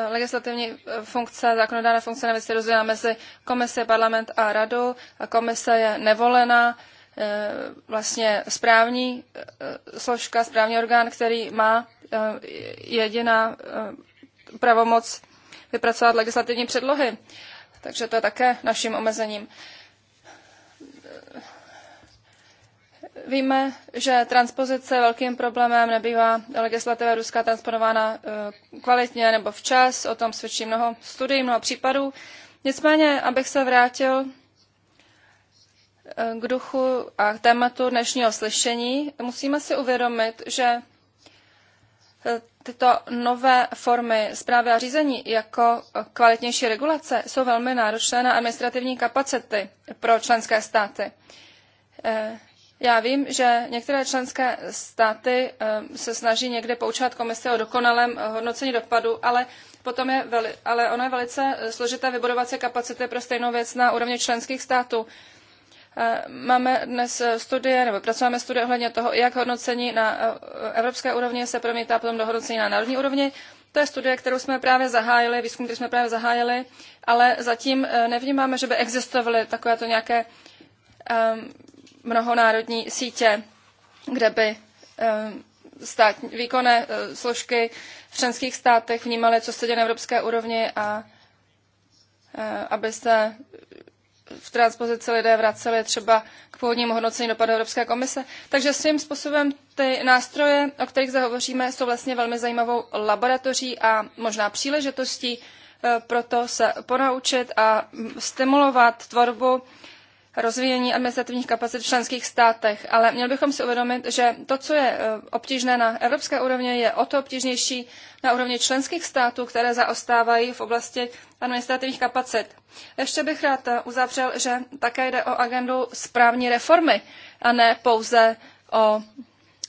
legislativní funkce, zákonodárná funkce navíc se rozdělá mezi komise, parlament a radu. A komise je nevolená, vlastně správní složka, správní orgán, který má jediná pravomoc vypracovat legislativní předlohy. Takže to je také naším omezením. Víme, že transpozice velkým problémem nebývá legislativa ruská transponována eh, kvalitně nebo včas, o tom svědčí mnoho studií, mnoho případů. Nicméně, abych se vrátil eh, k duchu a k tématu dnešního slyšení, musíme si uvědomit, že eh, tyto nové formy zprávy a řízení jako kvalitnější regulace jsou velmi náročné na administrativní kapacity pro členské státy. Eh, já vím, že některé členské státy eh, se snaží někde poučovat komise o dokonalém eh, hodnocení dopadu, ale potom je veli, ale ono je velice složité vybudovat si kapacity pro stejnou věc na úrovni členských států. Máme dnes eh, studie, nebo pracujeme studie ohledně toho, jak hodnocení na eh, evropské úrovni se promítá potom do hodnocení na národní úrovni. To je studie, kterou jsme právě zahájili, výzkum, který jsme právě zahájili, ale zatím eh, nevnímáme, že by existovaly takovéto nějaké ehm, mnohonárodní sítě, kde by um, výkonné složky v členských státech vnímaly, co se děje na evropské úrovni a aby se v transpozici lidé vraceli třeba k původnímu hodnocení dopadu Evropské komise. Takže svým způsobem ty nástroje, o kterých zde hovoříme, jsou vlastně velmi zajímavou laboratoří a možná příležitostí eh, proto se ponaučit a stimulovat tvorbu rozvíjení administrativních kapacit v členských státech, ale měl bychom si uvědomit, že to, co je e, obtížné na evropské úrovni, je o to obtížnější na úrovni členských států, které zaostávají v oblasti administrativních kapacit. Ještě bych rád e, uzavřel, že také jde o agendu správní reformy a ne pouze o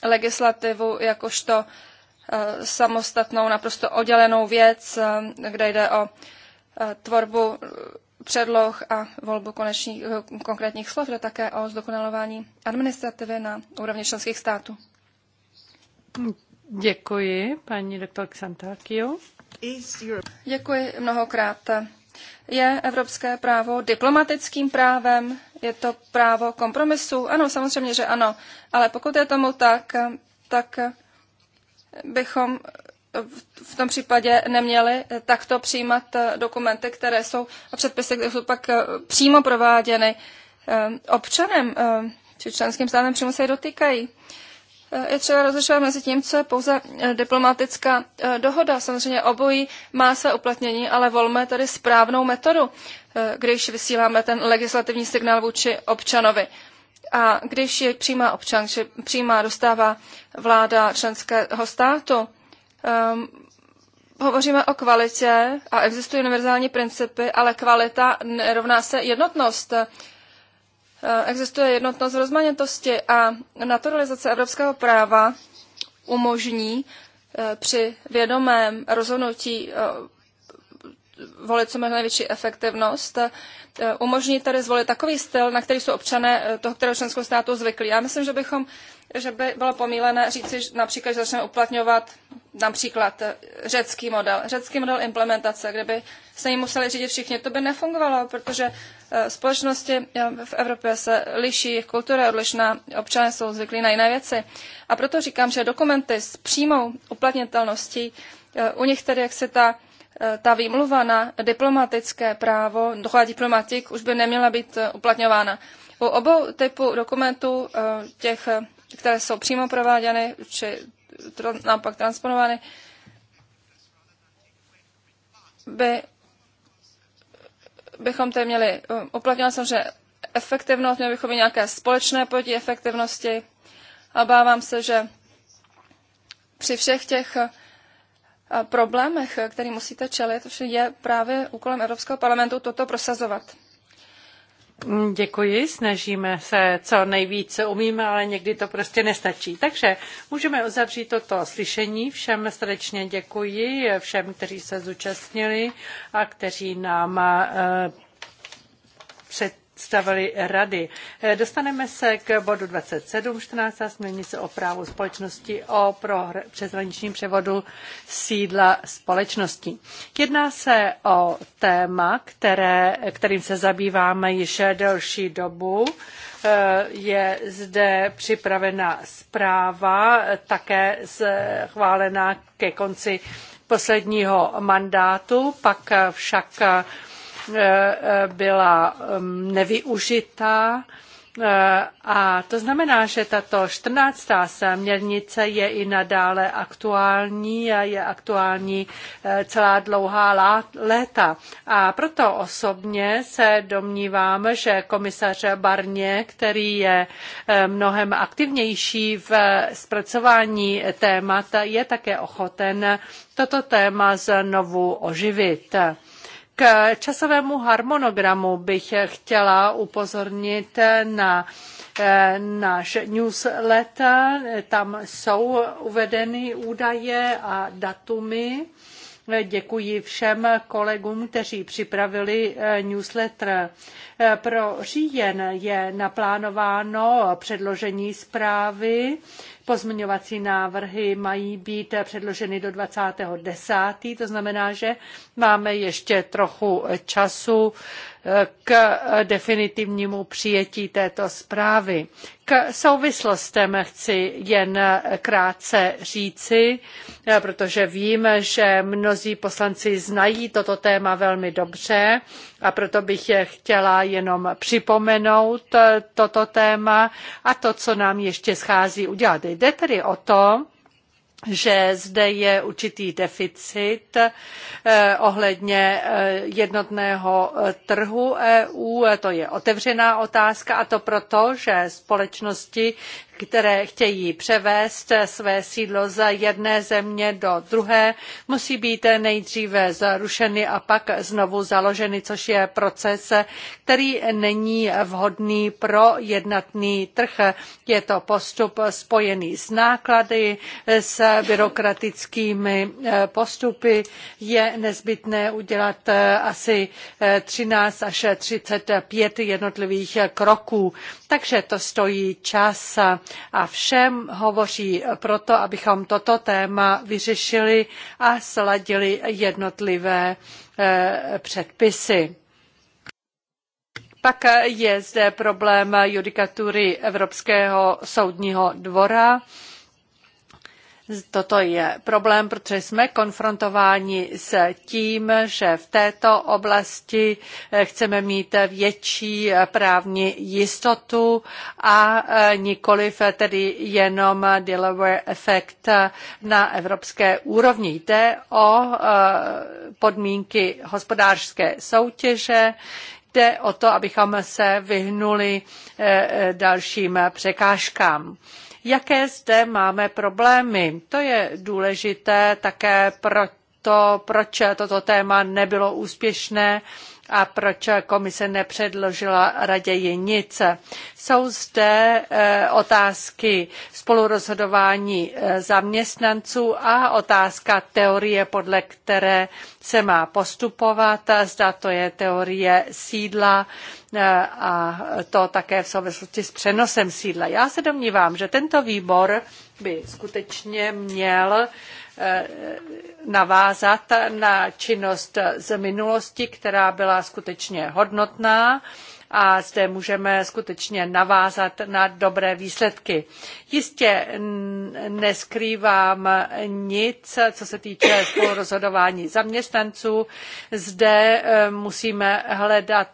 legislativu jakožto e, samostatnou, naprosto oddělenou věc, kde jde o tvorbu předloh a volbu konečných, eh, konkrétních slov, jde také o zdokonalování administrativy na úrovni členských států. Děkuji, paní doktor Xantakio. Děkuji mnohokrát. Je evropské právo diplomatickým právem? Je to právo kompromisu? Ano, samozřejmě, že ano. Ale pokud je tomu tak, tak bychom v tom případě neměli takto přijímat eh, dokumenty, které jsou a předpisy, které jsou pak eh, přímo prováděny eh, občanem či členským státem přímo se je dotýkají. Je třeba rozlišovat mezi tím, co je pouze diplomatická dohoda. Samozřejmě obojí má se uplatnění, ale volme tady správnou metodu, když vysíláme ten legislativní signál vůči občanovi. A když je přijímá občan, že přijímá, dostává vláda členského státu, Um, hovoříme o kvalitě a existují univerzální principy, ale kvalita nerovná se jednotnost. Ehm, existuje jednotnost rozmanitosti a naturalizace evropského práva umožní eh, při vědomém rozhodnutí eh, volit co možná největší efektivnost Eh, umožní tedy zvolit takový styl, na který jsou občané eh, toho kterého členského státu zvyklí. Já myslím, že bychom že by bylo pomílené říci že například, že začneme uplatňovat například eh, řecký model. Řecký model implementace, kde by se jim museli řídit všichni, to by nefungovalo, protože společnosti v Evropě se liší, jejich kultura je odlišná, občané jsou zvyklí na jiné věci. A proto říkám, že dokumenty s přímou uplatnitelností, u nich tedy jak se ta ta výmluva na diplomatické právo, dochová diplomatik, už by neměla být eh, uplatňována. U obou typů dokumentů, eh, těch, které jsou přímo prováděny, či naopak transponovány, by, bychom tady měli eh, uplatňovat samozřejmě efektivnost, měli bychom mít nějaké společné pojetí efektivnosti. A bávám se, že při všech těch Eh, problémech, eh, který musíte čelit, je právě úkolem Evropského parlamentu toto prosazovat. Mm, děkuji, snažíme se co nejvíce umíme, ale někdy to prostě nestačí. Takže můžeme uzavřít toto slyšení. Všem srdečně děkuji, všem, kteří se zúčastnili a kteří nám eh, před představili rady. Eh, dostaneme se k bodu 27, 14. směrnice o právu společnosti o pro přeshraničním převodu sídla společnosti. Jedná se o téma, které, kterým se zabýváme již delší dobu. Eh, je zde připravena zpráva, také schválená ke konci posledního mandátu, pak však Eh, eh, byla nevyužitá. Eh, a to znamená, že tato 14. směrnice je i nadále aktuální a je aktuální celá dlouhá léta. A proto osobně se domnívám, že komisař Barně, který je mnohem aktivnější v zpracování témat, je také ochoten toto téma znovu oživit. K časovému harmonogramu bych chtěla upozornit na eh, náš newsletter. Tam jsou uvedeny údaje a datumy. Děkuji všem kolegům, kteří připravili eh, newsletter. Eh, pro říjen je naplánováno předložení zprávy Pozměňovací návrhy mají být předloženy do 20.10., to znamená, že máme ještě trochu času k definitivnímu přijetí této zprávy. K souvislostem chci jen krátce říci, protože vím, že mnozí poslanci znají toto téma velmi dobře a proto bych je chtěla jenom připomenout eh, toto téma a to, co nám ještě schází udělat. Jde tedy o to, že zde je určitý deficit eh, ohledně eh, jednotného eh, trhu EU. To je otevřená otázka a to proto, že společnosti které chtějí převést své sídlo za jedné země do druhé, musí být nejdříve zrušeny a pak znovu založeny, což je proces, který není vhodný pro jednotný trh. Je to postup spojený s náklady, s byrokratickými eh, postupy. Je nezbytné udělat eh, asi 13 eh, až 35 jednotlivých kroků. Takže to stojí čas. A všem hovoří proto, abychom toto téma vyřešili a sladili jednotlivé eh, předpisy. Pak je zde problém judikatury Evropského soudního dvora Toto je problém, protože jsme konfrontováni s tím, že v této oblasti eh, chceme mít větší právní jistotu a eh, nikoliv tedy jenom Delaware efekt na evropské úrovni. Jde o eh, podmínky hospodářské soutěže, jde o to, abychom se vyhnuli dalším překážkám jaké zde máme problémy. To je důležité také pro to, proč toto téma nebylo úspěšné a proč komise nepředložila raději nic. Jsou zde eh, otázky spolurozhodování eh, zaměstnanců a otázka teorie, podle které se má postupovat. Zda to je teorie sídla eh, a to také v souvislosti s přenosem sídla. Já se domnívám, že tento výbor by skutečně měl Eh, navázat na činnost z minulosti, která byla skutečně hodnotná a zde můžeme skutečně navázat na dobré výsledky. Jistě neskrývám nic, co se týče spolurozhodování zaměstnanců. Zde e, musíme hledat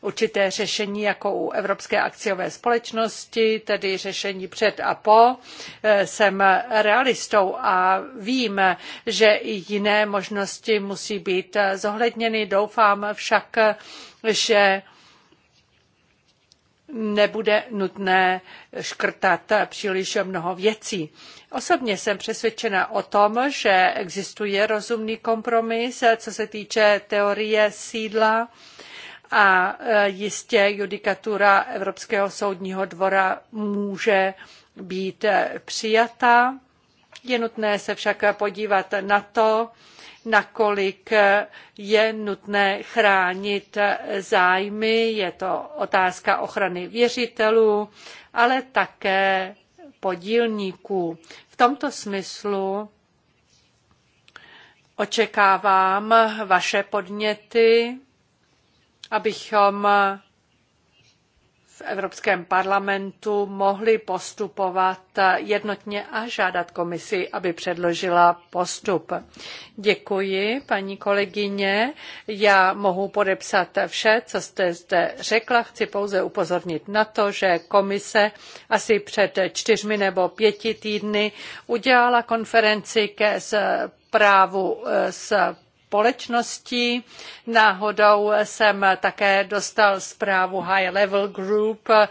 určité řešení jako u Evropské akciové společnosti, tedy řešení před a po. E, jsem realistou a vím, že i jiné možnosti musí být zohledněny. Doufám však, že nebude nutné škrtat příliš mnoho věcí. Osobně jsem přesvědčena o tom, že existuje rozumný kompromis, co se týče teorie sídla a e, jistě judikatura Evropského soudního dvora může být e, přijata. Je nutné se však podívat na to, nakolik je nutné chránit zájmy, je to otázka ochrany věřitelů, ale také podílníků. V tomto smyslu očekávám vaše podněty, abychom Evropském parlamentu mohli postupovat jednotně a žádat komisi, aby předložila postup. Děkuji, paní kolegyně. Já mohu podepsat vše, co jste zde řekla. Chci pouze upozornit na to, že komise asi před čtyřmi nebo pěti týdny udělala konferenci ke právu s společností. Náhodou jsem také dostal zprávu High Level Group eh,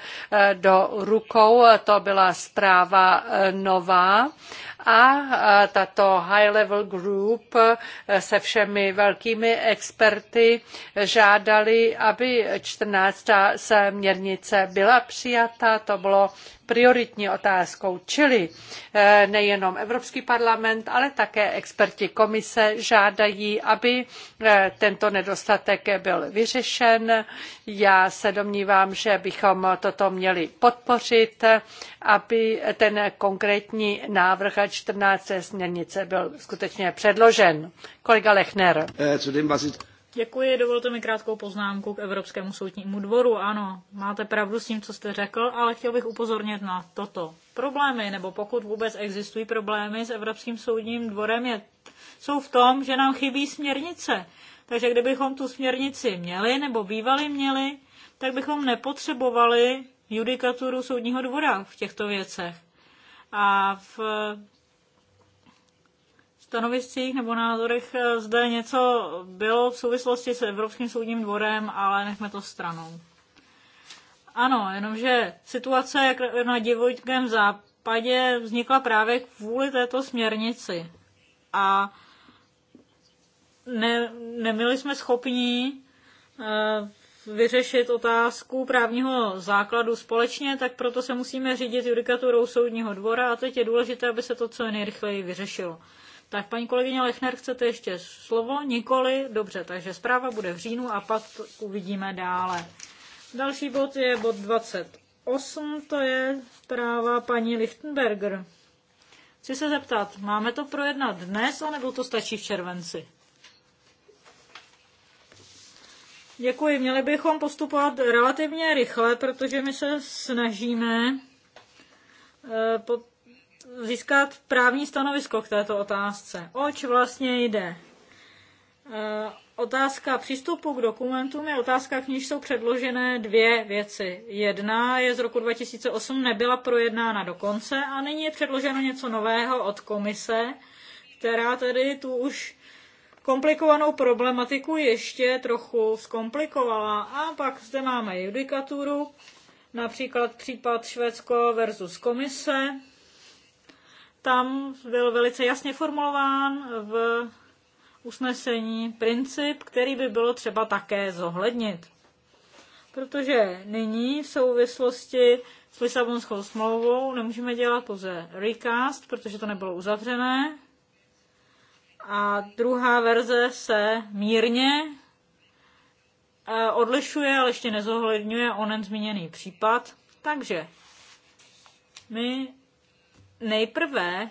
do rukou. To byla zpráva eh, nová a eh, tato High Level Group se všemi velkými experty žádali, aby 14. směrnice byla přijata. To bylo prioritní otázkou, čili eh, nejenom Evropský parlament, ale také experti komise žádají, aby eh, tento nedostatek byl vyřešen. Já se domnívám, že bychom toto měli podpořit, aby ten konkrétní návrh 14. směrnice byl skutečně předložen. Kolega Lechner. Eh, Děkuji, dovolte mi krátkou poznámku k Evropskému soudnímu dvoru. Ano, máte pravdu s tím, co jste řekl, ale chtěl bych upozornit na toto. Problémy, nebo pokud vůbec existují problémy s Evropským soudním dvorem, je, jsou v tom, že nám chybí směrnice. Takže kdybychom tu směrnici měli nebo bývali měli, tak bychom nepotřebovali judikaturu soudního dvora v těchto věcech. A v stanoviscích nebo názorech eh, zde něco bylo v souvislosti s Evropským soudním dvorem, ale nechme to stranou. Ano, jenomže situace jak na divokém západě vznikla právě kvůli této směrnici. A ne, nebyli jsme schopni eh, vyřešit otázku právního základu společně, tak proto se musíme řídit judikaturou soudního dvora a teď je důležité, aby se to co nejrychleji vyřešilo. Tak paní kolegyně Lechner, chcete ještě slovo? Nikoli? Dobře, takže zpráva bude v říjnu a pak uvidíme dále. Další bod je bod 28, to je zpráva paní Lichtenberger. Chci se zeptat, máme to projednat dnes, anebo to stačí v červenci? Děkuji. Měli bychom postupovat relativně rychle, protože my se snažíme eh, získat právní stanovisko k této otázce. Oč vlastně jde? Eh, otázka přístupu k dokumentům je otázka, k níž jsou předložené dvě věci. Jedna je z roku 2008, nebyla projednána do konce a nyní je předloženo něco nového od komise, která tedy tu už komplikovanou problematiku ještě trochu zkomplikovala. A pak zde máme judikaturu, například případ Švédsko versus komise, tam byl velice jasně formulován v usnesení princip, který by bylo třeba také zohlednit. Protože nyní v souvislosti s Lisabonskou smlouvou nemůžeme dělat pouze recast, protože to nebylo uzavřené. A druhá verze se mírně eh, odlišuje, ale ještě nezohledňuje onen zmíněný případ. Takže my nejprve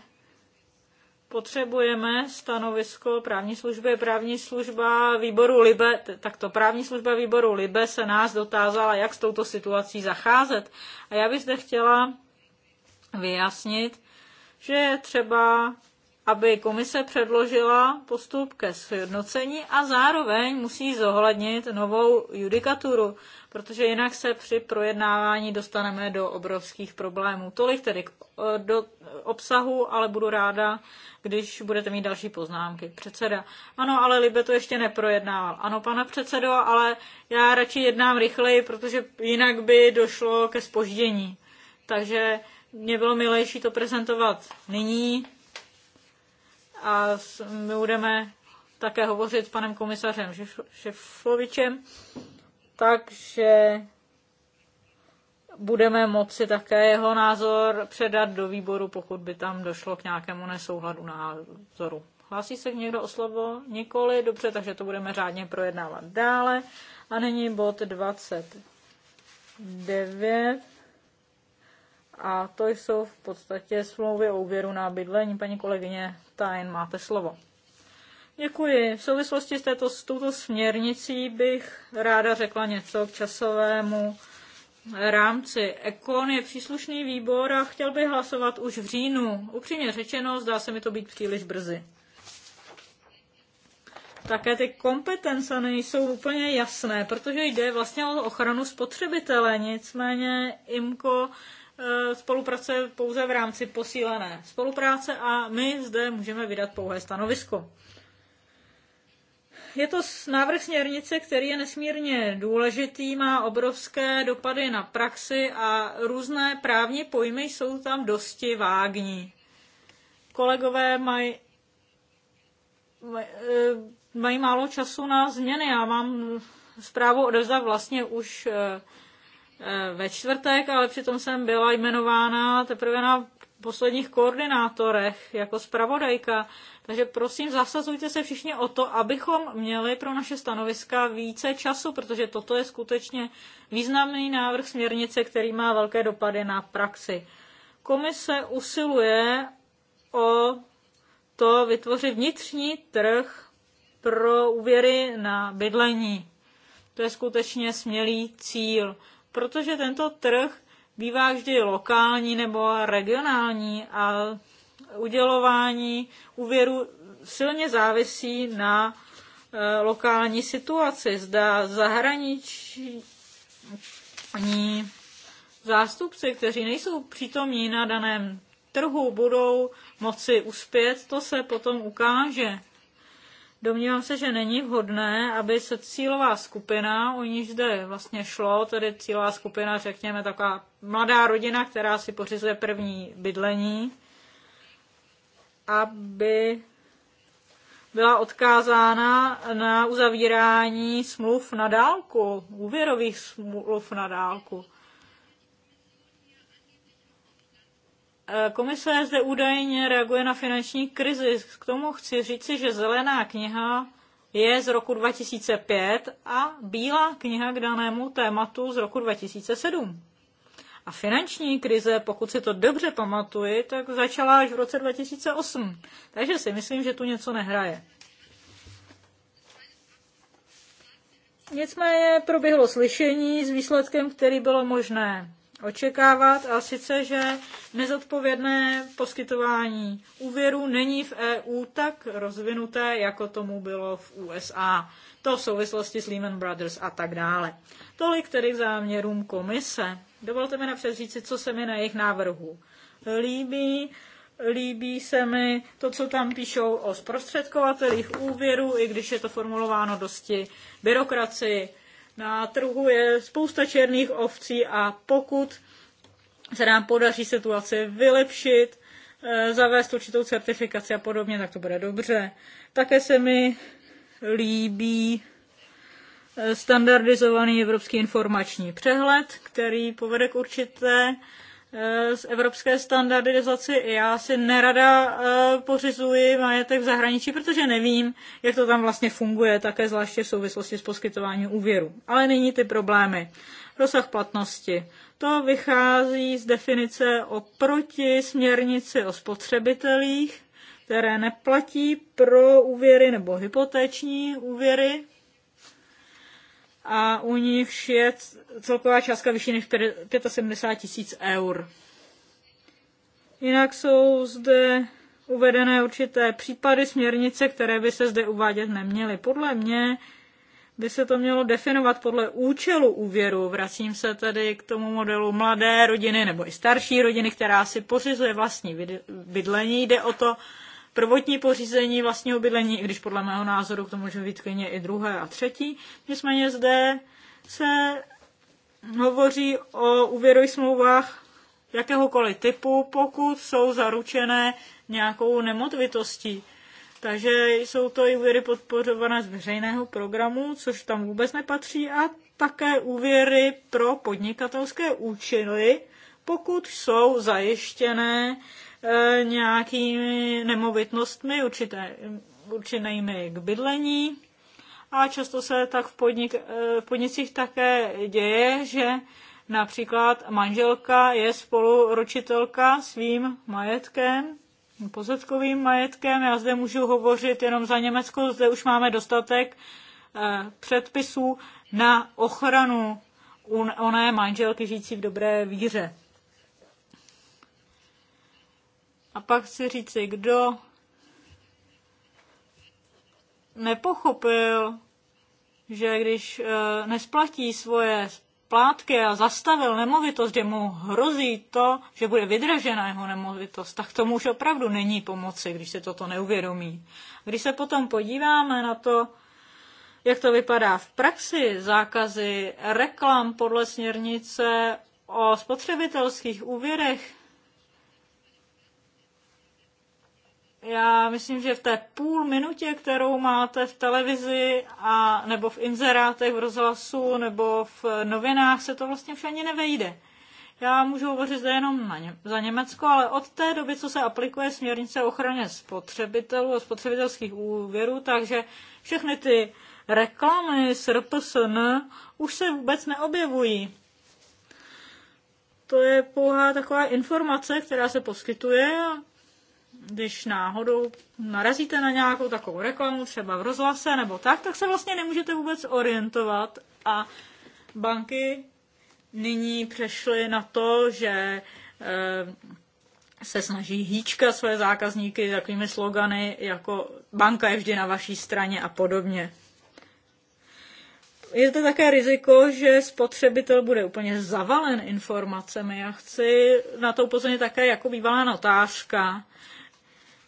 potřebujeme stanovisko právní služby. Právní služba výboru Libe, to právní služba výboru Libe se nás dotázala, jak s touto situací zacházet. A já bych zde chtěla vyjasnit, že třeba aby komise předložila postup ke sjednocení a zároveň musí zohlednit novou judikaturu, protože jinak se při projednávání dostaneme do obrovských problémů. Tolik tedy k, do obsahu, ale budu ráda, když budete mít další poznámky. Předseda. Ano, ale Libe to ještě neprojednával. Ano, pane předsedo, ale já radši jednám rychleji, protože jinak by došlo ke spoždění. Takže mě bylo milejší to prezentovat nyní, a my budeme také hovořit s panem komisařem Šeflovičem, takže budeme moci také jeho názor předat do výboru, pokud by tam došlo k nějakému nesouhladu názoru. Hlásí se někdo o slovo? Nikoli, dobře, takže to budeme řádně projednávat dále. A nyní bod 29. A to jsou v podstatě smlouvy o úvěru na bydlení. Paní kolegyně Stein, máte slovo. Děkuji. V souvislosti s, této, s touto směrnicí bych ráda řekla něco k časovému rámci. Ekon je příslušný výbor a chtěl bych hlasovat už v říjnu. Upřímně řečeno, zdá se mi to být příliš brzy. Také ty kompetence nejsou úplně jasné, protože jde vlastně o ochranu spotřebitele, nicméně IMKO Eh, spolupracuje pouze v rámci posílené spolupráce a my zde můžeme vydat pouhé stanovisko. Je to návrh směrnice, který je nesmírně důležitý, má obrovské dopady na praxi a různé právní pojmy jsou tam dosti vágní. Kolegové mají maj, eh, mají málo času na změny. Já mám zprávu odevzdat vlastně už eh, Eh, ve čtvrtek, ale přitom jsem byla jmenována teprve na posledních koordinátorech jako zpravodajka. Takže prosím, zasazujte se všichni o to, abychom měli pro naše stanoviska více času, protože toto je skutečně významný návrh směrnice, který má velké dopady na praxi. Komise usiluje o to vytvořit vnitřní trh pro úvěry na bydlení. To je skutečně smělý cíl protože tento trh bývá vždy lokální nebo regionální a udělování úvěru silně závisí na e, lokální situaci. Zda zahraniční zástupci, kteří nejsou přítomní na daném trhu, budou moci uspět, to se potom ukáže. Domnívám se, že není vhodné, aby se cílová skupina, o níž zde vlastně šlo, tedy cílová skupina, řekněme, taková mladá rodina, která si pořizuje první bydlení, aby byla odkázána na uzavírání smluv na dálku, úvěrových smluv na dálku. Eh, komise zde údajně reaguje na finanční krizi. K tomu chci říci, že zelená kniha je z roku 2005 a bílá kniha k danému tématu z roku 2007. A finanční krize, pokud si to dobře pamatuji, tak začala až v roce 2008. Takže si myslím, že tu něco nehraje. Nicméně proběhlo slyšení s výsledkem, který bylo možné očekávat, a sice, že nezodpovědné poskytování úvěru není v EU tak rozvinuté, jako tomu bylo v USA. To v souvislosti s Lehman Brothers a tak dále. Tolik tedy k záměrům komise. Dovolte mi napřed říct, co se mi na jejich návrhu líbí. Líbí se mi to, co tam píšou o zprostředkovatelích úvěru, i když je to formulováno dosti byrokracii. Na trhu je spousta černých ovcí a pokud se nám podaří situaci vylepšit, eh, zavést určitou certifikaci a podobně, tak to bude dobře. Také se mi líbí eh, standardizovaný evropský informační přehled, který povede k určité Eh, z evropské standardizaci. Já si nerada eh, pořizuji majetek v zahraničí, protože nevím, jak to tam vlastně funguje, také zvláště v souvislosti s poskytováním úvěru. Ale nyní ty problémy. Rozsah platnosti. To vychází z definice oproti směrnici o spotřebitelích, které neplatí pro úvěry nebo hypotéční úvěry, a u nich je celková částka vyšší než 75 tisíc eur. Jinak jsou zde uvedené určité případy směrnice, které by se zde uvádět neměly. Podle mě by se to mělo definovat podle účelu úvěru. Vracím se tedy k tomu modelu mladé rodiny nebo i starší rodiny, která si pořizuje vlastní bydlení. Jde o to, prvotní pořízení vlastního bydlení, i když podle mého názoru k tomu může být klidně i druhé a třetí. Nicméně zde se hovoří o úvěrových smlouvách jakéhokoliv typu, pokud jsou zaručené nějakou nemotvitostí. Takže jsou to i úvěry podporované z veřejného programu, což tam vůbec nepatří, a také úvěry pro podnikatelské účely, pokud jsou zajištěné E, nějakými nemovitnostmi určité, určenými k bydlení. A často se tak v, podnik, e, v podnicích také děje, že například manželka je spoluročitelka svým majetkem, pozetkovým majetkem. Já zde můžu hovořit jenom za Německo, zde už máme dostatek e, předpisů na ochranu oné manželky žijící v dobré víře. A pak si říci, kdo nepochopil, že když e, nesplatí svoje plátky a zastavil nemovitost, že mu hrozí to, že bude vydražena jeho nemovitost, tak tomu už opravdu není pomoci, když se toto neuvědomí. Když se potom podíváme na to, jak to vypadá v praxi, zákazy reklam podle směrnice o spotřebitelských úvěrech, Já myslím, že v té půl minutě, kterou máte v televizi a nebo v inzerátech v rozhlasu nebo v novinách, se to vlastně už ani nevejde. Já můžu hovořit zde jenom na ně, za Německo, ale od té doby, co se aplikuje směrnice o ochraně spotřebitelů a spotřebitelských úvěrů, takže všechny ty reklamy s RPSN už se vůbec neobjevují. To je pouhá taková informace, která se poskytuje a když náhodou narazíte na nějakou takovou reklamu, třeba v rozhlase nebo tak, tak se vlastně nemůžete vůbec orientovat a banky nyní přešly na to, že eh, se snaží hýčka své zákazníky takovými slogany jako banka je vždy na vaší straně a podobně. Je to také riziko, že spotřebitel bude úplně zavalen informacemi. Já chci na to upozornit také jako bývalá notářka,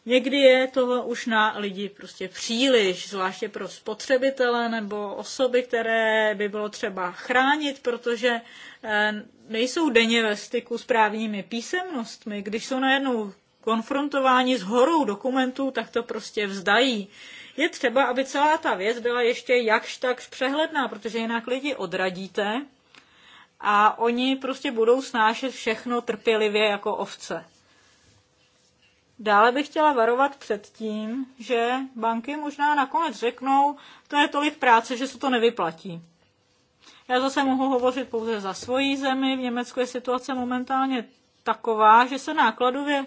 Někdy je to už na lidi prostě příliš, zvláště pro spotřebitele nebo osoby, které by bylo třeba chránit, protože eh, nejsou denně ve styku s právními písemnostmi. Když jsou najednou konfrontováni s horou dokumentů, tak to prostě vzdají. Je třeba, aby celá ta věc byla ještě jakž tak přehledná, protože jinak lidi odradíte a oni prostě budou snášet všechno trpělivě jako ovce. Dále bych chtěla varovat před tím, že banky možná nakonec řeknou, to je tolik práce, že se to nevyplatí. Já zase mohu hovořit pouze za svoji zemi. V Německu je situace momentálně taková, že se nákladově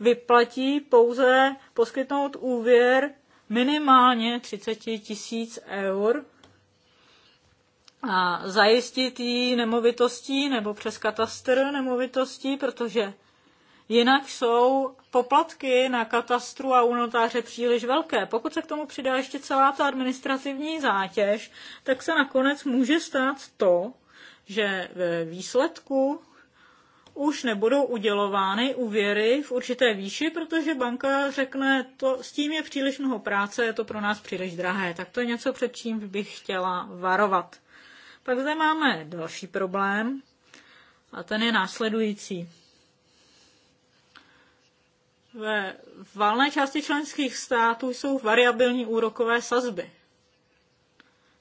vyplatí pouze poskytnout úvěr minimálně 30 tisíc eur a zajistit ji nemovitostí nebo přes katastr nemovitostí, protože Jinak jsou poplatky na katastru a u notáře příliš velké. Pokud se k tomu přidá ještě celá ta administrativní zátěž, tak se nakonec může stát to, že ve výsledku už nebudou udělovány úvěry v určité výši, protože banka řekne, to, s tím je příliš mnoho práce, je to pro nás příliš drahé. Tak to je něco, před čím bych chtěla varovat. Pak zde máme další problém a ten je následující. Ve valné části členských států jsou variabilní úrokové sazby.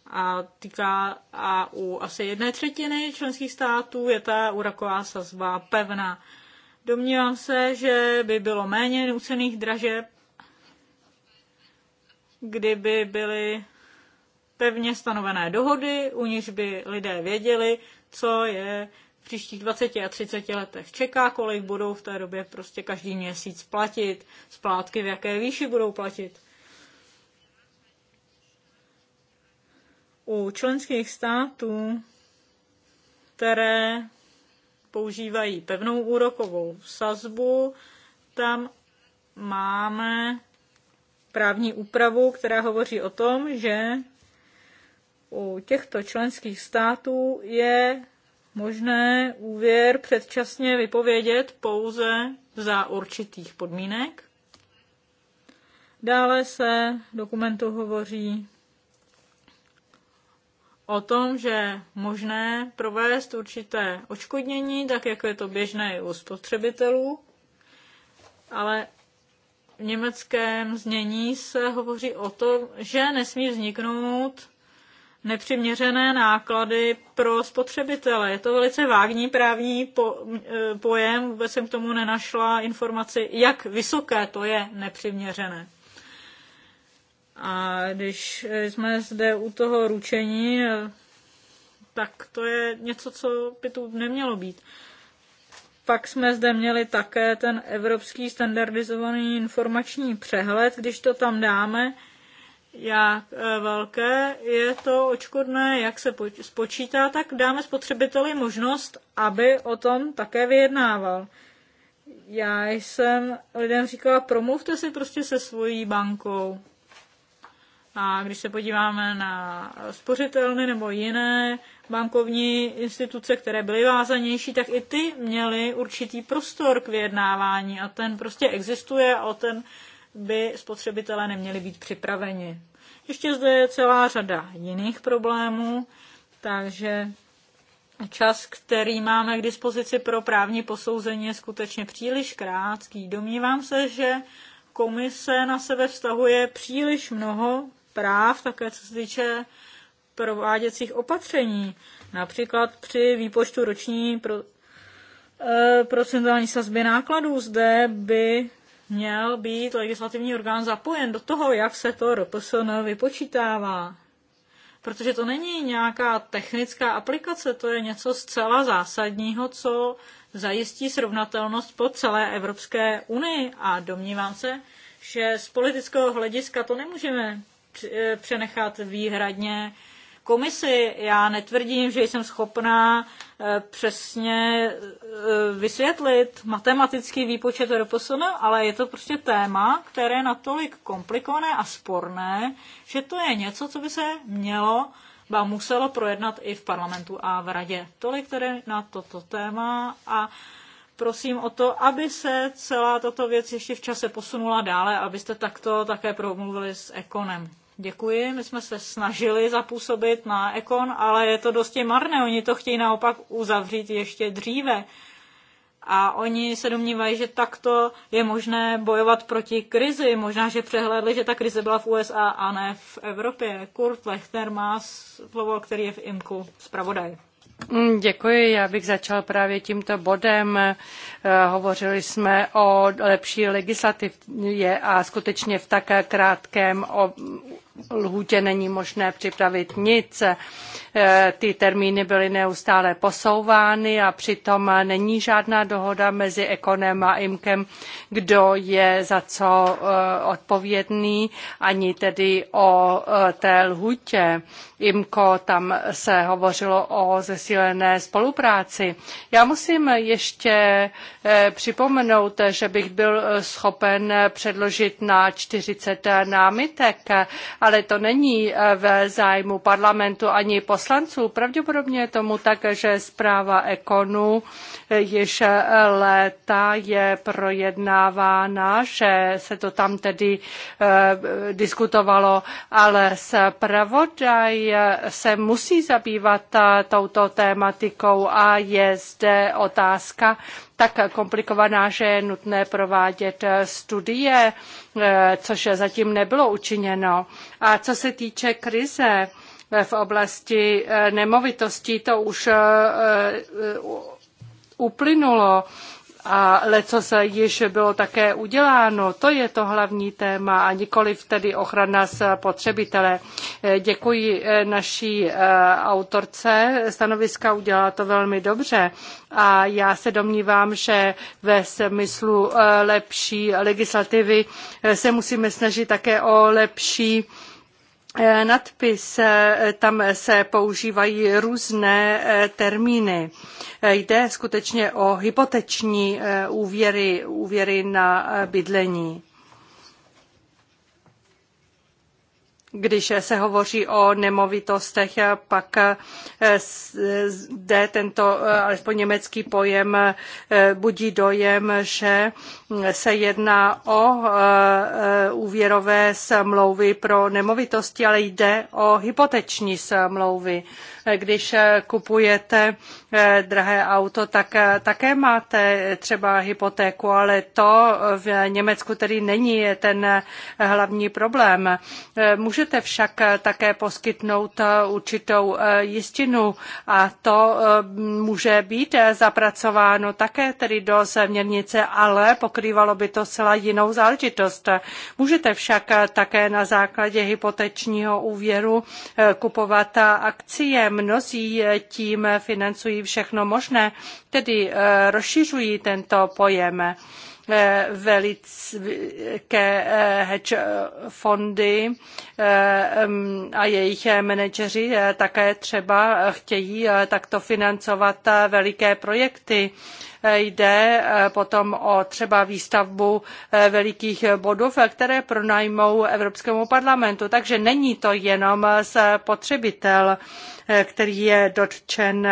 A týká a u asi jedné třetiny členských států je ta úroková sazba pevná. Domnívám se, že by bylo méně nucených dražeb, kdyby byly pevně stanovené dohody, u nich by lidé věděli, co je příštích 20 a 30 letech čeká, kolik budou v té době prostě každý měsíc platit, splátky v jaké výši budou platit. U členských států, které používají pevnou úrokovou sazbu, tam máme právní úpravu, která hovoří o tom, že u těchto členských států je možné úvěr předčasně vypovědět pouze za určitých podmínek. Dále se dokumentu hovoří o tom, že možné provést určité očkodnění, tak jak je to běžné i u spotřebitelů, ale v německém znění se hovoří o tom, že nesmí vzniknout nepřiměřené náklady pro spotřebitele. Je to velice vágní právní po, e, pojem, vůbec jsem k tomu nenašla informaci, jak vysoké to je nepřiměřené. A když jsme zde u toho ručení, e, tak to je něco, co by tu nemělo být. Pak jsme zde měli také ten evropský standardizovaný informační přehled, když to tam dáme, jak e, velké je to očkodné, jak se spočítá, tak dáme spotřebiteli možnost, aby o tom také vyjednával. Já jsem lidem říkala, promluvte si prostě se svojí bankou. A když se podíváme na spořitelny nebo jiné bankovní instituce, které byly vázanější, tak i ty měly určitý prostor k vyjednávání a ten prostě existuje a o ten by spotřebitelé neměli být připraveni. Ještě zde je celá řada jiných problémů, takže čas, který máme k dispozici pro právní posouzení, je skutečně příliš krátký. Domnívám se, že komise na sebe vztahuje příliš mnoho práv, také co se týče prováděcích opatření. Například při výpočtu roční pro, e, eh, procentální sazby nákladů zde by měl být legislativní orgán zapojen do toho, jak se to RPSN vypočítává. Protože to není nějaká technická aplikace, to je něco zcela zásadního, co zajistí srovnatelnost po celé Evropské unii. A domnívám se, že z politického hlediska to nemůžeme přenechat výhradně komisi. Já netvrdím, že jsem schopná eh, přesně eh, vysvětlit matematický výpočet RPSN, ale je to prostě téma, které je natolik komplikované a sporné, že to je něco, co by se mělo a muselo projednat i v parlamentu a v radě. Tolik tedy na toto téma a prosím o to, aby se celá tato věc ještě v čase posunula dále, abyste takto také promluvili s Ekonem děkuji, my jsme se snažili zapůsobit na Ekon, ale je to dosti marné, oni to chtějí naopak uzavřít ještě dříve. A oni se domnívají, že takto je možné bojovat proti krizi. Možná, že přehlédli, že ta krize byla v USA a ne v Evropě. Kurt Lechner má slovo, který je v IMKU zpravodaj. Mm, děkuji, já bych začal právě tímto bodem. Eh, hovořili jsme o lepší legislativě a skutečně v tak krátkém lhůtě není možné připravit nic. Eh, ty termíny byly neustále posouvány a přitom není žádná dohoda mezi Ekonem a IMKem, kdo je za co eh, odpovědný, ani tedy o eh, té lhůtě. IMKO tam se hovořilo o zesílené spolupráci. Já musím ještě připomenout, že bych byl schopen předložit na 40 námitek ale to není eh, v zájmu parlamentu ani poslanců. Pravděpodobně je tomu tak, že zpráva Ekonu eh, již eh, léta je projednávána, že se to tam tedy diskutovalo, ale zpravodaj se musí zabývat touto tématikou a je zde otázka tak komplikovaná, že je nutné provádět eh, studie, eh, což zatím nebylo učiněno. A co se týče krize eh, v oblasti nemovitostí, to už uplynulo a leco se již bylo také uděláno. To je to hlavní téma a nikoliv tedy ochrana spotřebitele. Děkuji eh, naší eh, autorce. Stanoviska udělala to velmi dobře a já se domnívám, že ve smyslu eh, lepší legislativy se musíme snažit také o lepší Eh, nadpis, eh, tam se používají různé eh, termíny. Jde skutečně o hypoteční úvěry, úvěry na bydlení. Když se hovoří o nemovitostech, pak zde eh, tento eh, alespoň německý pojem eh, budí dojem, že se jedná o úvěrové smlouvy pro nemovitosti, ale jde o hypoteční smlouvy. Když eh, kupujete eh, drahé auto, tak eh, také máte třeba hypotéku, ale to v Německu tedy není ten hlavní problém. Můžete však také poskytnout určitou jistinu a to může být zapracováno také tedy do směrnice, ale pokrývalo by to celá jinou záležitost. Můžete však také na základě hypotečního úvěru kupovat akcie mnozí eh, tím financují všechno možné, tedy eh, rozšiřují tento pojem. Eh, veliké eh, hedge fondy eh, mm, a jejich manažeři také třeba chtějí takto financovat veliké projekty. Jde potom o třeba výstavbu velikých bodov, které pronajmou Evropskému parlamentu. Takže není to jenom spotřebitel, který je dotčen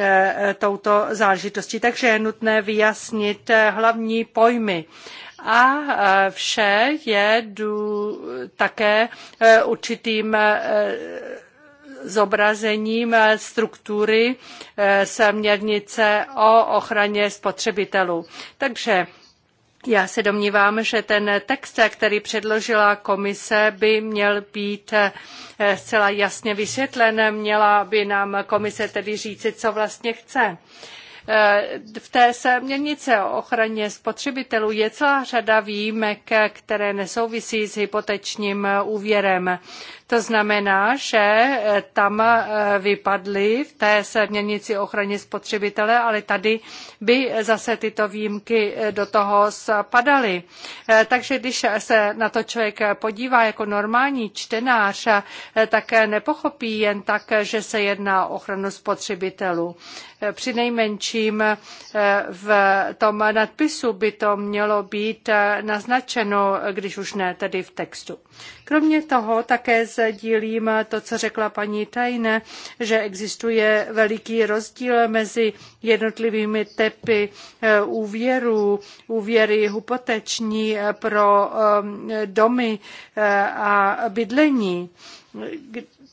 Eh, touto záležitostí. Takže je nutné vyjasnit eh, hlavní pojmy a eh, vše je dů, také určitým zobrazením struktury směrnice o ochraně spotřebitelů. Takže já se domnívám, že ten text, který předložila komise, by měl být eh, zcela jasně vysvětlen. Měla by nám komise tedy říci, co vlastně chce. Eh, v té směrnice o ochraně spotřebitelů je celá řada výjimek, které nesouvisí s hypotečním úvěrem. To znamená, že eh, tam eh, vypadly v té směrnici ochraně spotřebitele, ale tady by zase tyto výjimky eh, do toho spadaly. Takže když se na to člověk podívá jako normální čtenář, tak nepochopí jen tak, že se jedná o ochranu spotřebitelů. Přinejmenším v tom nadpisu by to mělo být naznačeno, když už ne tedy v textu. Kromě toho také sdílím to, co řekla paní Tajne, že existuje veliký rozdíl mezi jednotlivými typy eh, úvěrů, úvěry hypoteční eh, pro eh, domy a bydlení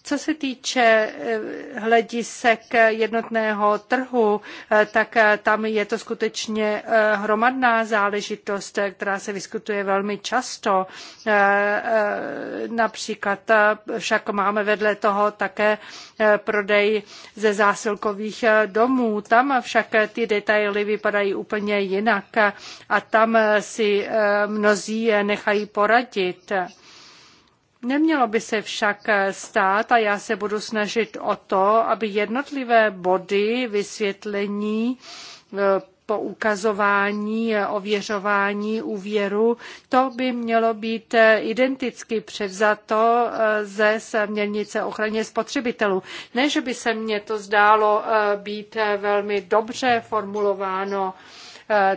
co se týče eh, hledisek jednotného trhu, eh, tak eh, tam je to skutečně hromadná záležitost, která se vyskutuje velmi často. Například však máme vedle toho také prodej ze zásilkových domů. Tam však ty detaily vypadají úplně jinak a tam si mnozí nechají poradit. Nemělo by se však eh, stát, a já se budu snažit o to, aby jednotlivé body vysvětlení eh, poukazování, eh, ověřování úvěru, to by mělo být identicky převzato ze směrnice ochraně spotřebitelů. Ne, že by se mně to zdálo být velmi dobře formulováno,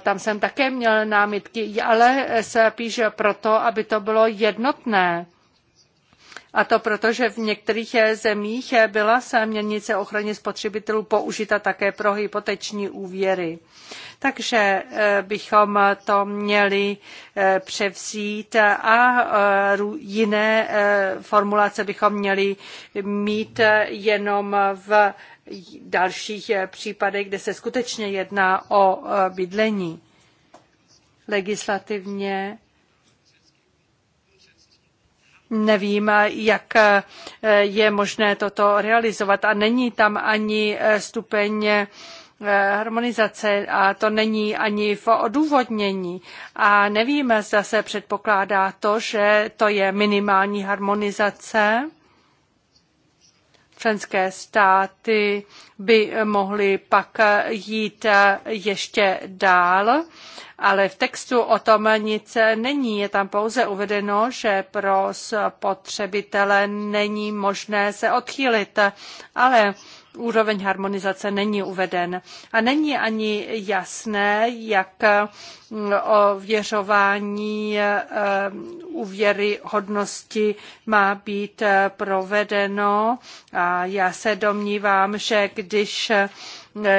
tam jsem také měl námitky, ale spíš proto, aby to bylo jednotné a to proto, že v některých eh, zemích eh, byla směrnice o ochraně spotřebitelů použita také pro hypoteční úvěry. Takže eh, bychom to měli převzít a jiné formulace bychom měli mít jenom v dalších případech, kde se skutečně jedná o bydlení. Legislativně Nevím, jak eh, je možné toto realizovat a není tam ani eh, stupeň eh, harmonizace a to není ani v odůvodnění. A nevíme, zda se předpokládá to, že to je minimální harmonizace. Členské státy by mohly pak jít ještě dál ale v textu o tom nic není. Je tam pouze uvedeno, že pro spotřebitele není možné se odchýlit, ale úroveň harmonizace není uveden. A není ani jasné, jak mm, ověřování eh, úvěry hodnosti má být eh, provedeno. A já se domnívám, že když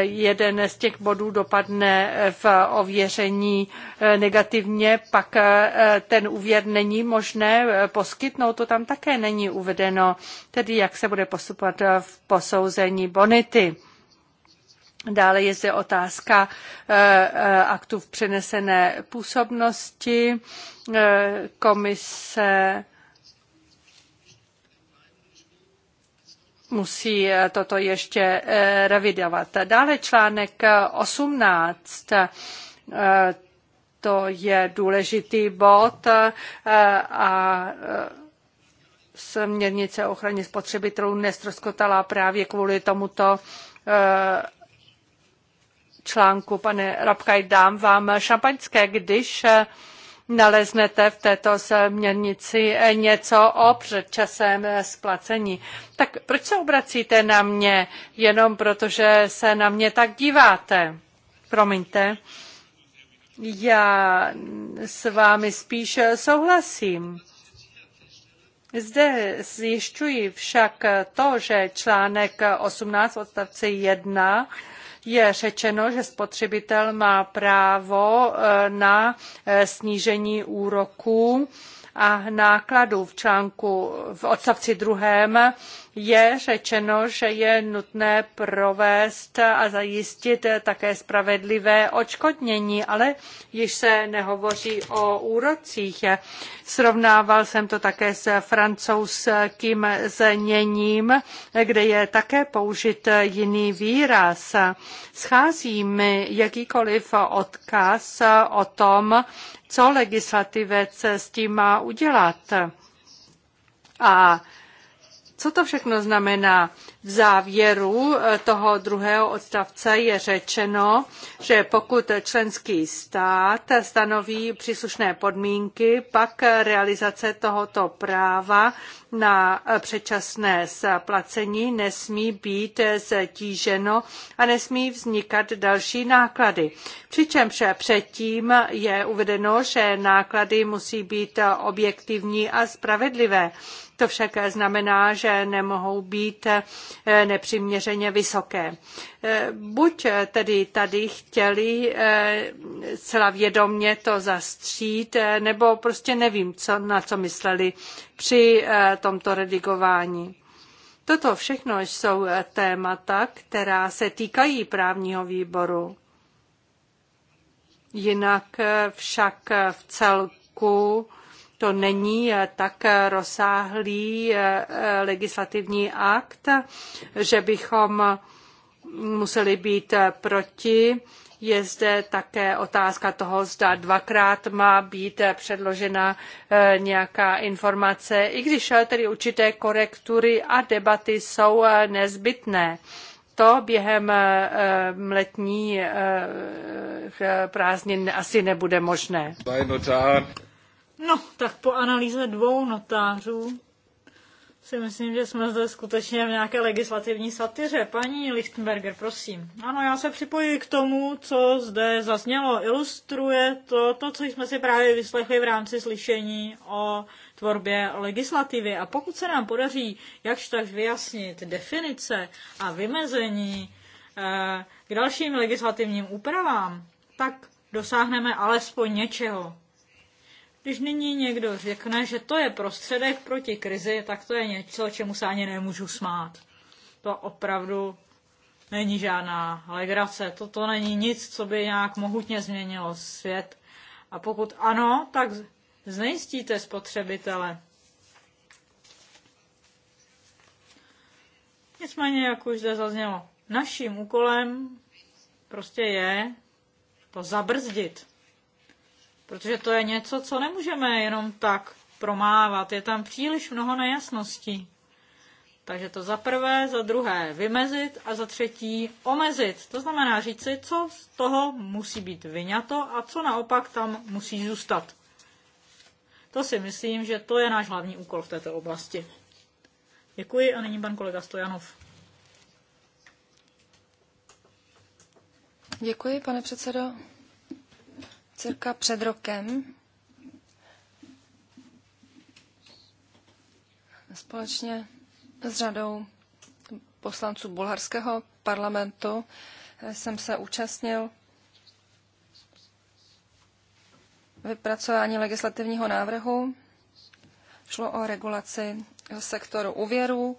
jeden z těch bodů dopadne v ověření eh, negativně, pak eh, ten úvěr není možné eh, poskytnout, to tam také není uvedeno, tedy jak se bude postupovat v posouzení bonity. Dále je zde otázka aktu v přenesené působnosti. Komise musí eh, toto ještě eh, revidovat. Dále článek 18. Eh, to je důležitý bod a směrnice o ochraně spotřebitelů nestroskotala právě kvůli tomuto článku. Pane Rabkaj, dám vám šampaňské, když naleznete v této směrnici něco o předčasném splacení. Tak proč se obracíte na mě jenom protože se na mě tak díváte? Promiňte. Já s vámi spíš souhlasím. Zde zjišťuji však to, že článek 18 odstavce 1 je řečeno, že spotřebitel má právo e, na e, snížení úroků a nákladů v článku v odstavci druhém je řečeno, že je nutné provést a zajistit také spravedlivé odškodnění, ale již se nehovoří o úrocích. Srovnával jsem to také s francouzským zněním, kde je také použit jiný výraz. Schází mi jakýkoliv odkaz o tom, co legislativec s tím má udělat. A co to všechno znamená? V závěru eh, toho druhého odstavce je řečeno, že pokud členský stát stanoví příslušné podmínky, pak realizace tohoto práva na předčasné splacení nesmí být ztíženo a nesmí vznikat další náklady. Přičemž předtím je uvedeno, že náklady musí být objektivní a spravedlivé. To však znamená, že nemohou být eh, nepřiměřeně vysoké. Eh, buď tedy tady chtěli eh, celá vědomě to zastřít, nebo prostě nevím, co, na co mysleli při eh, tomto redigování. Toto všechno jsou eh, témata, která se týkají právního výboru. Jinak eh, však v celku to není tak rozsáhlý legislativní akt, že bychom museli být proti je zde také otázka toho, zda dvakrát má být předložena eh, nějaká informace, i když eh, tedy určité korektury a debaty jsou eh, nezbytné to během letních prázdnin asi nebude možné. No, tak po analýze dvou notářů si myslím, že jsme zde skutečně v nějaké legislativní satyře. Paní Lichtenberger, prosím. Ano, já se připojuji k tomu, co zde zaznělo. Ilustruje to, to, co jsme si právě vyslechli v rámci slyšení o tvorbě legislativy. A pokud se nám podaří jakž tak vyjasnit definice a vymezení eh, k dalším legislativním úpravám, tak dosáhneme alespoň něčeho. Když nyní někdo řekne, že to je prostředek proti krizi, tak to je něco, čemu se ani nemůžu smát. To opravdu není žádná legrace. Toto není nic, co by nějak mohutně změnilo svět. A pokud ano, tak znejistíte spotřebitele. Nicméně, jak už zde zaznělo, naším úkolem prostě je to zabrzdit. Protože to je něco, co nemůžeme jenom tak promávat. Je tam příliš mnoho nejasností. Takže to za prvé, za druhé vymezit a za třetí omezit. To znamená si, co z toho musí být vyňato a co naopak tam musí zůstat. To si myslím, že to je náš hlavní úkol v této oblasti. Děkuji a nyní pan kolega Stojanov. Děkuji, pane předsedo cirka před rokem společně s řadou poslanců bulharského parlamentu jsem se účastnil vypracování legislativního návrhu. Šlo o regulaci sektoru úvěrů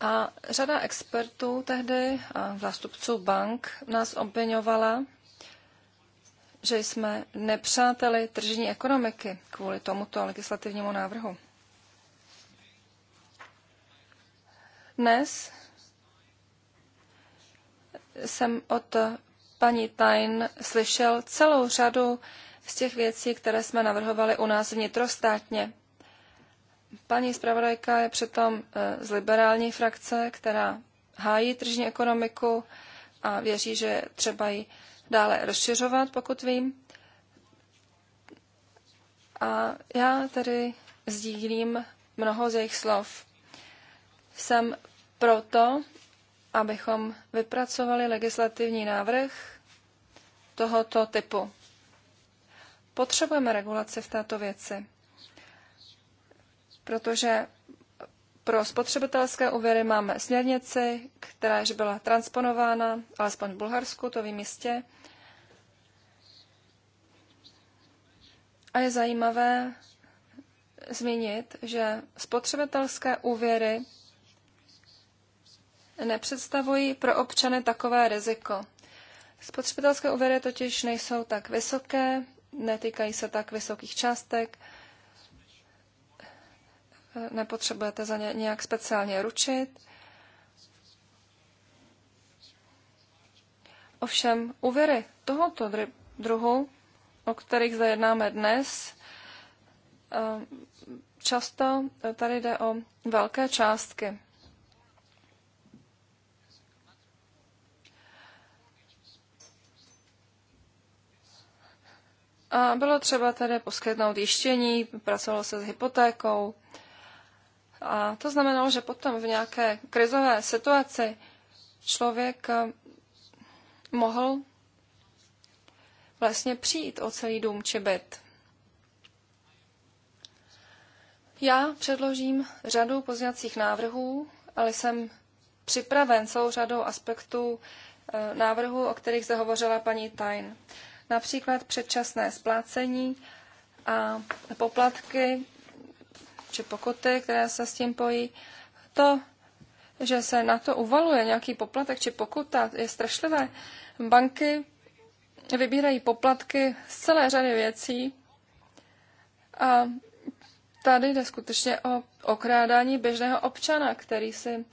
a řada expertů tehdy a zástupců bank nás obvinovala že jsme nepřáteli tržní ekonomiky kvůli tomuto legislativnímu návrhu. Dnes jsem od paní Tain slyšel celou řadu z těch věcí, které jsme navrhovali u nás vnitrostátně. Paní zpravodajka je přitom e, z liberální frakce, která hájí tržní ekonomiku a věří, že třeba ji dále rozšiřovat, pokud vím. A já tedy sdílím mnoho z jejich slov. Jsem proto, abychom vypracovali legislativní návrh tohoto typu. Potřebujeme regulaci v této věci, protože pro spotřebitelské úvěry máme směrnici, která již byla transponována, alespoň v Bulharsku, to vím jistě. A je zajímavé zmínit, že spotřebitelské úvěry nepředstavují pro občany takové riziko. Spotřebitelské úvěry totiž nejsou tak vysoké, netýkají se tak vysokých částek nepotřebujete za ně nějak speciálně ručit. Ovšem úvěry tohoto druhu, o kterých zde jednáme dnes, eh, často tady jde o velké částky. A bylo třeba tedy poskytnout jištění, pracovalo se s hypotékou, a to znamenalo, že potom v nějaké krizové situaci člověk eh, mohl vlastně přijít o celý dům či byt. Já předložím řadu pozněcích návrhů, ale jsem připraven celou řadou aspektů eh, návrhů, o kterých se hovořila paní Tajn. Například předčasné splácení a poplatky či pokuty, které se s tím pojí. To, že se na to uvaluje nějaký poplatek či pokuta, je strašlivé. Banky vybírají poplatky z celé řady věcí a tady jde skutečně o okrádání běžného občana, který si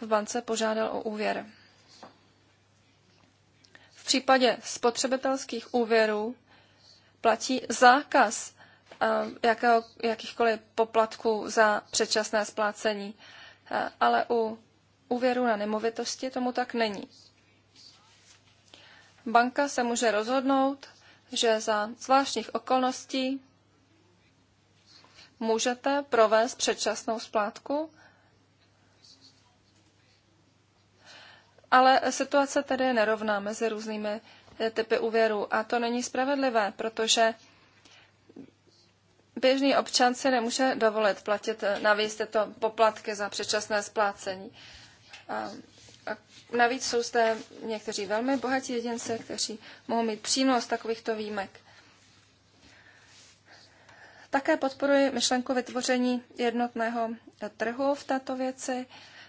v bance požádal o úvěr. V případě spotřebitelských úvěrů platí zákaz Eh, jakého, jakýchkoliv poplatků za předčasné splácení. Eh, ale u úvěru na nemovitosti tomu tak není. Banka se může rozhodnout, že za zvláštních okolností můžete provést předčasnou splátku, ale situace tedy je nerovná mezi různými typy úvěrů a to není spravedlivé, protože běžný občan si nemůže dovolit platit eh, navíc tyto poplatky za předčasné splácení. A, a navíc jsou zde někteří velmi bohatí jedince, kteří mohou mít přínos takovýchto výjimek. Také podporuji myšlenku vytvoření jednotného trhu v této věci.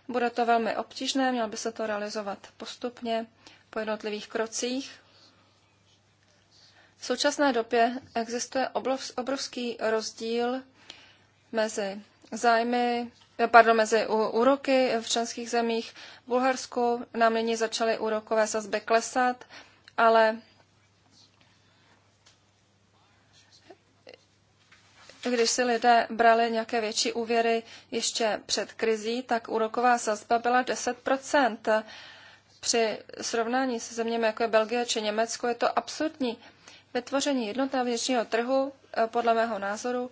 Bude to velmi obtížné, mělo by se to realizovat postupně po jednotlivých krocích. V současné době existuje obrovský rozdíl mezi zájmy, eh, pardon, mezi úroky v členských zemích. V Bulharsku nám nyní začaly úrokové sazby klesat, ale když si lidé brali nějaké větší úvěry ještě před krizí, tak úroková sazba byla 10 Při srovnání se zeměmi, jako je Belgie či Německo, je to absurdní vytvoření jednotného vnitřního trhu, eh, podle mého názoru,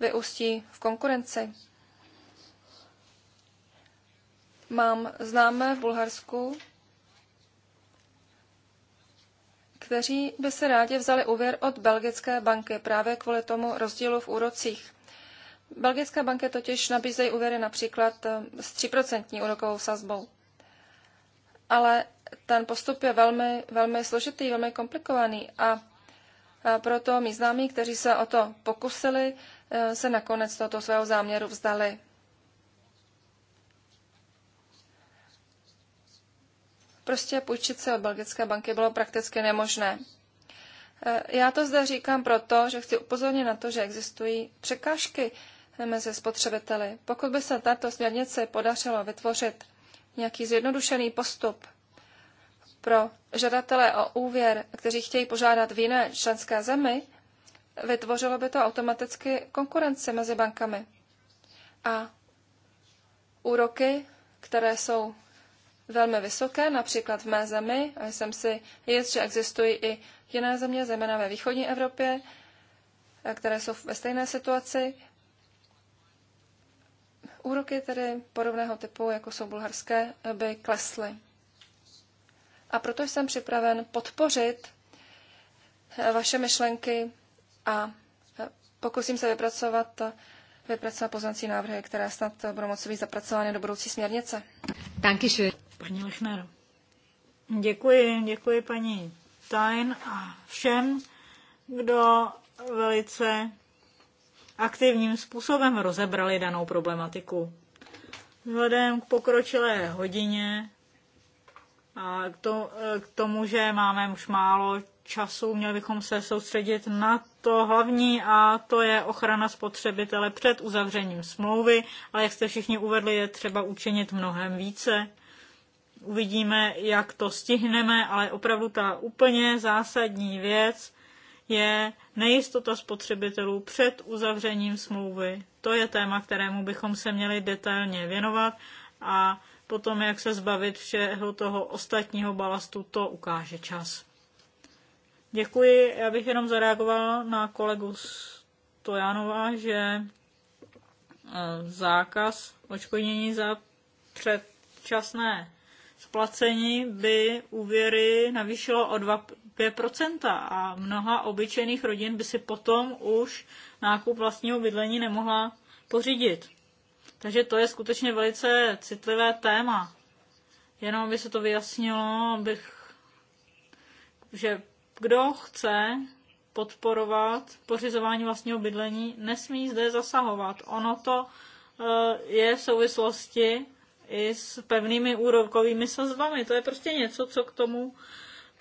vyústí v konkurenci. Mám známé v Bulharsku, kteří by se rádi vzali úvěr od belgické banky právě kvůli tomu rozdílu v úrocích. Belgické banky totiž nabízejí úvěry například eh, s 3% úrokovou sazbou ale ten postup je velmi, velmi složitý, velmi komplikovaný a proto mý známí, kteří se o to pokusili, e, se nakonec toto svého záměru vzdali. Prostě půjčit se od belgické banky bylo prakticky nemožné. E, já to zde říkám proto, že chci upozornit na to, že existují překážky mezi spotřebiteli. Pokud by se tato směrnice podařilo vytvořit nějaký zjednodušený postup pro žadatele o úvěr, kteří chtějí požádat v jiné členské zemi, vytvořilo by to automaticky konkurenci mezi bankami. A úroky, které jsou velmi vysoké, například v mé zemi, a jsem si jist, že existují i jiné země, zejména ve východní Evropě, které jsou ve stejné situaci, Úroky tedy podobného typu, jako jsou bulharské, by klesly. A proto jsem připraven podpořit eh, vaše myšlenky a eh, pokusím se vypracovat, eh, vypracovat poznací návrhy, které snad budou moci být zapracovány do budoucí směrnice. Dankeschön. Paní Lechner. Děkuji, děkuji paní Stein a všem, kdo velice aktivním způsobem rozebrali danou problematiku. Vzhledem k pokročilé hodině a k, to, k tomu, že máme už málo času, měli bychom se soustředit na to hlavní a to je ochrana spotřebitele před uzavřením smlouvy, ale jak jste všichni uvedli, je třeba učinit mnohem více. Uvidíme, jak to stihneme, ale opravdu ta úplně zásadní věc je nejistota spotřebitelů před uzavřením smlouvy. To je téma, kterému bychom se měli detailně věnovat a potom, jak se zbavit všeho toho ostatního balastu, to ukáže čas. Děkuji. Já bych jenom zareagoval na kolegu Stojanova, že eh, zákaz očkodnění za předčasné splacení by úvěry navýšilo o 2% a mnoha obyčejných rodin by si potom už nákup vlastního bydlení nemohla pořídit. Takže to je skutečně velice citlivé téma. Jenom by se to vyjasnilo, abych, že kdo chce podporovat pořizování vlastního bydlení, nesmí zde zasahovat. Ono to eh, je v souvislosti i s pevnými úrokovými sazbami. To je prostě něco, co k tomu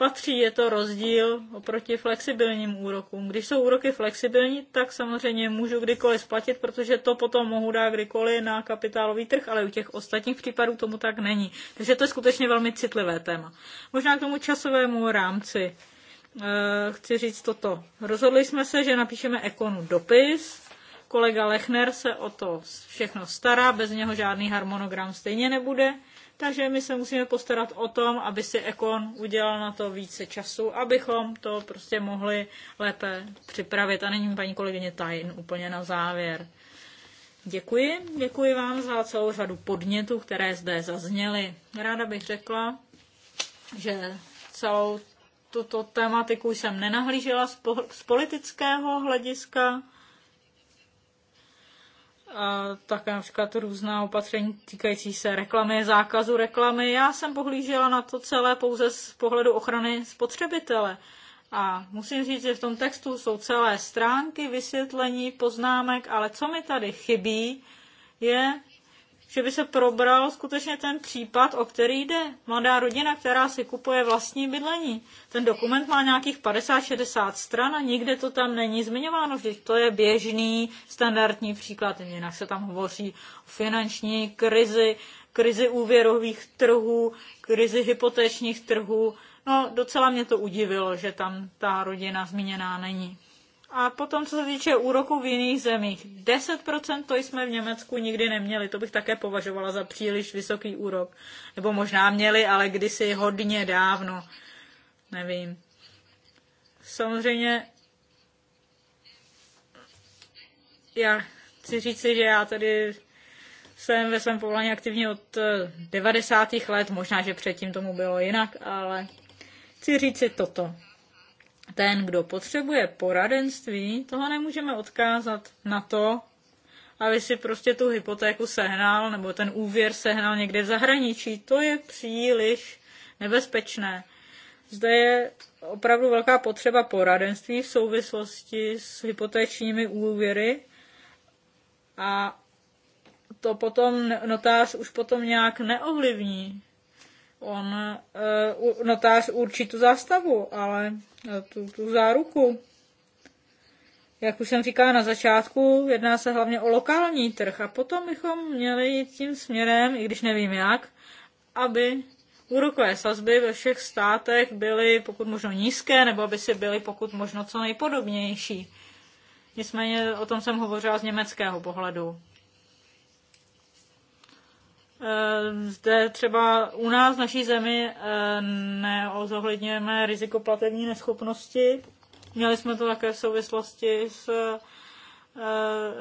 patří, je to rozdíl oproti flexibilním úrokům. Když jsou úroky flexibilní, tak samozřejmě můžu kdykoliv splatit, protože to potom mohu dát kdykoliv na kapitálový trh, ale u těch ostatních případů tomu tak není. Takže to je skutečně velmi citlivé téma. Možná k tomu časovému rámci eh, chci říct toto. Rozhodli jsme se, že napíšeme Ekonu dopis. Kolega Lechner se o to všechno stará, bez něho žádný harmonogram stejně nebude. Takže my se musíme postarat o tom, aby si Ekon udělal na to více času, abychom to prostě mohli lépe připravit. A není paní kolegyně Tajn úplně na závěr. Děkuji, děkuji vám za celou řadu podnětů, které zde zazněly. Ráda bych řekla, že celou tuto tématiku jsem nenahlížela z politického hlediska, a také například různá opatření týkající se reklamy, zákazu reklamy. Já jsem pohlížela na to celé pouze z pohledu ochrany spotřebitele. A musím říct, že v tom textu jsou celé stránky, vysvětlení, poznámek, ale co mi tady chybí, je že by se probral skutečně ten případ, o který jde. Mladá rodina, která si kupuje vlastní bydlení. Ten dokument má nějakých 50-60 stran a nikde to tam není zmiňováno. že to je běžný, standardní příklad. Jinak se tam hovoří o finanční krizi, krizi úvěrových trhů, krizi hypotečních trhů. No, docela mě to udivilo, že tam ta rodina zmíněná není. A potom, co se týče úroku v jiných zemích, 10% to jsme v Německu nikdy neměli, to bych také považovala za příliš vysoký úrok. Nebo možná měli, ale kdysi hodně dávno. Nevím. Samozřejmě já chci říci, že já tady jsem ve svém povolání aktivní od 90. Eh, let, možná, že předtím tomu bylo jinak, ale chci říci toto ten, kdo potřebuje poradenství, toho nemůžeme odkázat na to, aby si prostě tu hypotéku sehnal nebo ten úvěr sehnal někde v zahraničí. To je příliš nebezpečné. Zde je opravdu velká potřeba poradenství v souvislosti s hypotéčními úvěry a to potom notář už potom nějak neovlivní on eh, notář určí tu zástavu, ale eh, tu, tu záruku. Jak už jsem říkala na začátku, jedná se hlavně o lokální trh a potom bychom měli jít tím směrem, i když nevím jak, aby úrokové sazby ve všech státech byly pokud možno nízké, nebo aby si byly pokud možno co nejpodobnější. Nicméně o tom jsem hovořila z německého pohledu. Eh, zde třeba u nás v naší zemi eh, neozohledňujeme riziko platební neschopnosti. Měli jsme to také v souvislosti s eh,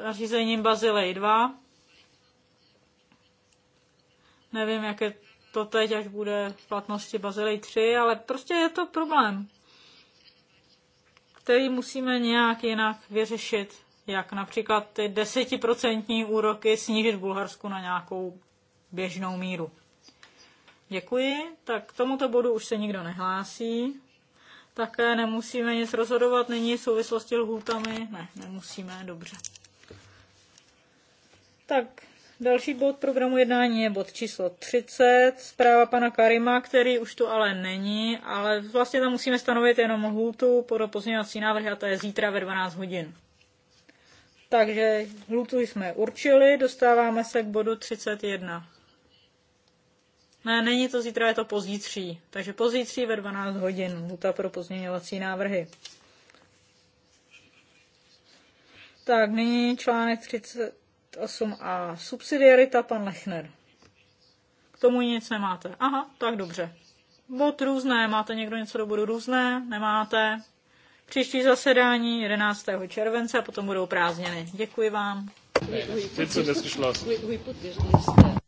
nařízením Bazilej 2. Nevím, jak je to teď, až bude v platnosti Bazilej 3, ale prostě je to problém, který musíme nějak jinak vyřešit, jak například ty desetiprocentní úroky snížit v Bulharsku na nějakou běžnou míru. Děkuji. Tak k tomuto bodu už se nikdo nehlásí. Také nemusíme nic rozhodovat, není v souvislosti lhůtami. Ne, nemusíme, dobře. Tak, další bod programu jednání je bod číslo 30, zpráva pana Karima, který už tu ale není, ale vlastně tam musíme stanovit jenom lhůtu pro pozměňovací návrh a to je zítra ve 12 hodin. Takže lhůtu jsme určili, dostáváme se k bodu 31. Ne, není to zítra, je to pozítří. Takže pozítří ve 12 hodin, huta pro pozměňovací návrhy. Tak, nyní článek 38a. Subsidiarita, pan Lechner. K tomu nic nemáte. Aha, tak dobře. Bod různé, máte někdo něco do bodu různé? Nemáte. Příští zasedání 11. července a potom budou prázdniny. Děkuji vám. Děkuji. Děkuji. Děkuji.